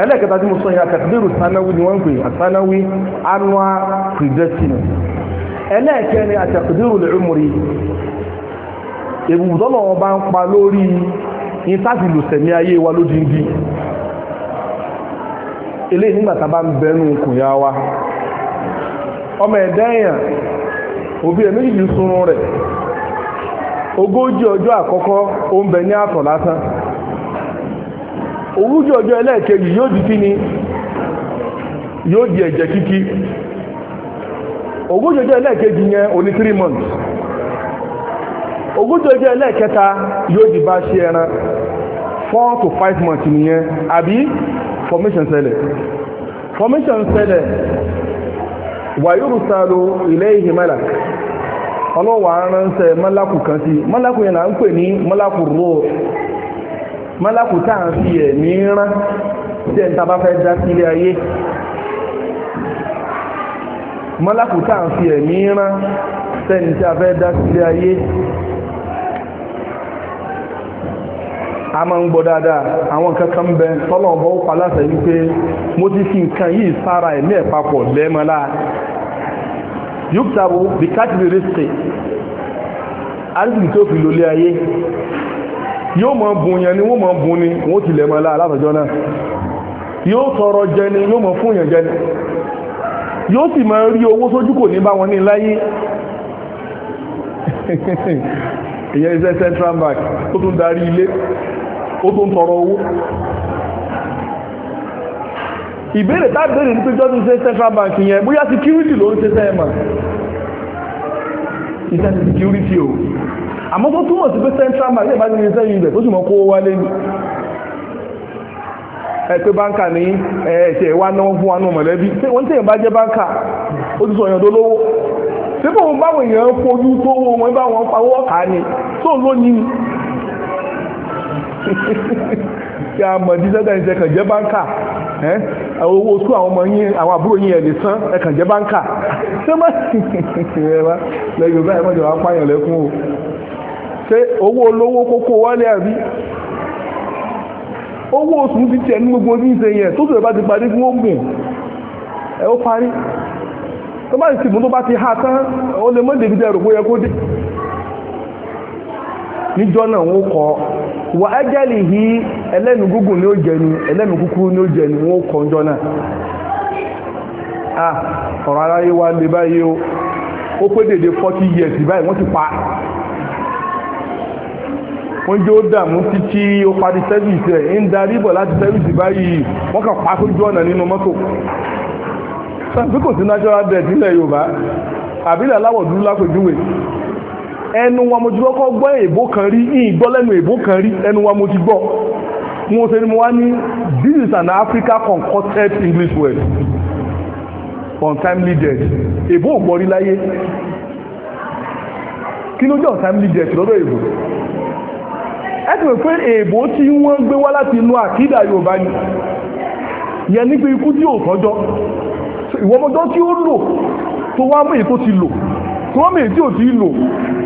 ẹlẹ́ẹ̀kẹta tí mo sọ yìí àtàkùdérù sanáwí ni wọ́n ń pè àsanáwí annual predestination ẹlẹ́ẹ̀kẹrin àtàkùdérù lè rímúrí èrùdọ́lọ̀ wọn bá ń pa lórí ìtàfilùsẹ̀mí ayé wa ló dìndí ilé nígbàtà bá ń bẹnu kùn ya wa ọmọ ẹ̀dá òbí ẹ̀mí yìí rẹ̀ ogójì ọjọ́ àkọ́kọ́ ó ń bẹ ní àtọ̀ lásán ogójì ọjọ́ yóò di yóò di ẹ̀jẹ̀ kíkí ogójì ọjọ́ yẹn oní ogójì ọjọ́ ẹlẹ́ẹ̀kẹta yóò di bá ṣe ẹran four to five months nìyẹn àbí formation ṣẹlẹ̀ formation ṣẹlẹ̀ wàyúrù sàlò ilé ìhìmẹ́là ọlọ́wà ránṣẹ́ mọ́lákù kan sí mọ́lákù yẹn là ń pè ní mọ́lákù rúọ̀ mọ́lákù táà ń fi ẹ̀ ní rán tí ẹ̀ ń tàbá fẹ́ dá sílé ayé mọ́lákù táà ń fi ẹ̀ ní rán tí a fẹ́ dá sílé ayé a máa ń gbọ́ dáadáa àwọn nǹkan kan bẹ tọ́lọ̀ bọ́ ó pa láṣẹ wípé mo ti fi nǹkan yìí sára ẹ̀mí ẹ̀ papọ̀ lẹ́ẹ̀mọ́lá yuktabu bí káàkiri rìsì àrísìkì tó fi lólé ayé yóò mọ̀ bùn yẹn ni wọ́n mọ̀ bùn ni wọ́n ti lẹ̀mọ́lá alátọ̀jọ́ náà yóò tọrọ jẹ ni yóò mọ̀ fún yẹn jẹ ni yóò sì máa rí owó sójú kò ní bá wọn ní láyé ìyẹn iṣẹ́ central bank tó tún darí ilé ó tó ń tọrọ owó ìbéèrè tábẹ̀rẹ̀ ní pé jọ́dún ṣe central bank yẹn bóyá security ló ń ṣe sẹ́ẹ̀mà iṣẹ́ ti security o àmọ́ tó túmọ̀ sí pé central bank yẹn bá ti ní iṣẹ́ ilẹ̀ tó sì mọ́ kó wálé ní ẹ pé báńkà ní ẹ̀ẹ́sẹ̀ wá náwó fún wa náà mọ̀lẹ́bí wọ́n tẹ̀yìn bá jẹ́ báńkà ó ti sọ èèyàn dolówó síbò báwọn èèyàn fojú tó wọ́n báwọn pawọ́ kà ní tó lónìí kí a mọ̀ dídá dáa ìṣe kàn jẹ́ báńkà àwọn owó oṣù àwọn ọmọ yín àwọn àbúrò yín ẹ̀ lè san ẹ̀ kàn jẹ́ báńkà ṣé má lẹ́yìn báyìí mọ̀jọ̀ wá pààyàn lẹ́kún o ṣé owó olówó kókó wálé àbí owó oṣù ti tiẹ̀ ní gbogbo ní ìṣe yẹn tó sọ̀rọ̀ bá ti parí fún ogun ẹ̀ ó parí tó bá ti mú tó bá ti ha tán ó lè mọ́ débi dẹ́rù bóyá kó dé níjọ́ náà kọ́ wà ájálì hí ẹlẹ́nu gúgùn ní ó jẹni ẹlẹ́nu kúkúrú ní ó jẹni wọ́n kọjọ́ náà ah ọ̀rọ̀ aráyé wá lè báyìí o ó pé dèdè 40 years báyìí wọ́n ti pa wọ́n jẹ́ ó dààmú títí ó parí sẹ́fìsì rẹ̀ ń darí bọ̀ láti sẹ́fìsì báyìí wọ́n kàn pa sójú ọ̀nà nínú mọ́tò sàbí kò sí natural death nílẹ̀ Yorùbá àbílẹ̀ aláwọ̀ dúdú lápèjúwe ẹnu wa mo ti kọ́kọ́ gbọ́ èbó kan rí lẹ́nu ẹnu wa mo ti gbọ́ mo ni mo wá ní this is an Africa concocted English word untimely death èbó ò gbọ́ rí láyé kí ló jẹ́ untimely death lọ́dọ̀ èbó ẹ ti mọ̀ pé èbó tí wọ́n gbé wá láti inú àkídà Yorùbá ni yẹn ní ikú tí ò tọ́jọ́ tí ti lò tó wá mú èyí ti lò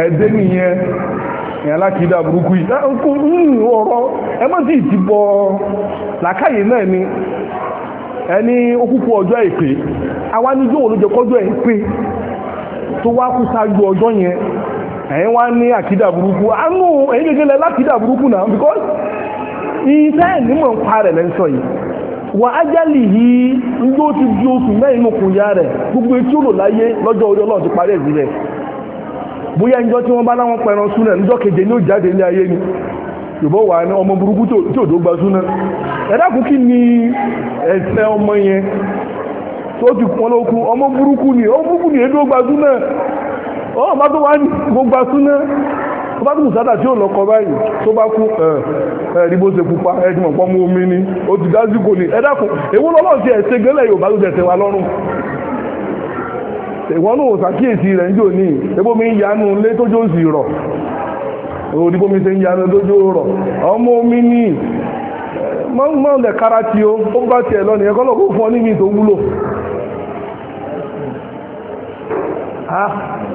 ẹ̀dẹ́ nìyẹn ìyàn alákìídà burúkú yìí hmm, ọ̀rọ̀ ẹ má sì ti bọ̀ làkàyè náà ni ẹni okúkú ọjọ́ èpè awánijó wo ló jẹ kọjọ́ èpè tó wá kú sáájú ọjọ́ yẹn ẹ̀yin wá ní àkídà burúkú àánú ẹ̀yin gẹ́gẹ́ lẹ lákìídà burúkú náà because iṣẹ́ ẹ̀ ń pa rẹ̀ lẹ́sọ̀ yìí wà ájálì yìí ń ti di oṣù mẹ́rin okùn gbogbo etí ó lò láyé lọ́jọ́ orí bóyá ìjọ tí wọ́n bá láwọn pẹran súnà níjọ́ keje ní ó jáde ní ayé ni yóò wà ní ọmọ burúkú tí ò dógba súnà ẹ̀dàkú kí ni ẹ̀sẹ̀ ọmọ yẹn tó ti pọn lókun ọmọ ni ọmọ ni ọmọ tó wà ní súnà tó bá tí lọ kọ báyìí tó bá kú ẹ̀rí bó ṣe pupa omi ni ó ti dá èwo lọ́lọ́ ìwọ́n náà sàkíyèsí rẹ̀ ń jò ní ebómi ń yanú lé tójó sì rọ̀ òdìbómi ṣe ń yanú tójó rọ̀ ọmọ omi ní mọ́ lẹ̀ kára tí ó ó bá tiẹ̀ lọ nìyẹn kọ́lọ̀ kó ọ tó wúlò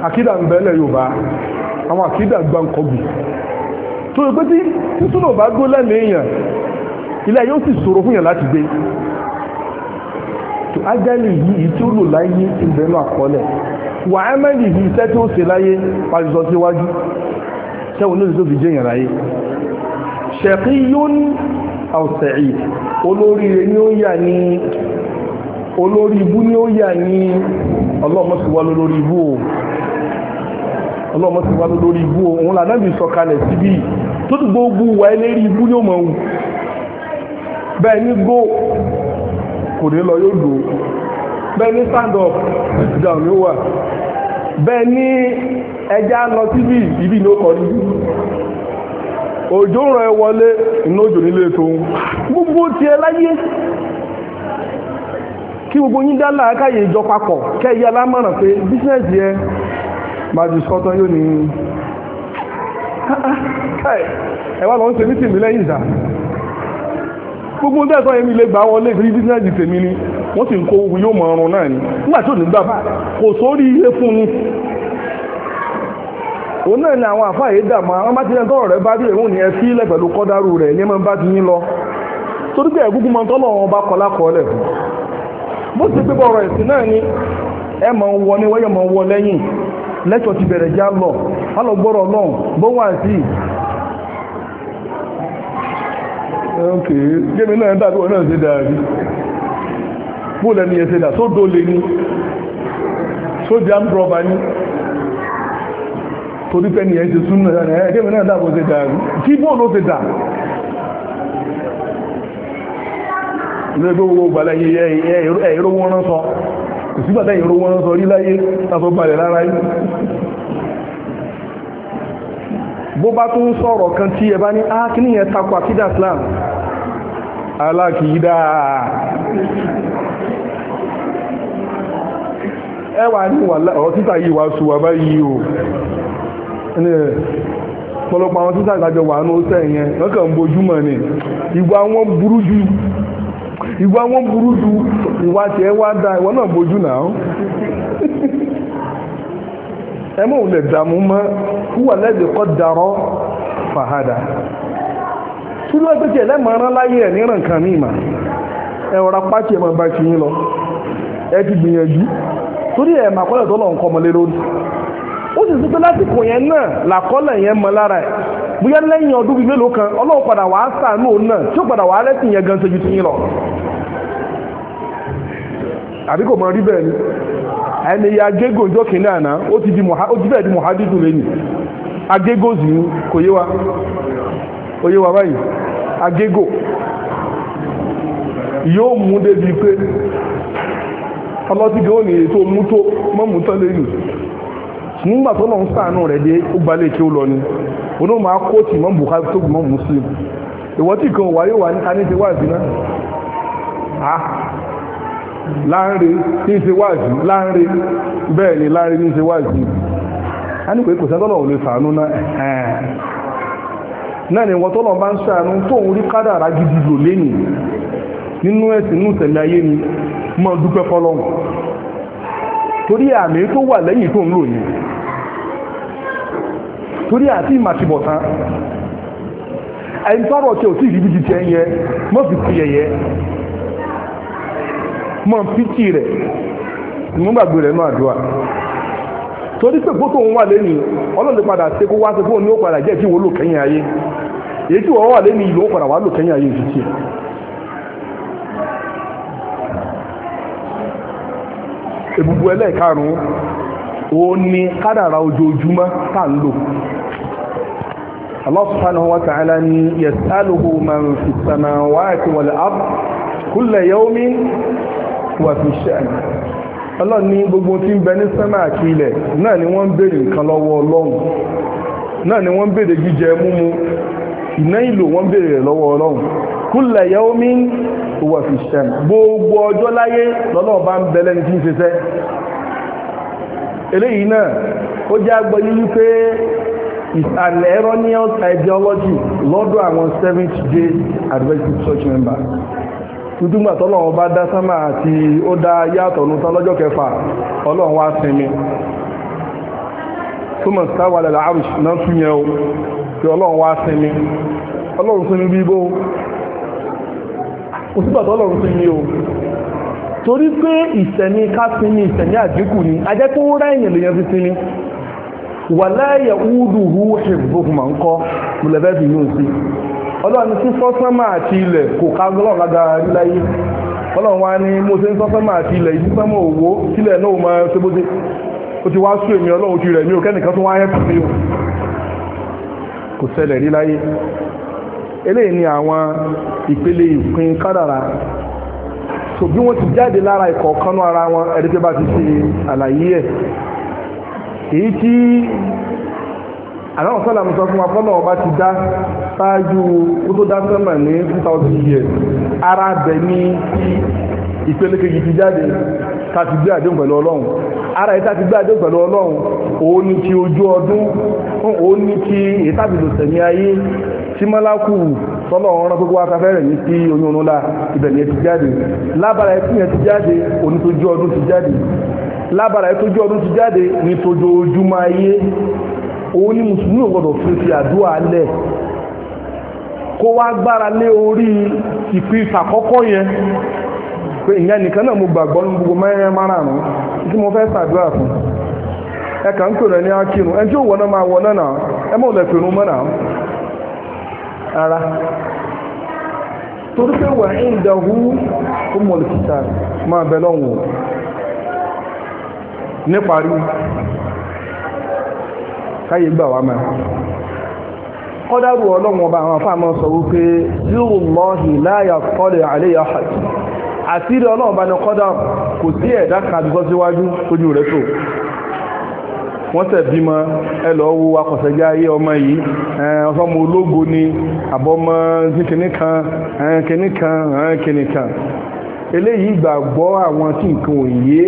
àkídà ń bẹ́lẹ̀ Yorùbá àwọn àkídà tó pé tí bá gbó èèyàn yóò sì ṣòro fún yàn láti gbé so ajali yìí tí ó lò láyé ìbẹ̀nú àkọọ́lẹ̀ wà ẹ́mẹ́lì yìí iṣẹ́ tí ó ṣe láyé pàṣọ síwájú sẹ́wọ̀n lóṣù tó fi jẹ́ ìyànláyé ṣẹ̀kí yóò ní àwọ̀sẹ̀yì olórí rẹ̀ ni ó yà ní olórí ibú ni ó yà ní ọlọ́mọ́síwá lórí ibú o ọlọ́mọ́síwá lórí ibú o òun lànàbì sọ̀kalẹ̀ síbí tó ti gbogbo wà ẹlẹ́rí ibú ni mọ̀ kò ní lọ yóò dùn bẹ́ẹ̀ stand up sit down ẹja lọ síbí ibi ó kọ́ ní òjò ẹ wọlé iná òjò nílé tó ń gbogbo ti láyé kí gbogbo yín dá ìjọ papọ̀ kẹ́yí alámọ̀ràn pé bísínẹ́sì ẹ ẹ gbogbo ndị tẹ́sán ile gbaa lè gbà wọn lè rí tèmi ni wọ́n sì ń kó owó yóò mọ ọrùn náà ni nígbà tí ò ní gbà kò sórí ilé fún ni òun náà ni àwọn àfáà yìí àwọn bá ti lẹ́nu tọ́rọ̀ rẹ bá dé ìhùn ilẹ̀ pẹ̀lú kọ́dárù ní bá ti yín lọ torí pé ẹ̀gúngún tọ́lọ̀ wọn bá fún bó ti bọ̀rọ̀ ẹ̀sìn náà ni ẹ mọ̀ ń wọ wọ ok gẹ́mi náà dàbí wọn náà ṣe dàbí bó lẹ́nu yẹn ṣe dà tó dólé ní tó di àmúrọ̀bà ní torí pẹ́ni yẹn ṣe súnmọ̀ ẹ̀ gẹ́mi náà dàbí ṣe dàbí kí bó ló ṣe dà ilé gbogbo gbàlẹ̀ ẹ̀yẹ̀rọ wọn rán sọ kò sígbàtẹ̀ ẹ̀yẹ̀rọ wọn rán sọ rí láyé tàbí balẹ̀ lára yìí bó bá tún sọ̀rọ̀ kan tí ẹ bá ní á ah, yẹn takọ àkídà Islam alákìídà ẹwà ní ọ̀rọ̀ títà yìí wá sùwà o pọ̀lọpọ̀ àwọn títà wà ní oṣẹ́ yẹn lọ́kàn ń bojúmọ̀ ni ìwà wọn burú jù ìwà wọn burú wá dáa ìwọ náà bojú náà ẹ mọ̀ lè dààmú mọ́ wúwà lẹ́dẹ̀ kọ́ darọ́ fàhádà tí lọ́ọ́ pé tí ẹlẹ́mọ̀ láyé ẹ̀ níran kan ní ìmà ẹ rọra pàtì bá ti yín lọ ẹ ti gbìyànjú torí ẹ̀ mà kọ́lẹ̀ tó nǹkan ó sì sí pé lásìkò yẹn náà làkọ́lẹ̀ yẹn mọ lára ẹ̀ bóyá lẹ́yìn ọdún bíi mélòó kan ọlọ́run padà wàá sàánú òun náà tí ó padà wàá lẹ́sìn yẹn gan ṣe ju ni ẹni ya agégo ìjọ kìíní àná ó ti bẹ́ẹ̀ di mohadidu lẹ́nu agégo zì ní kò yé wa ó yé wa báyìí agégo yóò mú débi pé ọlọ́tí gan ní ètò mú tó tán nígbà tó rẹ̀ dé ó kí ó lọ ni oní ma kó tì mọ́ bùkà tó mọ́ muslim ìwọ́tí kan wáyé wà ní ní ti wá lanre ní dị bẹ́ẹ̀ ni dị ní a ní pé kò sẹ́tọ́lọ̀ ò sàánú náà ni wọ́n tọ́lọ̀ bá ń sàánú tó ń rí kádàrá gidi lò lẹ́nì nínú ẹ̀sìn inú ayé ni mọ́ dúpẹ́ fọ́lọ́hùn torí àmì tó wà lẹ́yìn tó ń lò torí àti tọ́rọ̀ tí ò sí mọ́ fi yẹyẹ mọ́ pítì rẹ̀ ìmúgbàgbé rẹ̀ náà àdúrà torí pé gbótò òun wà lẹ́nu ọlọ́ọ̀lẹ́ padà ṣe kó wá ṣe fóun ní ó padà jẹ́ kí wọ́n lò kẹ́yìn ayé èyí tí wọ́n wà lẹ́nu ìlú ó padà wà lò kẹ́yìn ayé ìtìtì èbùbù ẹlẹ́ẹ̀karùn-ún òun ni kádàrà ojoojúmọ́ tá ń lò Allah subhanahu wa ta'ala wà fi ṣẹ́ni ọlọ́run ní gbogbo tí ń bẹ ní sẹ́mà àti ilẹ̀ náà ni wọ́n ń béèrè nǹkan lọ́wọ́ ọlọ́run náà ni wọ́n ń béèrè jíjẹ múmu ìná ìlò wọ́n ń rẹ̀ lọ́wọ́ ọlọ́run kulla yawmin huwa fi ṣẹ́ni gbogbo ọjọ́ láyé lọ́lọ́run bá ń bẹ lẹ́ni tí ń ṣiṣẹ́ eléyìí náà ó jẹ́ agbọ́yé wípé an erroneous ideology lọ́dọ̀ àwọn Seventh Day Adventist Church members tutugba tọ́lọ́run bá dá sámà àti ó dá yàtọ̀ ní tán kẹfà ọlọ́run asinmi. sinmi túmọ̀ sáwà náà tún yẹn o pé ọlọ́run wá ọlọ́run sinmi bí bó kò sígbà tọ́lọ́run sinmi o torí pé ìsẹ̀mí ká sinmi àdínkù ni ajẹ́ tó rẹ́yìn lèyàn sinmi ọlọ́run sí sọ́sánmà àti ilẹ̀ kò ká ọlọ́run lágbára níláyé ọlọ́run wá ní mo ṣe ń sọ́sánmà àti ilẹ̀ ìdísánmọ̀ òwò sílẹ̀ náà mọ ṣebóde ó ti wá sú èmi ọlọ́run ti rẹ̀ mí ò kẹ́nìkan tó wá hẹ́pù mi ò kò ṣẹlẹ̀ níláyé eléyìí ni àwọn ìpele ìpín kádàrà so bí wọ́n ti jáde lára ìkọ̀ọ̀kanú ara wọn ẹ̀ẹ́dẹ́gbẹ́ bá ti ṣe àlàyé ẹ̀ èyí tí àwọn ọ̀sán làmù sọ fún wa fọ́nà ọba ti dá ṣáájú ó dá sẹ́mà ní 2000 years ara bẹ̀ ní ìpele kejì ti jáde tàbí gbé àdéhùn pẹ̀lú ọlọ́run ara ìta ti gbé àdéhùn pẹ̀lú ọlọ́run òun ni ti ojú ọdún òun ni ti ìtàbílò sẹ̀mí ayé tí mọ́lákù sọ́lọ̀ ọ̀rọ̀ gbogbo akafẹ́rẹ̀ ní sí oyún ọ̀nà ìbẹ̀lẹ̀ ti jáde lábára ẹ̀tìyàn ti jáde onítojú ọdún ti jáde lábára ẹ̀tọ́jú ọdún ti jáde ní tojoojúmọ́ ayé òun ni musulmi ò gbọdọ̀ fi fi àdúrà lẹ̀ kó wá gbára lé orí ìpín ìtàkọ́kọ́ yẹn pé ìyẹn nìkan náà mo gbàgbọ́ ní gbogbo mẹ́rin tí mo fẹ́ sàdúrà fún ẹ ń pè rẹ ní akírun ẹ máa náà ẹ mọ̀ lẹ̀ pèrún ara torí pé káyé gbà wá máa kọ́dárù ọlọ́run ọba àwọn afáàmọ́ sọ wípé yóò lọ́hì láyà kọ́lẹ̀ àléyà àti àtìrí ọlọ́run ọba ní kọ́dá kò sí ẹ̀dá kan àdúgbò síwájú tójú rẹ̀ tó wọ́n tẹ̀ bímọ ẹ lọ wo akọ̀sẹ̀jẹ́ ayé ọmọ yìí ọmọ ológo ni àbọ̀mọ kìnìkan kìnìkan kìnìkan eléyìí gbàgbọ́ àwọn tí nǹkan òye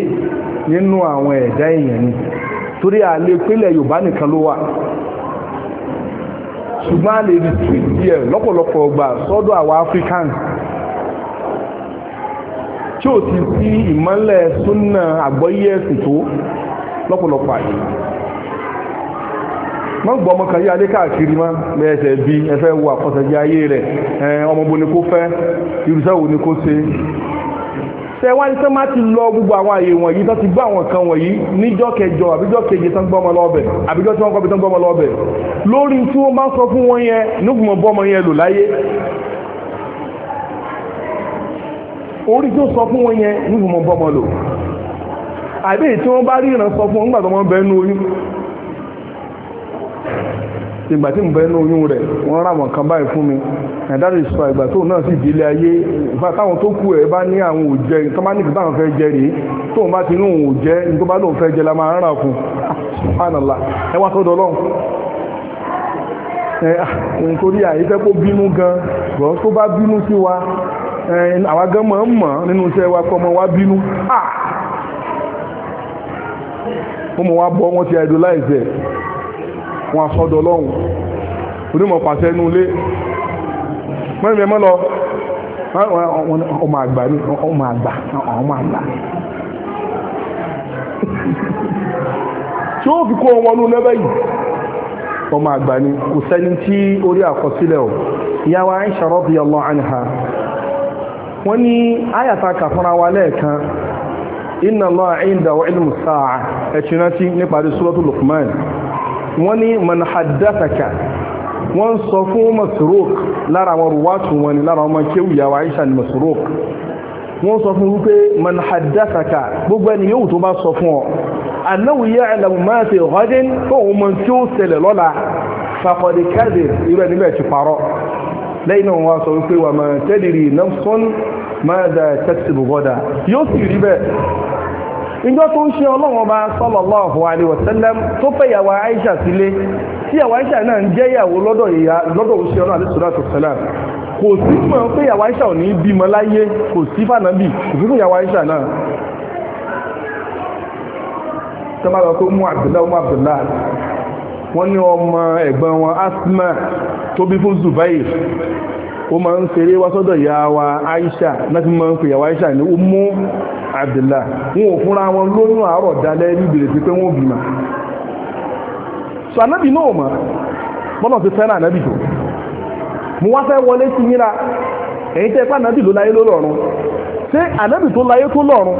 nínú àwọn ẹ̀dá èèyàn ni torí àlè pínlẹ̀ yorùbá nìkan ló wà ṣùgbọ́n a lè rí tweet díẹ̀ lọ́pọ̀lọpọ̀ ọgbà sọ́dọ̀ àwọn africans tí ò ti sí ìmọ́lẹ̀ súnà àgbọ́yé ẹ̀sìn tó lọ́pọ̀lọpọ̀ àyè má gbọ́ ọmọ kan yí adé káàkiri má ẹsẹ̀ bí ẹfẹ́ wo àkọsẹ̀jẹ́ ayé rẹ̀ ọmọ bo ni kò fẹ́ irúṣẹ́ wo ni kò ṣe tẹwájú tó má ti lọ gbogbo àwọn àyè wọ̀nyí tó ti gbọ́ àwọn kan wọ̀nyí níjọ́ kẹjọ àbíjọ́ keje tó ń gbọ́mọ lọ́ọ̀bẹ̀ àbíjọ́ tí wọ́n kọ́ bí tó ń gbọ́mọ lọ́ọ̀bẹ̀ lórí tí wọ́n bá sọ fún wọn yẹn nígbìmọ̀ bọ́mọ yẹn lò láyé orí tí ó sọ fún wọn yẹn nígbìmọ̀ bọ́mọ lò ìgbà tí mo bẹ inú oyún rẹ̀ wọ́n rà wọ́n kan báyìí fún mi and that is why ìgbà tóun náà sì délé ayé ìgbà táwọn tó kù ẹ̀ bá ní àwọn òjẹ tó bá ní táwọn fẹ́ jẹ rèé tóun bá ti ní òun òjẹ ní bá lóun fẹ́ jẹ la máa rà fún subhanallah ẹ wá sọ́dọ̀ Ọlọ́run ẹ ah, nítorí àyífẹ́ kó bínú gan bọ́ tó bá bínú sí wa àwa gan mọ̀ ń mọ̀ nínú iṣẹ́ wa kọ́ ọmọ wa bínú ó ah! mọ̀ bọ́ wọ́n ti idolize ẹ̀ wọn sọ́dọ̀ ọlọ́run onímọ̀ pàṣẹ inú ilé mẹ́rin mẹ́mọ́ lọ ọmọ àgbà ni ọmọ àgbà ọmọ àgbà tí ó fi kó wọn ní lẹ́bẹ̀ yìí ọmọ àgbà ni kò sẹ́ni tí orí àkọsílẹ̀ ìyá wa ní kàfúnra wa lẹ́ẹ̀kan nípa wọ́n ní man haddathaka wọ́n sọ fún Masruq lára àwọn ruwatu wọn ni lára ọmọ kéwù yàwó Aisha ni Masruq wọ́n sọ fún wípé man haddathaka gbogbo ẹni yóò tó bá sọ fún ọ annahu ya'lamu ma fi ghadin tó òun mọ tí ó ṣẹlẹ̀ lọ́la faqad kadhib irú ẹni bẹ́ẹ̀ ti parọ́ lẹ́yìn náà wọ́n sọ wípé wa ma tadri nafsun madha taksibu ghadan yóò sì rí bẹ́ẹ̀ ìjọ tó ń ṣe ọlọ́run ọba sallallahu alaihi wasallam tó fẹ́ ìyàwó Aisha sílé tí ìyàwó Aisha náà ń jẹ́ ìyàwó lọ́dọ̀ ìyá lọ́dọ̀ òṣìṣẹ́ ọlọ́run àti sọ́dọ̀ àtọ̀sẹ́lá kò sí mọ̀ pé ìyàwó Aisha ò ní bímọ láyé kò sí fànàbì kò fún ìyàwó Asma tó bí fún ó ma ń fèrè wá sọ́dọ̀ ìyá wa Aisha náà ma ń pè yàwó Aisha ní Ummu Abdullah wọn ò fúnra wọn lóyún àárọ̀ dalẹ́ ní ìbèrè sí pé wọ́n bímọ so anábì náà mọ̀ bọ́lá ti fẹ́ràn anábì tó mo wá fẹ́ wọlé sí yíra èyí tẹ́ pé anábì ló láyé lọ́rùn ṣé anábì tó láyé tó lọ́rùn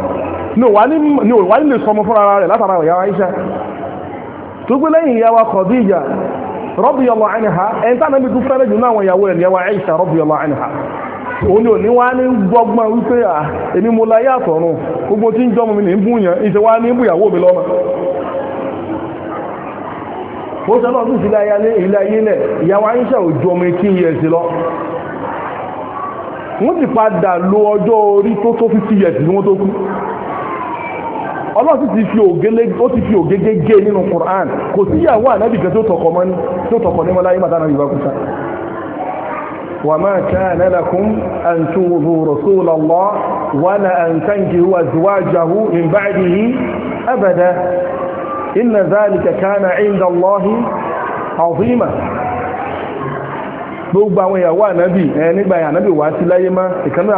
ni ò nílé sọmọ fúnra rẹ̀ látara ìyá Aisha tó gbé wa Khadija radiyallahu anha ẹni tí Ànábì tún fẹ́rẹ̀ jù náà àwọn ìyàwó rẹ̀ ní ẹwà Aisha radiyallahu anha òun ni òní wá ní gbọgbọ́n wípé à èmi mo láyé àtọ̀run gbogbo tí ń jọmọ mi ní búyàn ìṣe wá ní búyàwó mi lọ́mọ ó sọ náà ilé ayé ìyàwó lọ wọ́n ti padà lo ọjọ́ orí tó tó ni wọ́n ọlọ́run ti fi ògele ó ti fi ògege gé nínú Qur'an kò sí ìyàwó ànábì kan tó tọkọ mọ́ tó tọkọ ní mọ́láyé màtá ànábì bá kú sá wa ma kana lakum an tu'dhu rasulallah wala an tankihu azwajahu min ba'dihi abada inna dhalika kana 'inda Allahi 'azima gbogbo àwọn ìyàwó ànábì ẹ nígbà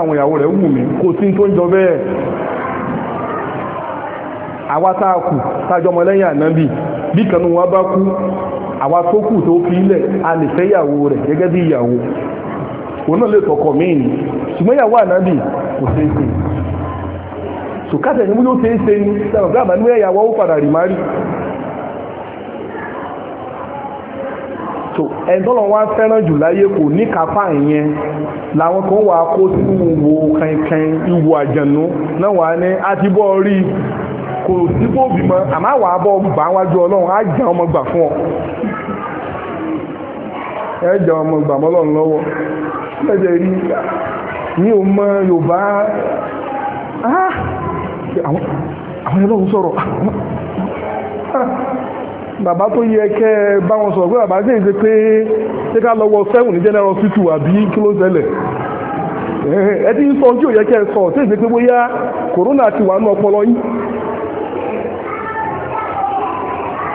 ìyàwó rẹ̀ wù mí kò sí tó ń jọ bẹ́ẹ̀ àwa tá a kù tájọ ọmọlẹ́yìn ànábì bí kanú wọn bá kú àwa tó kù tó fi ilẹ̀ a lè fẹ́ ìyàwó rẹ̀ gẹ́gẹ́ bí ìyàwó òun náà lè tọkọ míì ni ṣùgbọ́n ìyàwó ànábì kò ṣeé ṣe sùkátẹ̀ ní mú ló ṣeé ṣe ní sẹ́wọ̀n bí àbánú ẹ̀yàwó ó padà rì márì so ẹ̀ńtọ́lọ̀ wá fẹ́ràn jù láyé kò ní kápá ìyẹn làwọn kan wà kó sínú wo kankan ìwò àjànú náà wà ní àtibọ́ rí kò sí bóòbí mọ́ àmọ́ àwọ̀ abọ́ gbà wájú ọlọ́run á jẹ́ ọmọ gbà fún ọ ẹ jẹ́ ọmọ gbà mọ́ ọlọ́run lọ́wọ́ rí ní o mọ yorùbá àwọn sọ̀rọ̀ ah, ah, bàbá tó yẹ kẹ́ ẹ bá wọn sọ̀rọ̀ pé bàbá sì ń ṣe pé ṣé ká sẹ́wọ̀n ní general hospital àbí kí ló ṣẹlẹ̀ ẹ ti ń sọ ojú sọ pé bóyá ti wà ní ọpọlọ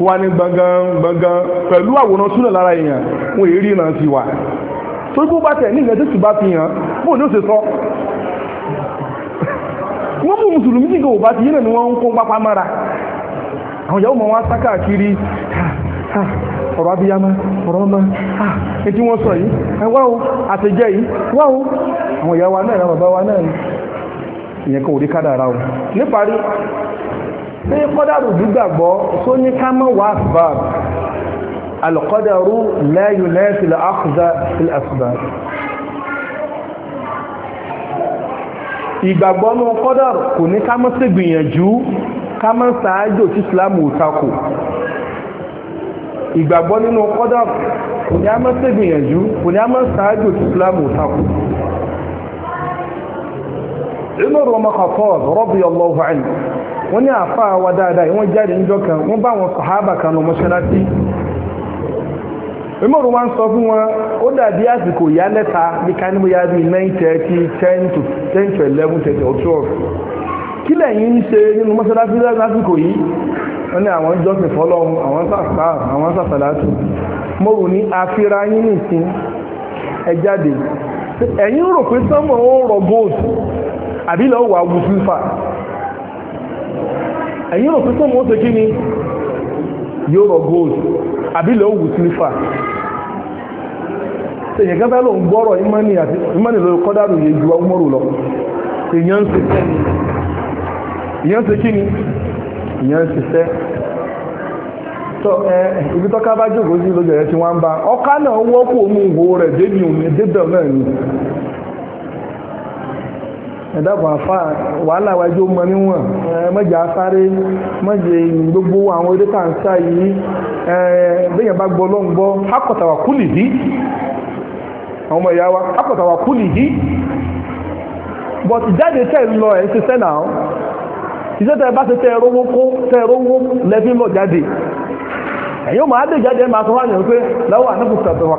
kó wá ní gbọ̀ngàn gbọ̀ngàn pẹ̀lú àwòrán súnà lára èèyàn wọn èrí ìran ti wà torí bó bá tẹ̀ ní ìgbà tètè bá fi hàn bó ní ó ṣe sọ wọ́n mú mùsùlùmí tí kò bá ti yínà ni wọ́n ń kó pápá mára àwọn ìyàwó ma wá sá káàkiri ọ̀rọ̀ abiyama ọ̀rọ̀ ọmọ ẹ̀ tí wọ́n sọ yìí wá o àtẹ̀jẹ́ yìí wá o àwọn ìyàwó náà bàbá wa náà ìyẹn kan ò rí kádàrá o níparí pé kọ́dàrú gbígbàgbọ́ tó ní ká mọ́ wá asbab alkọ́dàrú la yunafi al-akhdha fil asbab ìgbàgbọ́ ní kọ́dàrú kò ní ká mọ́ sí gbìyànjú ká mọ́ sàájò tí islam ò takò ìgbàgbọ́ nínú kọ́dà kò ní a mọ́ wọ́n ní àfa wa dáadáa yìí wọ́n jáde níjọ́ kan wọ́n bá wọn sàhábà kan lọ mọ́ṣáláṣí mímọ́rù wọn sọ fún wọn ó dàbí àsìkò ìyá lẹ́ta bí ká ní mo bí nine thirty ten to ten to eleven thirty or twelve kí lẹ́yìn ń ṣe nínú mọ́ṣáláṣí lásìkò yìí wọ́n ní àwọn jọ́sìn fọ́lọ́run àwọn sàfà àwọn sàfàlátù mọ́rù ní àfira yín nìsín ẹ jáde ẹ̀yin rò pé sọ́mọ̀ ó rọ gold àbí lọ́wọ́ àwùjọ fà ẹ̀yìn rò pípọ̀ mọ́ tẹ́kí ni yóò rọ gold àbí lọ wù sílífà èyàn ló ń gbọ́rọ̀ ìmánì àti ju agbọ́rù lọ èyàn ń ṣiṣẹ́ èyàn ṣe tọ́ ẹ ibi bá jókòó sí lójú ti wá ń bá náà wo rẹ̀ débẹ̀ ẹ̀dàkùn àfà wàhálà wájú mọ níwọ̀n mọ́jà sáré mọ́jà gbogbo àwọn eré gbogbo ń sá yìí bẹ́yẹn bá gbọ́ lọ́ngbọ́ akọ̀tàwà kú nìdí àwọn ọmọ ìyá wa akọ̀tàwà kú nìdí but jáde tẹ́ lọ ẹ̀ ń ṣiṣẹ́ náà iṣẹ́ tẹ́ bá ṣe tẹ́ rówó kó tẹ́ rówó lẹ́fí lọ jáde ẹ̀yọ́ máa dé jáde máa sọ lọ́wọ́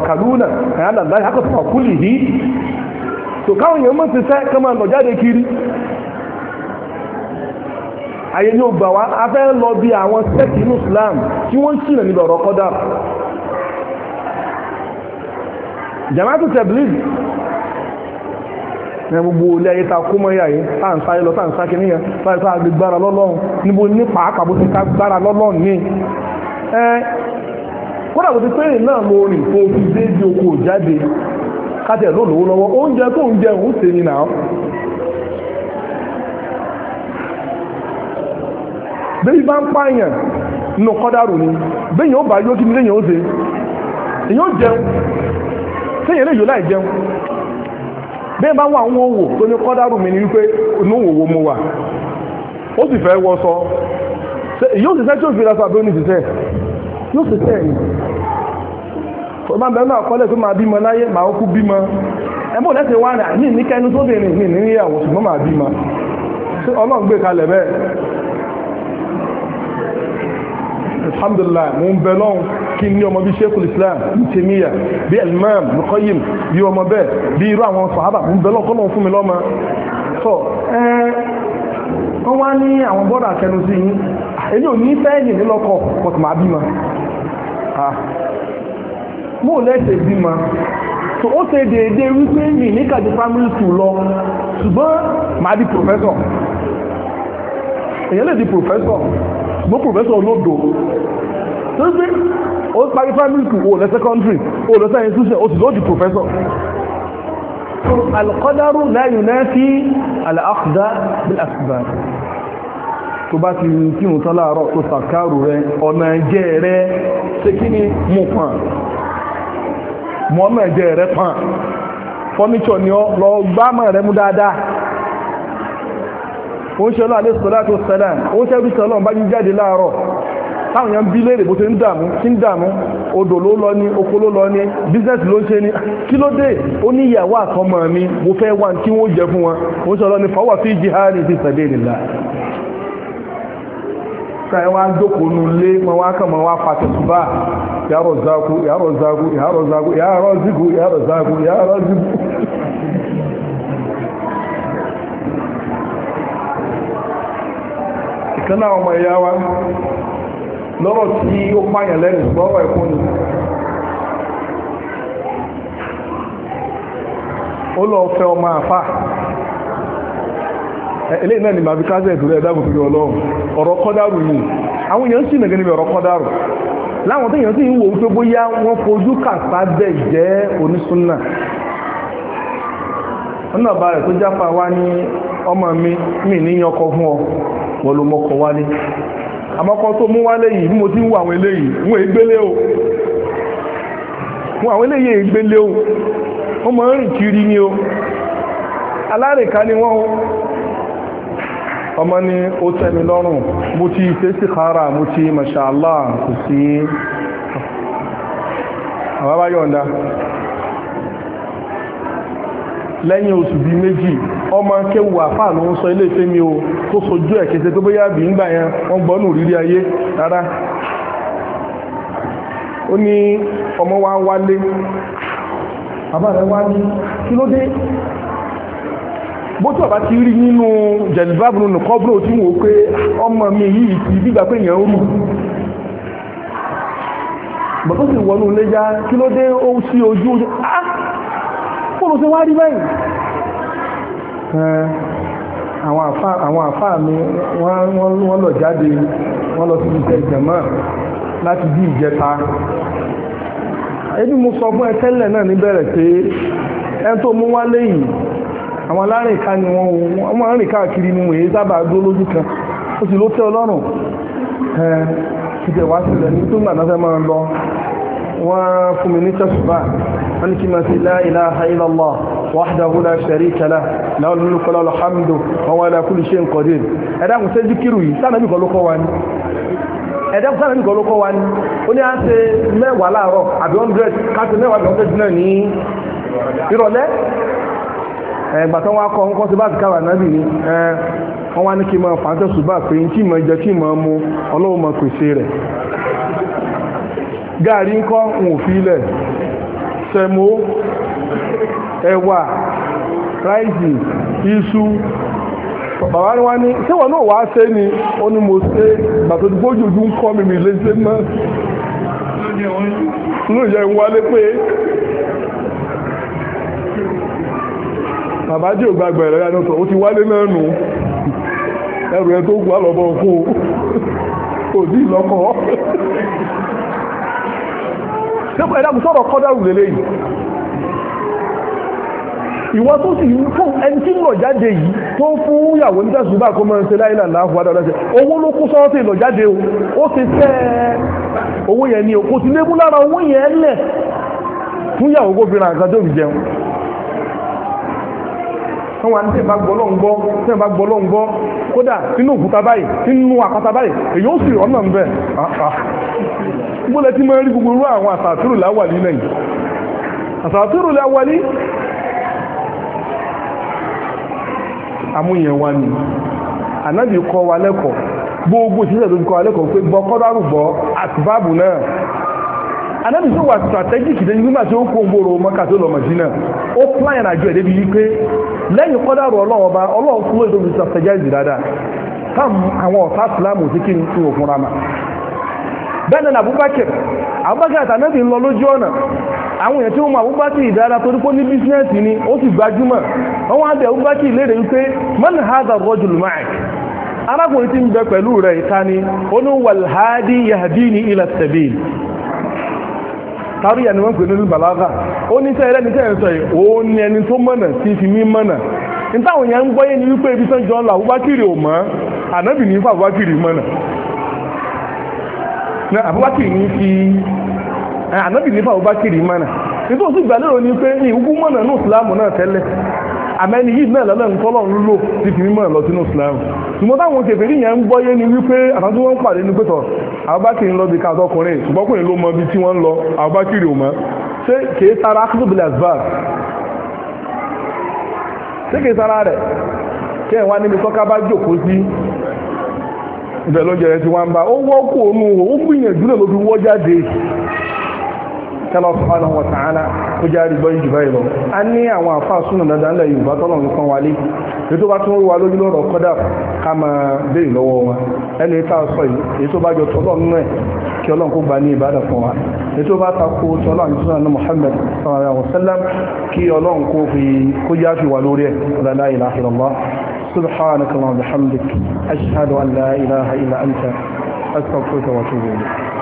tó káwọn èèyàn mọ́ ti sẹ́ kọ́ máa lọ jáde kiri ayé ní ògbà wá afẹ́ lọ bí àwọn sẹ́ẹ̀kì inú Islam tí wọ́n ṣìnà nílò ọ̀rọ̀ kọ́dà jamaatu tabligh ní gbogbo ilé ayé ta kó mọ́yà yìí tá à ń sáré lọ tá à ń sáké níyàn láti sáà gbé gbára lọ́lọ́run níbo ní pàápàá bó ti ká gbára lọ́lọ́run ní ẹ kódà bó ti pé náà mo rìn o fi dé di oko jáde kájẹ̀ ló lówó lọ́wọ́ oúnjẹ tó ń jẹ òun ni náà bẹ́ẹ̀ bá ń pààyàn nínú kọ́dárù ni bá yóò kí lẹ́yìn ó jẹun lè yóò láì jẹun bá wà ni wípé inú mo wà ó sì wọ sọ yóò tí ó fi ó ní yóò ọba bẹ̀rẹ̀ náà kọ́lẹ̀ tó máa bímọ láyé máa ó kú bímọ ẹmọ́ lẹ́sẹ̀ wá rà ní ní kẹnu tó bèèrè ní níyàwó ṣùgbọ́n máa bímọ tí ọlọ́run gbé kalẹ̀ bẹ́ẹ̀ alhamdulillah mo ń bẹ lọ́hùn kí n ní ọmọ bíi sheikh islam tèmíyà bíi elmam mukoyim bíi ọmọ bẹ́ẹ̀ bíi irú àwọn sàhábà mo ń bẹ lọ́hùn kọ́lọ́hùn fún mi lọ́mọ sọ ẹ wọ́n wá ní àwọn bọ́dà kẹnu sí yín èyí ò ní fẹ́ẹ́ yìí nílọ́kọ̀ kọ̀tùmá bímọ ah bóò lẹ́sẹ̀ bímọ so ó ṣe déédéé wípé mi ní kàdé family school lọ ṣùgbọ́n màá di professor èyàn lè di professor mo professor olódo tó ń pé ó parí family school ó lọ country. ó lọ science institution ó sì lọ di professor so alqadaru la yunafi alaqda bil asbab tó bá ti kírun tán láàárọ̀ tó sàkárù rẹ ọ̀nà ẹ̀jẹ̀ rẹ ṣe kí ni mo pọ̀n mọ́mọ́ ẹ̀jẹ̀ rẹ pọ̀n fọ́níṣọ̀ ni ọ lọ gbámọ̀ rẹ mú dáadáa ó ń ṣe ọlọ́ alẹ́ sọ́lá tó sẹ́lá ó ń ṣẹ́bí sọ́lọ́ bá yí jáde láàárọ̀ táwọn èèyàn bí léèrè bó ṣe ń dààmú kí ń dààmú odò ló lọ ní oko ló lọ ní bísínẹ́sì ló ń ṣe ní kí ló dé ó ní ìyàwó àtọmọ mi mo fẹ́ wá tí wọ́n jẹ fún wọn ó ṣe ọlọ́ ni fọwọ́ sí jihadi fi sabilillah kan wa joko nu le mo wa kan mo wa fa ti suba ya rozaku ya rozaku ya rozaku ya rozigu ya rozaku ya rozigu kana o mai yawa lọrọ ti o pa yan lẹnu Ụlọ wa ikun ni Ele náà ni màá fi kásẹ̀ ìtòlẹ̀ ẹ̀dàgùn ọlọ́run ọ̀rọ̀ kọ́dárù ni àwọn èèyàn sì nàgẹ́ níbi ọ̀rọ̀ kọ́dárù láwọn tó èèyàn sì ń wò pé bóyá wọ́n fojú kàpá bẹ̀ jẹ́ onísúnà ọ̀nà bá rẹ̀ tó jápa wá ní ọmọ mi ọkọ fún ọ wálé tó mú wálé yìí bí mo ti ń wo àwọn eléyìí ègbélé o àwọn eléyìí ègbélé o ọmọ ní ó tẹ́mi lọ́rùn mo ti fẹ́ sí kára mo ti mọ̀ṣàlá kò sí àwọn bá yọ̀nda lẹ́yìn oṣù bí méjì ọmọ kéwù àfà ló ń sọ ilé ìfẹ́ o tó sojú ẹ̀ kése tó bóyá bí ń yẹn wọ́n gbọ́nù rírí ayé rárá ó ní ọmọ wa wálé bótú ọ̀bá ti rí nínú jẹ̀lìbáàbù nù kọ́bùrò tí wò pé ọmọ mi yìí ti bígbà pé èèyàn rù bọ̀tọ́ sì wọnú léjá kí ló dé ó sí ojú ojú ah fóònù tí wá rí báyìí àwọn àfáà mi wọ́n lọ jáde wọ́n lọ sí láti bí ìjẹta mo sọ fún ẹ tẹ́lẹ̀ náà níbẹ̀rẹ̀ pé tó mú wá àwọn alárìnká ni wọ́n wọ́n máa ń rìn káàkiri ni wọ́n èyí sábà dúró lójú kan ó sì ló tẹ́ ọlọ́run ìjẹ̀wá sílẹ̀ ní tó gbà náà fẹ́ máa lọ wọ́n fún mi ní tẹ́sùbà wọ́n ní kí máa sí la ilaha illallah wahdahu la sharika lah láwọn olùkọ́ lọ́lọ́ hamdu ẹgbà eh, tó wá kọ́ ńkọ́ sí bá ti kára nábì ni eh, wọ́n wá ní kí n máa fàájọ́ ṣùgbọ́n pé n tí mọ̀ jẹ́ kí n máa mu ọlọ́run máa pèsè rẹ̀ gààrí ńkọ́ ń ò fi ilẹ̀ sẹ̀mó ẹ̀wà ráìsì iṣu bàbá ni ní sẹ́wọ̀n náà wàá ṣe ni ó ní mo ṣe gbàtọ́ tí gbójú ojú ń mi mi lé ṣe mọ́ lóòjẹ́ ń wálé pé bàbá jẹ́ ò gbàgbà ẹ̀rọ yánú sọ ó ti wálé náà nù ẹrù ẹ tó wà lọ́bọ̀ fún o ò sí ìlọ́kọ̀ ṣẹ́pọ̀ ẹ̀dá sọ̀rọ̀ kọ́dàrù lélẹ̀ yìí ìwọ tó sì fún ẹni tí lọ jáde yìí tó fún ìyàwó nígbà ṣùgbà kó mọ́ ṣe láìlà láàfù adáwọ̀dáṣẹ́ owó ló kú sọ́ọ́sì lọ jáde o ó ti fẹ́ owó yẹn ni o kò sí lébú lára owó yẹn lẹ̀ fún ìyàwó gómìnà àgbàdo ìjẹun wọn wà ní tẹ̀ bá gbọ́lọ́ ń gbọ́ tẹ̀ bá gbọ́lọ́ ń gbọ́ kódà nínú òkúta báyìí nínú àpáta báyìí èyí ó sì ọ̀nà ń bẹ̀ gbọ́lẹ̀ tí mo rí gbogbo irú àwọn àsàtúrù láwàlí lẹ́yìn àsàtúrù láwàlí amúyẹn wa ni ànábì kọ́ wa lẹ́kọ̀ọ́ gbogbo ìṣẹ́ṣẹ́ tó kọ́ wa lẹ́kọ̀ọ́ pé gbọ́kọ́dárù gbọ́ àtìbáàbù náà anábì tó wà strategic lẹ́yìn nígbà tí ó kó gbòòrò mọ́kà tó lọ mọ̀jìnà o plan àjọ ẹ̀ débi wípé lẹ́yìn kọ́dàrú ọlọ́run ọba ọlọ́run fún èdè olùsọ strategize dáadáa táwọn àwọn ta sílámù sí kí n tún òkun rama bẹ́ẹ̀ Abubakar Abubakar àtànábì ń lọ lójú ọ̀nà àwọn èèyàn Abubakar ìdára ní ni ó sì Abubakar ìlérè wípé káríyà ni wọ́n pè nínú bàlágà ó ní sẹ́yìn lẹ́ni sẹ́yìn sọ yìí òun ni ẹni tó mọ̀nà sí fi mí mọ̀nà nítawọn yẹn ń gbọ́yé ni wípé ibi sàn jọ ń lọ Abubakiri ò mọ́ ànábì ní fún Abubakiri mọ̀nà Abubakiri ní fi ànábì ní fún Abubakiri mọ̀nà nítorí gbàlérò ni pé ìwúgbú mọ̀nà ní ìsìlámù náà tẹ́lẹ̀ àmẹ́ni yìí náà lọ́lọ́ nǹkan lọ́n lò ti fi mímọ̀ lọ sínú Islam ṣùgbọ́n táwọn kèfèrí yẹn ń gbọ́yé ni wípé àtàtí wọ́n ń pàdé ní pẹ̀tọ̀ Abubakar ń lọ bí káàtọ́ ọkùnrin ṣùgbọ́n kùnrin ló mọ ibi tí wọ́n ń lọ Abubakar ò mọ́ ṣé kìí tara akíkú bilẹ̀ asbab ṣé kìí tara rẹ̀ kí ẹ̀ wá níbi tọ́ka bá jòkó sí ibẹ̀ lọ́jọ́ rẹ̀ ti wá ń bá ó wọ́kù òun ó gbìyànjú náà wọ́ jáde kẹ́lọ́ sọ́hánà wọ̀ sàánà ó já rí gbọ́yìn jù báyìí lọ a ní àwọn àfáà súnà dandan lẹ̀ yorùbá tọ́lọ̀ ń kan wálé èyí tó bá tún wà lójú lọ́rọ̀ kọ́dà ká máa béèrè lọ́wọ́ wọn ẹni tá a sọ yìí èyí tó bá jọ tọ́lọ̀ nínú ẹ̀ kí ọlọ́run kó gba ní ìbádà fún wa èyí